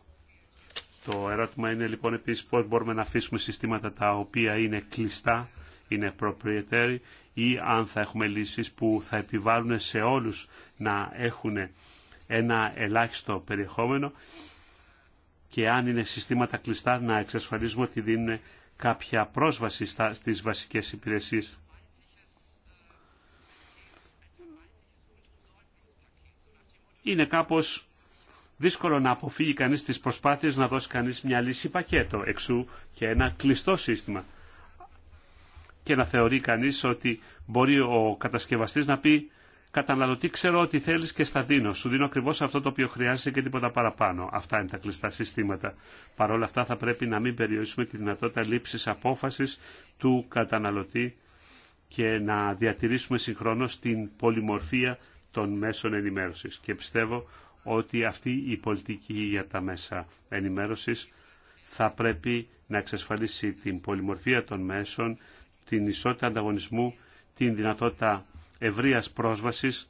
Speaker 1: Το ερώτημα είναι λοιπόν επίσης πώς μπορούμε να αφήσουμε συστήματα τα οποία είναι κλειστά είναι προπριετέροι ή αν θα έχουμε λύσεις που θα επιβάλλουν σε όλους να έχουν ένα ελάχιστο περιεχόμενο και αν είναι συστήματα κλειστά να εξασφαλίζουμε ότι δίνουν κάποια πρόσβαση στα, στις βασικές υπηρεσίες. Είναι κάπως δύσκολο να αποφύγει κανείς τις προσπάθειες να δώσει κανείς μια λύση πακέτο, εξού και ένα κλειστό σύστημα και να θεωρεί κανείς ότι μπορεί ο κατασκευαστής να πει καταναλωτή ξέρω ότι θέλεις και στα δίνω. Σου δίνω ακριβώς αυτό το οποίο χρειάζεσαι και τίποτα παραπάνω. Αυτά είναι τα κλειστά συστήματα. Παρ' όλα αυτά θα πρέπει να μην περιορίσουμε τη δυνατότητα λήψης απόφασης του καταναλωτή και να διατηρήσουμε συγχρόνως την πολυμορφία των μέσων ενημέρωσης. Και πιστεύω ότι αυτή η πολιτική για τα μέσα ενημέρωσης θα πρέπει να εξασφαλίσει την πολυμορφία των μέσων, την ισότητα ανταγωνισμού, την δυνατότητα ευρείας πρόσβασης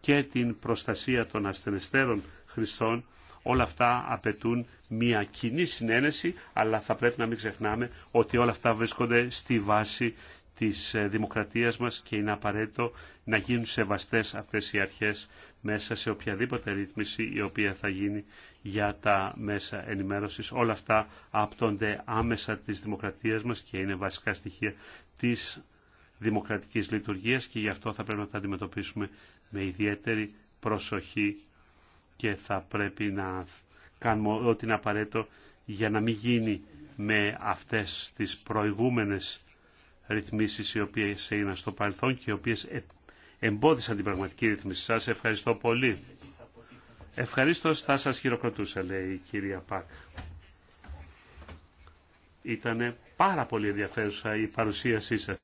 Speaker 1: και την προστασία των ασθενεστέρων χρηστών, όλα αυτά απαιτούν μια κοινή συνένεση, αλλά θα πρέπει να μην ξεχνάμε ότι όλα αυτά βρίσκονται στη βάση της ε, δημοκρατίας μας και είναι απαραίτητο να γίνουν σεβαστές αυτές οι αρχές μέσα σε οποιαδήποτε ρύθμιση η οποία θα γίνει για τα μέσα ενημέρωσης. Όλα αυτά άπτονται άμεσα της δημοκρατίας μας και είναι βασικά στοιχεία της δημοκρατικής λειτουργίας και γι' αυτό θα πρέπει να τα αντιμετωπίσουμε με ιδιαίτερη προσοχή και θα πρέπει να κάνουμε ό,τι είναι απαραίτητο για να μην γίνει με αυτές τις προηγούμενες ρυθμίσεις οι οποίες έγιναν στο παρελθόν και οι οποίες εμπόδισαν την πραγματική ρύθμιση. Σας ευχαριστώ πολύ. Ευχαρίστω θα σας χειροκροτούσα, λέει η κυρία Πακ. Ήταν πάρα πολύ ενδιαφέρουσα η παρουσίασή σας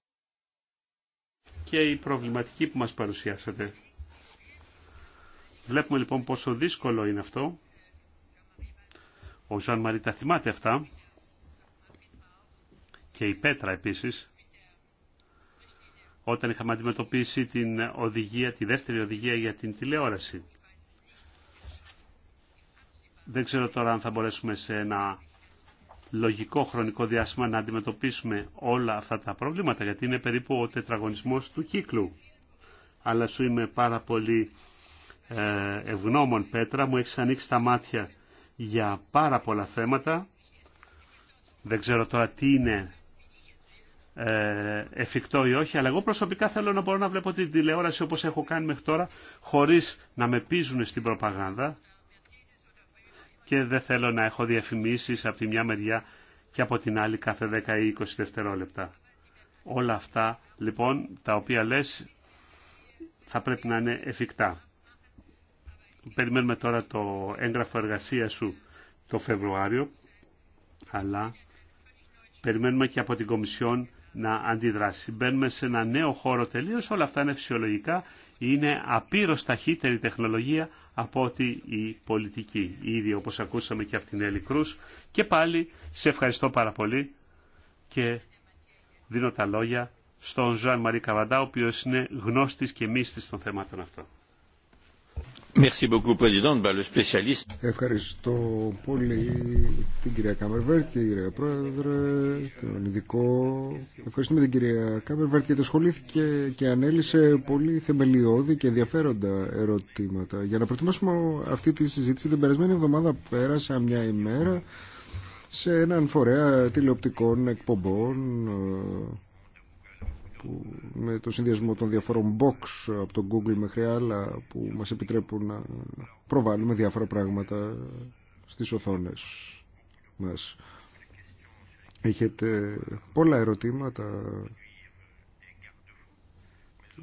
Speaker 1: και η προβληματική που μας παρουσιάσατε. Βλέπουμε λοιπόν πόσο δύσκολο είναι αυτό. Ο Ζαν Μαρίτα θυμάται αυτά και η Πέτρα επίσης όταν είχαμε αντιμετωπίσει την οδηγία, τη δεύτερη οδηγία για την τηλεόραση. Δεν ξέρω τώρα αν θα μπορέσουμε σε ένα λογικό χρονικό διάστημα να αντιμετωπίσουμε όλα αυτά τα προβλήματα, γιατί είναι περίπου ο τετραγωνισμός του κύκλου. Αλλά σου είμαι πάρα πολύ ε, ευγνώμων, Πέτρα, μου έχεις ανοίξει τα μάτια για πάρα πολλά θέματα. Δεν ξέρω τώρα τι είναι ε, εφικτό ή όχι, αλλά εγώ προσωπικά θέλω να μπορώ να βλέπω την τηλεόραση όπως έχω κάνει μέχρι τώρα, χωρίς να με πίζουν στην προπαγάνδα και δεν θέλω να έχω διαφημίσεις από τη μια μεριά και από την άλλη κάθε 10 ή 20 δευτερόλεπτα. Όλα αυτά λοιπόν τα οποία λες θα πρέπει να είναι εφικτά. Περιμένουμε τώρα το έγγραφο εργασία σου το Φεβρουάριο, αλλά περιμένουμε και από την Κομισιόν να αντιδράσει. Μπαίνουμε σε ένα νέο χώρο τελείω, όλα αυτά είναι φυσιολογικά, είναι απείρως ταχύτερη τεχνολογία από ότι η πολιτική. Ήδη όπως ακούσαμε και από την Έλλη Κρούς. Και πάλι σε ευχαριστώ πάρα πολύ και δίνω τα λόγια στον Ζωάν Μαρή Καβαντά, ο οποίος είναι γνώστης και μύστης των θεμάτων αυτών.
Speaker 2: Ευχαριστώ πολύ την κυρία Κάμερβερτ, την κυρία Πρόεδρε, τον ειδικό. Ευχαριστούμε την κυρία Κάμερβερτ γιατί ασχολήθηκε και ανέλησε πολύ θεμελιώδη και ενδιαφέροντα ερωτήματα. Για να προετοιμάσουμε αυτή τη συζήτηση, την περασμένη εβδομάδα πέρασα μια ημέρα σε έναν φορέα τηλεοπτικών εκπομπών με το συνδυασμό των διαφορών box από τον Google μέχρι άλλα που μας επιτρέπουν να προβάλλουμε διάφορα πράγματα στις οθόνες μας. Έχετε πολλά ερωτήματα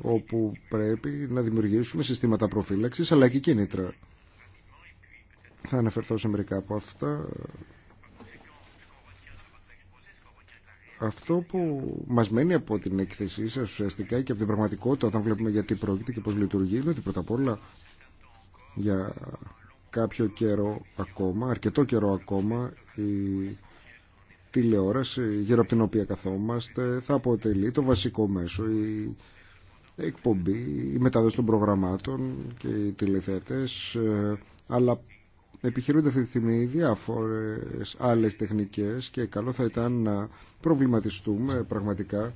Speaker 2: όπου πρέπει να δημιουργήσουμε συστήματα προφύλαξης αλλά και κίνητρα. Θα αναφερθώ σε μερικά από αυτά Αυτό που μας μένει από την έκθεσή σας ουσιαστικά και από την πραγματικότητα όταν βλέπουμε γιατί πρόκειται και πώς λειτουργεί είναι ότι πρώτα απ' όλα για κάποιο καιρό ακόμα, αρκετό καιρό ακόμα η τηλεόραση γύρω από την οποία καθόμαστε θα αποτελεί το βασικό μέσο η εκπομπή, η μετάδοση των προγραμμάτων και οι τηλεθέτες ε, αλλά Επιχειρούνται αυτή τη στιγμή διάφορες άλλες τεχνικές και καλό θα ήταν να προβληματιστούμε πραγματικά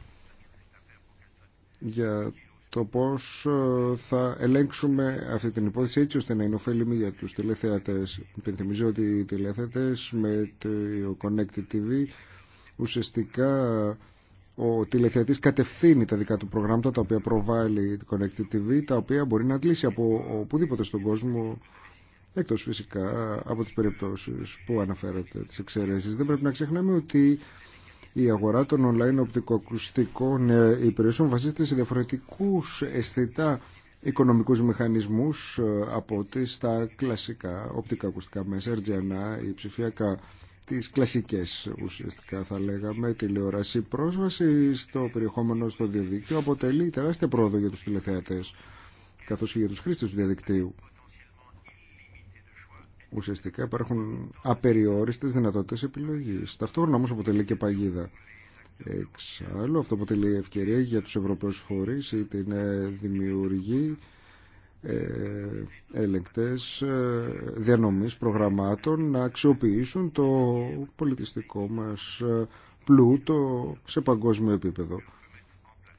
Speaker 2: για το πώς ε, θα ελέγξουμε αυτή την υπόθεση έτσι ώστε να είναι ωφέλιμη για τους τηλεθεατές. Υπενθυμίζω ότι οι τηλεθεατές με το Connected TV ουσιαστικά ο τηλεθεατής κατευθύνει τα δικά του προγράμματα τα οποία προβάλλει το Connected TV τα οποία μπορεί να αντλήσει από οπουδήποτε στον κόσμο Εκτός φυσικά από τις περιπτώσεις που αναφέρατε, τις εξαιρέσεις. Δεν πρέπει να ξεχνάμε ότι η αγορά των online οπτικοακουστικών ε, υπηρεσιών βασίζεται σε διαφορετικούς αισθητά οικονομικούς μηχανισμούς ε, από ό,τι στα κλασικά οπτικά ακουστικά μέσα, RGNA ή ψηφιακά τις κλασικές ουσιαστικά θα λέγαμε τηλεόραση πρόσβαση στο περιεχόμενο στο διαδίκτυο αποτελεί τεράστια πρόοδο για τους τηλεθεατές καθώς και για τους χρήστες του διαδικτύου Ουσιαστικά υπάρχουν απεριόριστες δυνατότητες επιλογής. Ταυτόχρονα όμως αποτελεί και παγίδα. Εξάλλου αυτό αποτελεί ευκαιρία για τους Ευρωπαίους φορείς την την ε, ελεγκτές ε, διανομής προγραμμάτων να αξιοποιήσουν το πολιτιστικό μας ε, πλούτο σε παγκόσμιο επίπεδο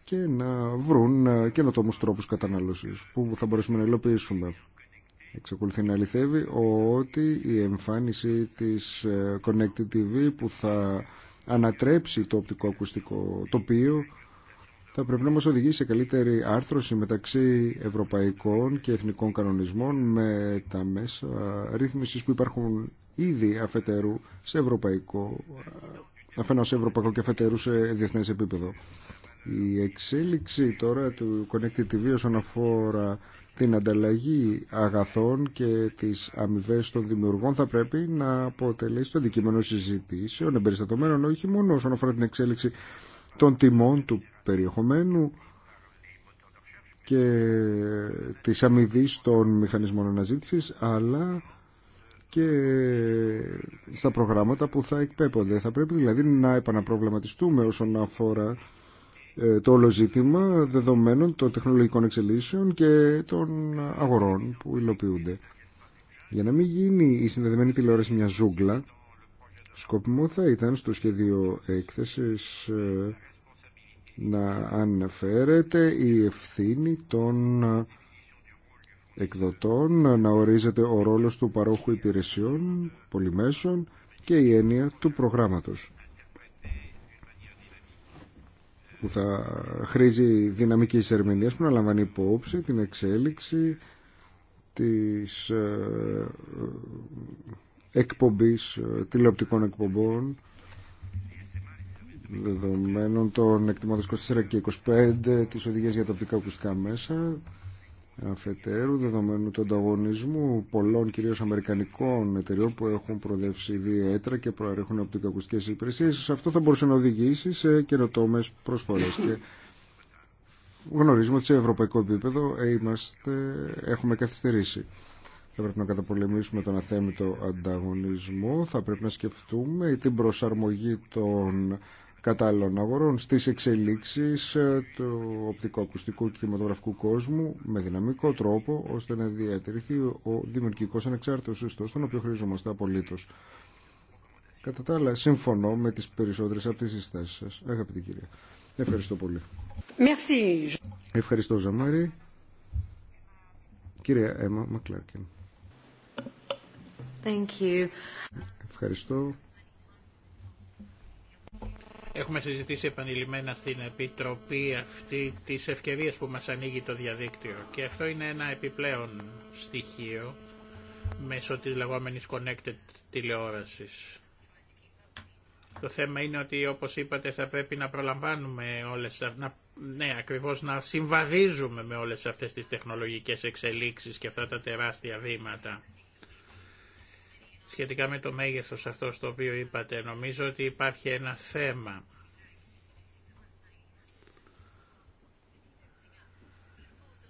Speaker 2: και να βρουν ε, καινοτόμους τρόπους κατανάλωσης που θα μπορέσουμε να υλοποιήσουμε εξακολουθεί να αληθεύει ότι η εμφάνιση της ε, Connected TV που θα ανατρέψει το οπτικό ακουστικό τοπίο θα πρέπει να μας οδηγήσει σε καλύτερη άρθρωση μεταξύ ευρωπαϊκών και εθνικών κανονισμών με τα μέσα ρύθμισης που υπάρχουν ήδη αφετέρου σε ευρωπαϊκό, ε, σε ευρωπαϊκό και αφετέρου σε διεθνές επίπεδο. Η εξέλιξη τώρα του Connected TV όσον αφορά την ανταλλαγή αγαθών και τις αμοιβέ των δημιουργών θα πρέπει να αποτελέσει το αντικείμενο συζητήσεων εμπεριστατωμένων όχι μόνο όσον αφορά την εξέλιξη των τιμών του περιεχομένου και της αμοιβή των μηχανισμών αναζήτησης αλλά και στα προγράμματα που θα εκπέπονται. Θα πρέπει δηλαδή να επαναπρογραμματιστούμε όσον αφορά το όλο ζήτημα δεδομένων των τεχνολογικών εξελίσεων και των αγορών που υλοποιούνται. Για να μην γίνει η συνδεδεμένη τηλεόραση μια ζούγκλα, σκοπιμό θα ήταν στο σχέδιο έκθεσης ε, να αναφέρεται η ευθύνη των εκδοτών, να ορίζεται ο ρόλος του παρόχου υπηρεσιών πολυμέσων και η έννοια του προγράμματος που θα χρήζει δυναμική ερμηνεία που να λαμβάνει υπόψη την εξέλιξη της ε, ε, εκπομπής, ε, τηλεοπτικών εκπομπών δεδομένων των εκτιμάτων 24 και 25 της οδηγίας για τα οπτικά ακουστικά μέσα Αφετέρου, δεδομένου του ανταγωνισμού πολλών κυρίως αμερικανικών εταιριών που έχουν προοδεύσει ιδιαίτερα και προαρέχουν από κακουστική υπηρεσία αυτό θα μπορούσε να οδηγήσει σε καινοτόμε προσφορές. Και γνωρίζουμε ότι σε ευρωπαϊκό επίπεδο ε, είμαστε, έχουμε καθυστερήσει. Θα πρέπει να καταπολεμήσουμε τον αθέμητο ανταγωνισμό, θα πρέπει να σκεφτούμε την προσαρμογή των κατάλληλων αγορών στις εξελίξεις ε, του οπτικοακουστικού και κινηματογραφικού κόσμου με δυναμικό τρόπο ώστε να διατηρηθεί ο δημιουργικός ανεξάρτητος ιστός τον οποίο χρειαζόμαστε απολύτως. Κατά τα άλλα, συμφωνώ με τις περισσότερες από τις συστάσεις σας, αγαπητή κυρία. Ευχαριστώ πολύ.
Speaker 3: Merci.
Speaker 2: Ευχαριστώ, Ζαμάρη. Κυρία Έμα Μακλάρκιν.
Speaker 3: Thank you.
Speaker 2: Ευχαριστώ.
Speaker 3: Έχουμε συζητήσει επανειλημμένα στην Επιτροπή αυτή τις ευκαιρίες που μας ανοίγει το διαδίκτυο και αυτό είναι ένα επιπλέον στοιχείο μέσω της λεγόμενης connected τηλεόρασης. Το θέμα είναι ότι όπως είπατε θα πρέπει να προλαμβάνουμε όλες, να, ναι ακριβώς να συμβαδίζουμε με όλες αυτές τις τεχνολογικές εξελίξεις και αυτά τα τεράστια βήματα σχετικά με το μέγεθος αυτό το οποίο είπατε. Νομίζω ότι υπάρχει ένα θέμα.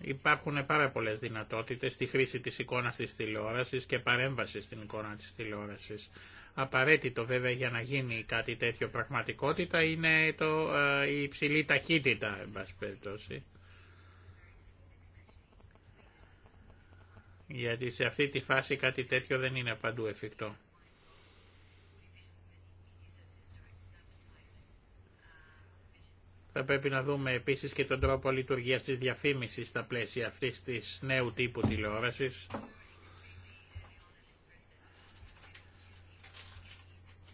Speaker 3: Υπάρχουν πάρα πολλές δυνατότητες στη χρήση της εικόνας της τηλεόρασης και παρέμβαση στην εικόνα της τηλεόρασης. Απαραίτητο βέβαια για να γίνει κάτι τέτοιο πραγματικότητα είναι το, ε, η υψηλή ταχύτητα, εν γιατί σε αυτή τη φάση κάτι τέτοιο δεν είναι παντού εφικτό. Θα πρέπει να δούμε επίσης και τον τρόπο λειτουργίας της διαφήμισης στα πλαίσια αυτής της νέου τύπου τηλεόρασης.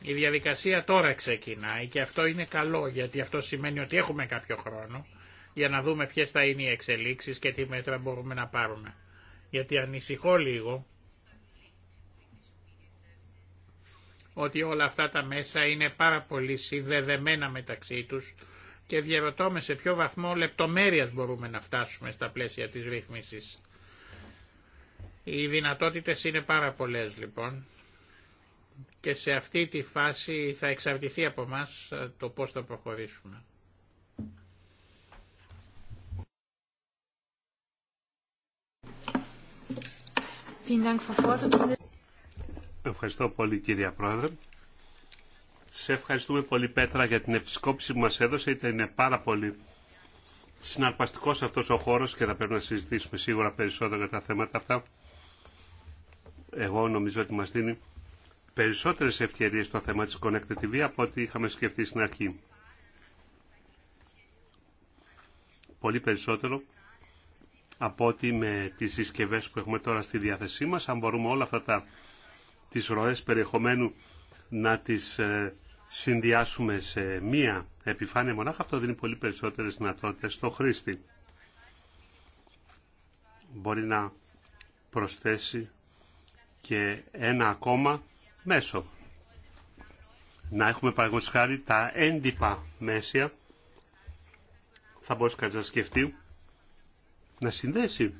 Speaker 3: Η διαδικασία τώρα ξεκινάει και αυτό είναι καλό γιατί αυτό σημαίνει ότι έχουμε κάποιο χρόνο για να δούμε ποιες θα είναι οι εξελίξεις και τι μέτρα μπορούμε να πάρουμε γιατί ανησυχώ λίγο ότι όλα αυτά τα μέσα είναι πάρα πολύ συνδεδεμένα μεταξύ τους και διαρωτώ σε ποιο βαθμό λεπτομέρειας μπορούμε να φτάσουμε στα πλαίσια της ρύθμισης. Οι δυνατότητες είναι πάρα πολλές λοιπόν και σε αυτή τη φάση θα εξαρτηθεί από μας το πώς θα προχωρήσουμε.
Speaker 1: Ευχαριστώ πολύ κυρία Πρόεδρε. Σε ευχαριστούμε πολύ Πέτρα για την επισκόπηση που μας έδωσε. Είναι πάρα πολύ συναρπαστικός αυτός ο χώρος και θα πρέπει να συζητήσουμε σίγουρα περισσότερο για τα θέματα αυτά. Εγώ νομίζω ότι μας δίνει περισσότερες ευκαιρίες στο θέμα της Connected TV από ό,τι είχαμε σκεφτεί στην αρχή. Πολύ περισσότερο από ότι με τις συσκευέ που έχουμε τώρα στη διάθεσή μας, αν μπορούμε όλα αυτά τα, τις ροές περιεχομένου να τις ε, συνδυάσουμε σε μία επιφάνεια μονάχα, αυτό δίνει πολύ περισσότερες δυνατότητε στο χρήστη. Μπορεί να προσθέσει και ένα ακόμα μέσο. Να έχουμε παραγωγή τα έντυπα μέσια. Θα μπορούσε κανείς να σκεφτεί να συνδέσει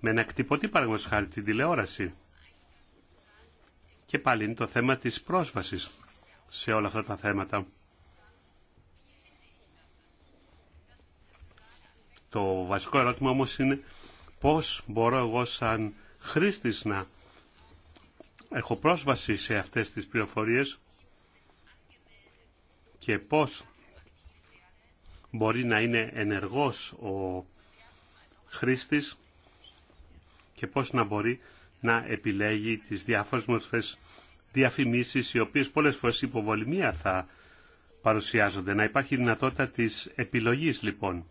Speaker 1: με ένα κτυπωτή παραγωγός χάρη την τηλεόραση. Και πάλι είναι το θέμα της πρόσβασης σε όλα αυτά τα θέματα. Το βασικό ερώτημα όμως είναι πώς μπορώ εγώ σαν χρήστης να έχω πρόσβαση σε αυτές τις πληροφορίες και πώς μπορεί να είναι ενεργός ο χρήστης και πώς να μπορεί να επιλέγει τις διάφορες μορφές διαφημίσεις οι οποίες πολλές φορές υποβολημία θα παρουσιάζονται. Να υπάρχει δυνατότητα της επιλογής λοιπόν.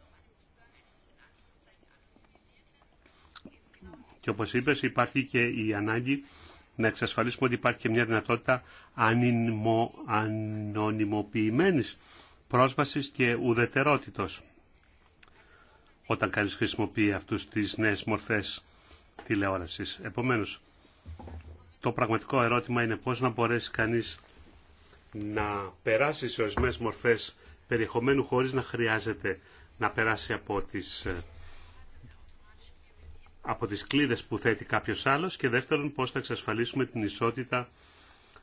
Speaker 1: Και όπως είπες υπάρχει και η ανάγκη να εξασφαλίσουμε ότι υπάρχει και μια δυνατότητα ανωνυμοποιημένης πρόσβασης και ουδετερότητος όταν κανείς χρησιμοποιεί αυτούς τις νέες μορφές τηλεόρασης. Επομένως, το πραγματικό ερώτημα είναι πώς να μπορέσει κανείς να περάσει σε ορισμένε μορφές περιεχομένου χωρίς να χρειάζεται να περάσει από τις, ε, από τις κλίδες που θέτει κάποιος άλλος και δεύτερον πώς θα εξασφαλίσουμε την ισότητα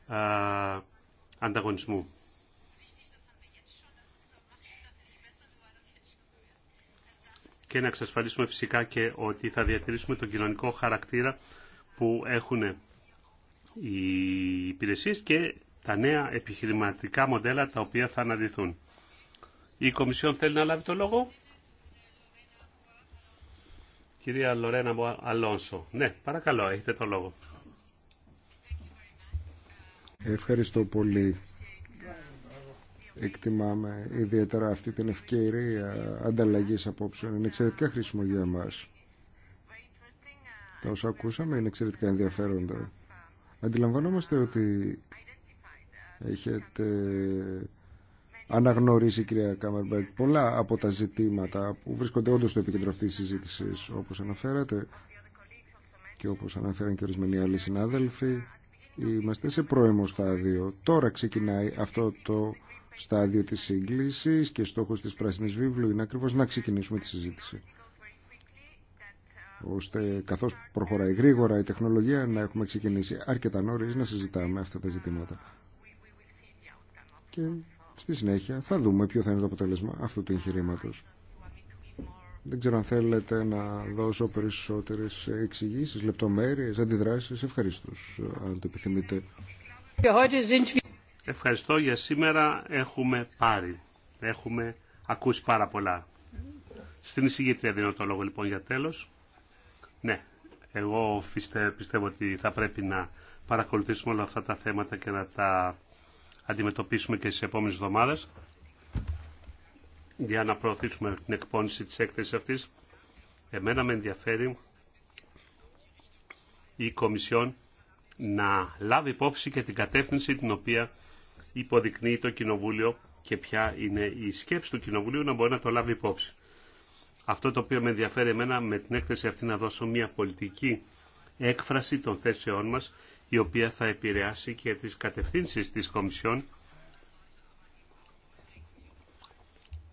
Speaker 1: α, ε, ανταγωνισμού. και να εξασφαλίσουμε φυσικά και ότι θα διατηρήσουμε τον κοινωνικό χαρακτήρα που έχουν οι υπηρεσίες και τα νέα επιχειρηματικά μοντέλα τα οποία θα αναδυθούν. Η Κομισιόν θέλει να λάβει το λόγο. Κυρία Λορένα Αλόνσο. Ναι, παρακαλώ, έχετε το λόγο.
Speaker 2: Ευχαριστώ πολύ εκτιμάμε ιδιαίτερα αυτή την ευκαιρία ανταλλαγής απόψεων. Είναι εξαιρετικά χρήσιμο για μας. Τα όσα ακούσαμε είναι εξαιρετικά ενδιαφέροντα. Αντιλαμβανόμαστε ότι έχετε αναγνωρίσει, κυρία Κάμερμπερκ, πολλά από τα ζητήματα που βρίσκονται όντως στο επίκεντρο αυτής της συζήτησης, όπως αναφέρατε και όπως αναφέραν και ορισμένοι άλλοι συνάδελφοι. Είμαστε σε πρώιμο στάδιο. Τώρα ξεκινάει αυτό το στάδιο της σύγκλησης και στόχος της Πράσινης Βίβλου είναι ακριβώς να ξεκινήσουμε τη συζήτηση ώστε καθώς προχωράει γρήγορα η τεχνολογία να έχουμε ξεκινήσει αρκετά νωρίς να συζητάμε αυτά τα ζητήματα. Και στη συνέχεια θα δούμε ποιο θα είναι το αποτέλεσμα αυτού του εγχειρήματο. Δεν ξέρω αν θέλετε να δώσω περισσότερες εξηγήσεις, λεπτομέρειες, αντιδράσεις. Ευχαριστώ αν το επιθυμείτε.
Speaker 1: Ευχαριστώ για σήμερα. Έχουμε πάρει. Έχουμε ακούσει πάρα πολλά. Στην εισηγήτρια δίνω το λόγο λοιπόν για τέλος. Ναι, εγώ πιστεύω ότι θα πρέπει να παρακολουθήσουμε όλα αυτά τα θέματα και να τα αντιμετωπίσουμε και στις επόμενες εβδομάδες για να προωθήσουμε την εκπόνηση της έκθεσης αυτής. Εμένα με ενδιαφέρει η Κομισιόν να λάβει υπόψη και την κατεύθυνση την οποία υποδεικνύει το Κοινοβούλιο και ποια είναι η σκέψη του Κοινοβουλίου να μπορεί να το λάβει υπόψη. Αυτό το οποίο με ενδιαφέρει εμένα με την έκθεση αυτή να δώσω μια πολιτική έκφραση των θέσεών μας η οποία θα επηρεάσει και τις κατευθύνσεις της Κομισιόν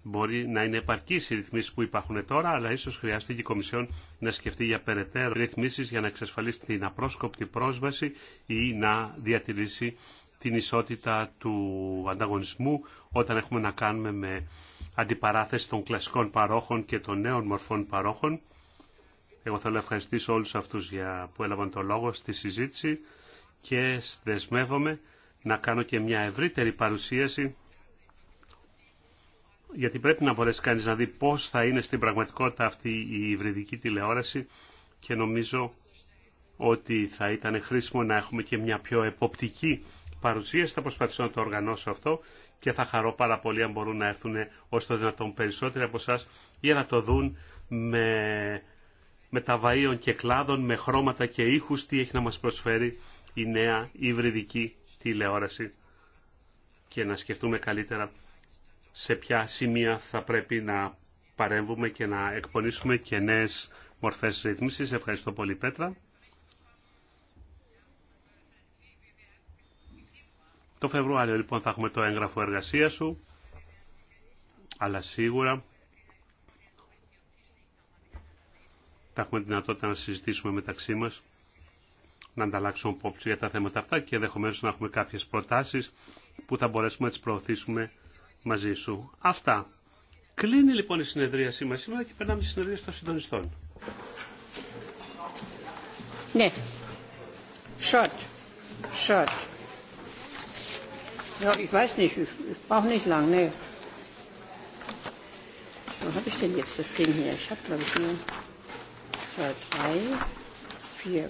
Speaker 1: Μπορεί να είναι επαρκή οι ρυθμίσει που υπάρχουν τώρα, αλλά ίσω χρειάζεται η Κομισιόν να σκεφτεί για περαιτέρω ρυθμίσει για να εξασφαλίσει την απρόσκοπτη πρόσβαση ή να διατηρήσει την ισότητα του ανταγωνισμού όταν έχουμε να κάνουμε με αντιπαράθεση των κλασικών παρόχων και των νέων μορφών παρόχων. Εγώ θέλω να ευχαριστήσω όλους αυτούς για, που έλαβαν το λόγο στη συζήτηση και δεσμεύομαι να κάνω και μια ευρύτερη παρουσίαση γιατί πρέπει να μπορέσει κανείς να δει πώς θα είναι στην πραγματικότητα αυτή η υβριδική τηλεόραση και νομίζω ότι θα ήταν χρήσιμο να έχουμε και μια πιο εποπτική θα προσπαθήσω να το οργανώσω αυτό και θα χαρώ πάρα πολύ αν μπορούν να έρθουν όσο το δυνατόν περισσότεροι από εσά για να το δουν με, με τα βαΐων και κλάδων, με χρώματα και ήχους τι έχει να μας προσφέρει η νέα υβριδική τηλεόραση και να σκεφτούμε καλύτερα σε ποια σημεία θα πρέπει να παρέμβουμε και να εκπονήσουμε και νέες μορφές ρυθμίσεις. Ευχαριστώ πολύ Πέτρα. Το Φεβρουάριο λοιπόν θα έχουμε το έγγραφο εργασία σου, αλλά σίγουρα θα έχουμε δυνατότητα να συζητήσουμε μεταξύ μας, να ανταλλάξουμε απόψη για τα θέματα αυτά και ενδεχομένω να έχουμε κάποιες προτάσεις που θα μπορέσουμε να τις προωθήσουμε μαζί σου. Αυτά. Κλείνει λοιπόν η συνεδρία μας σήμερα και περνάμε στη συνεδρία των συντονιστών.
Speaker 3: Ναι. Short. Short. Ja, ich weiß nicht, ich, brauche nicht lang, So, habe ich denn jetzt das Ding hier? Ich habe, glaube ich, nur zwei, drei, vier.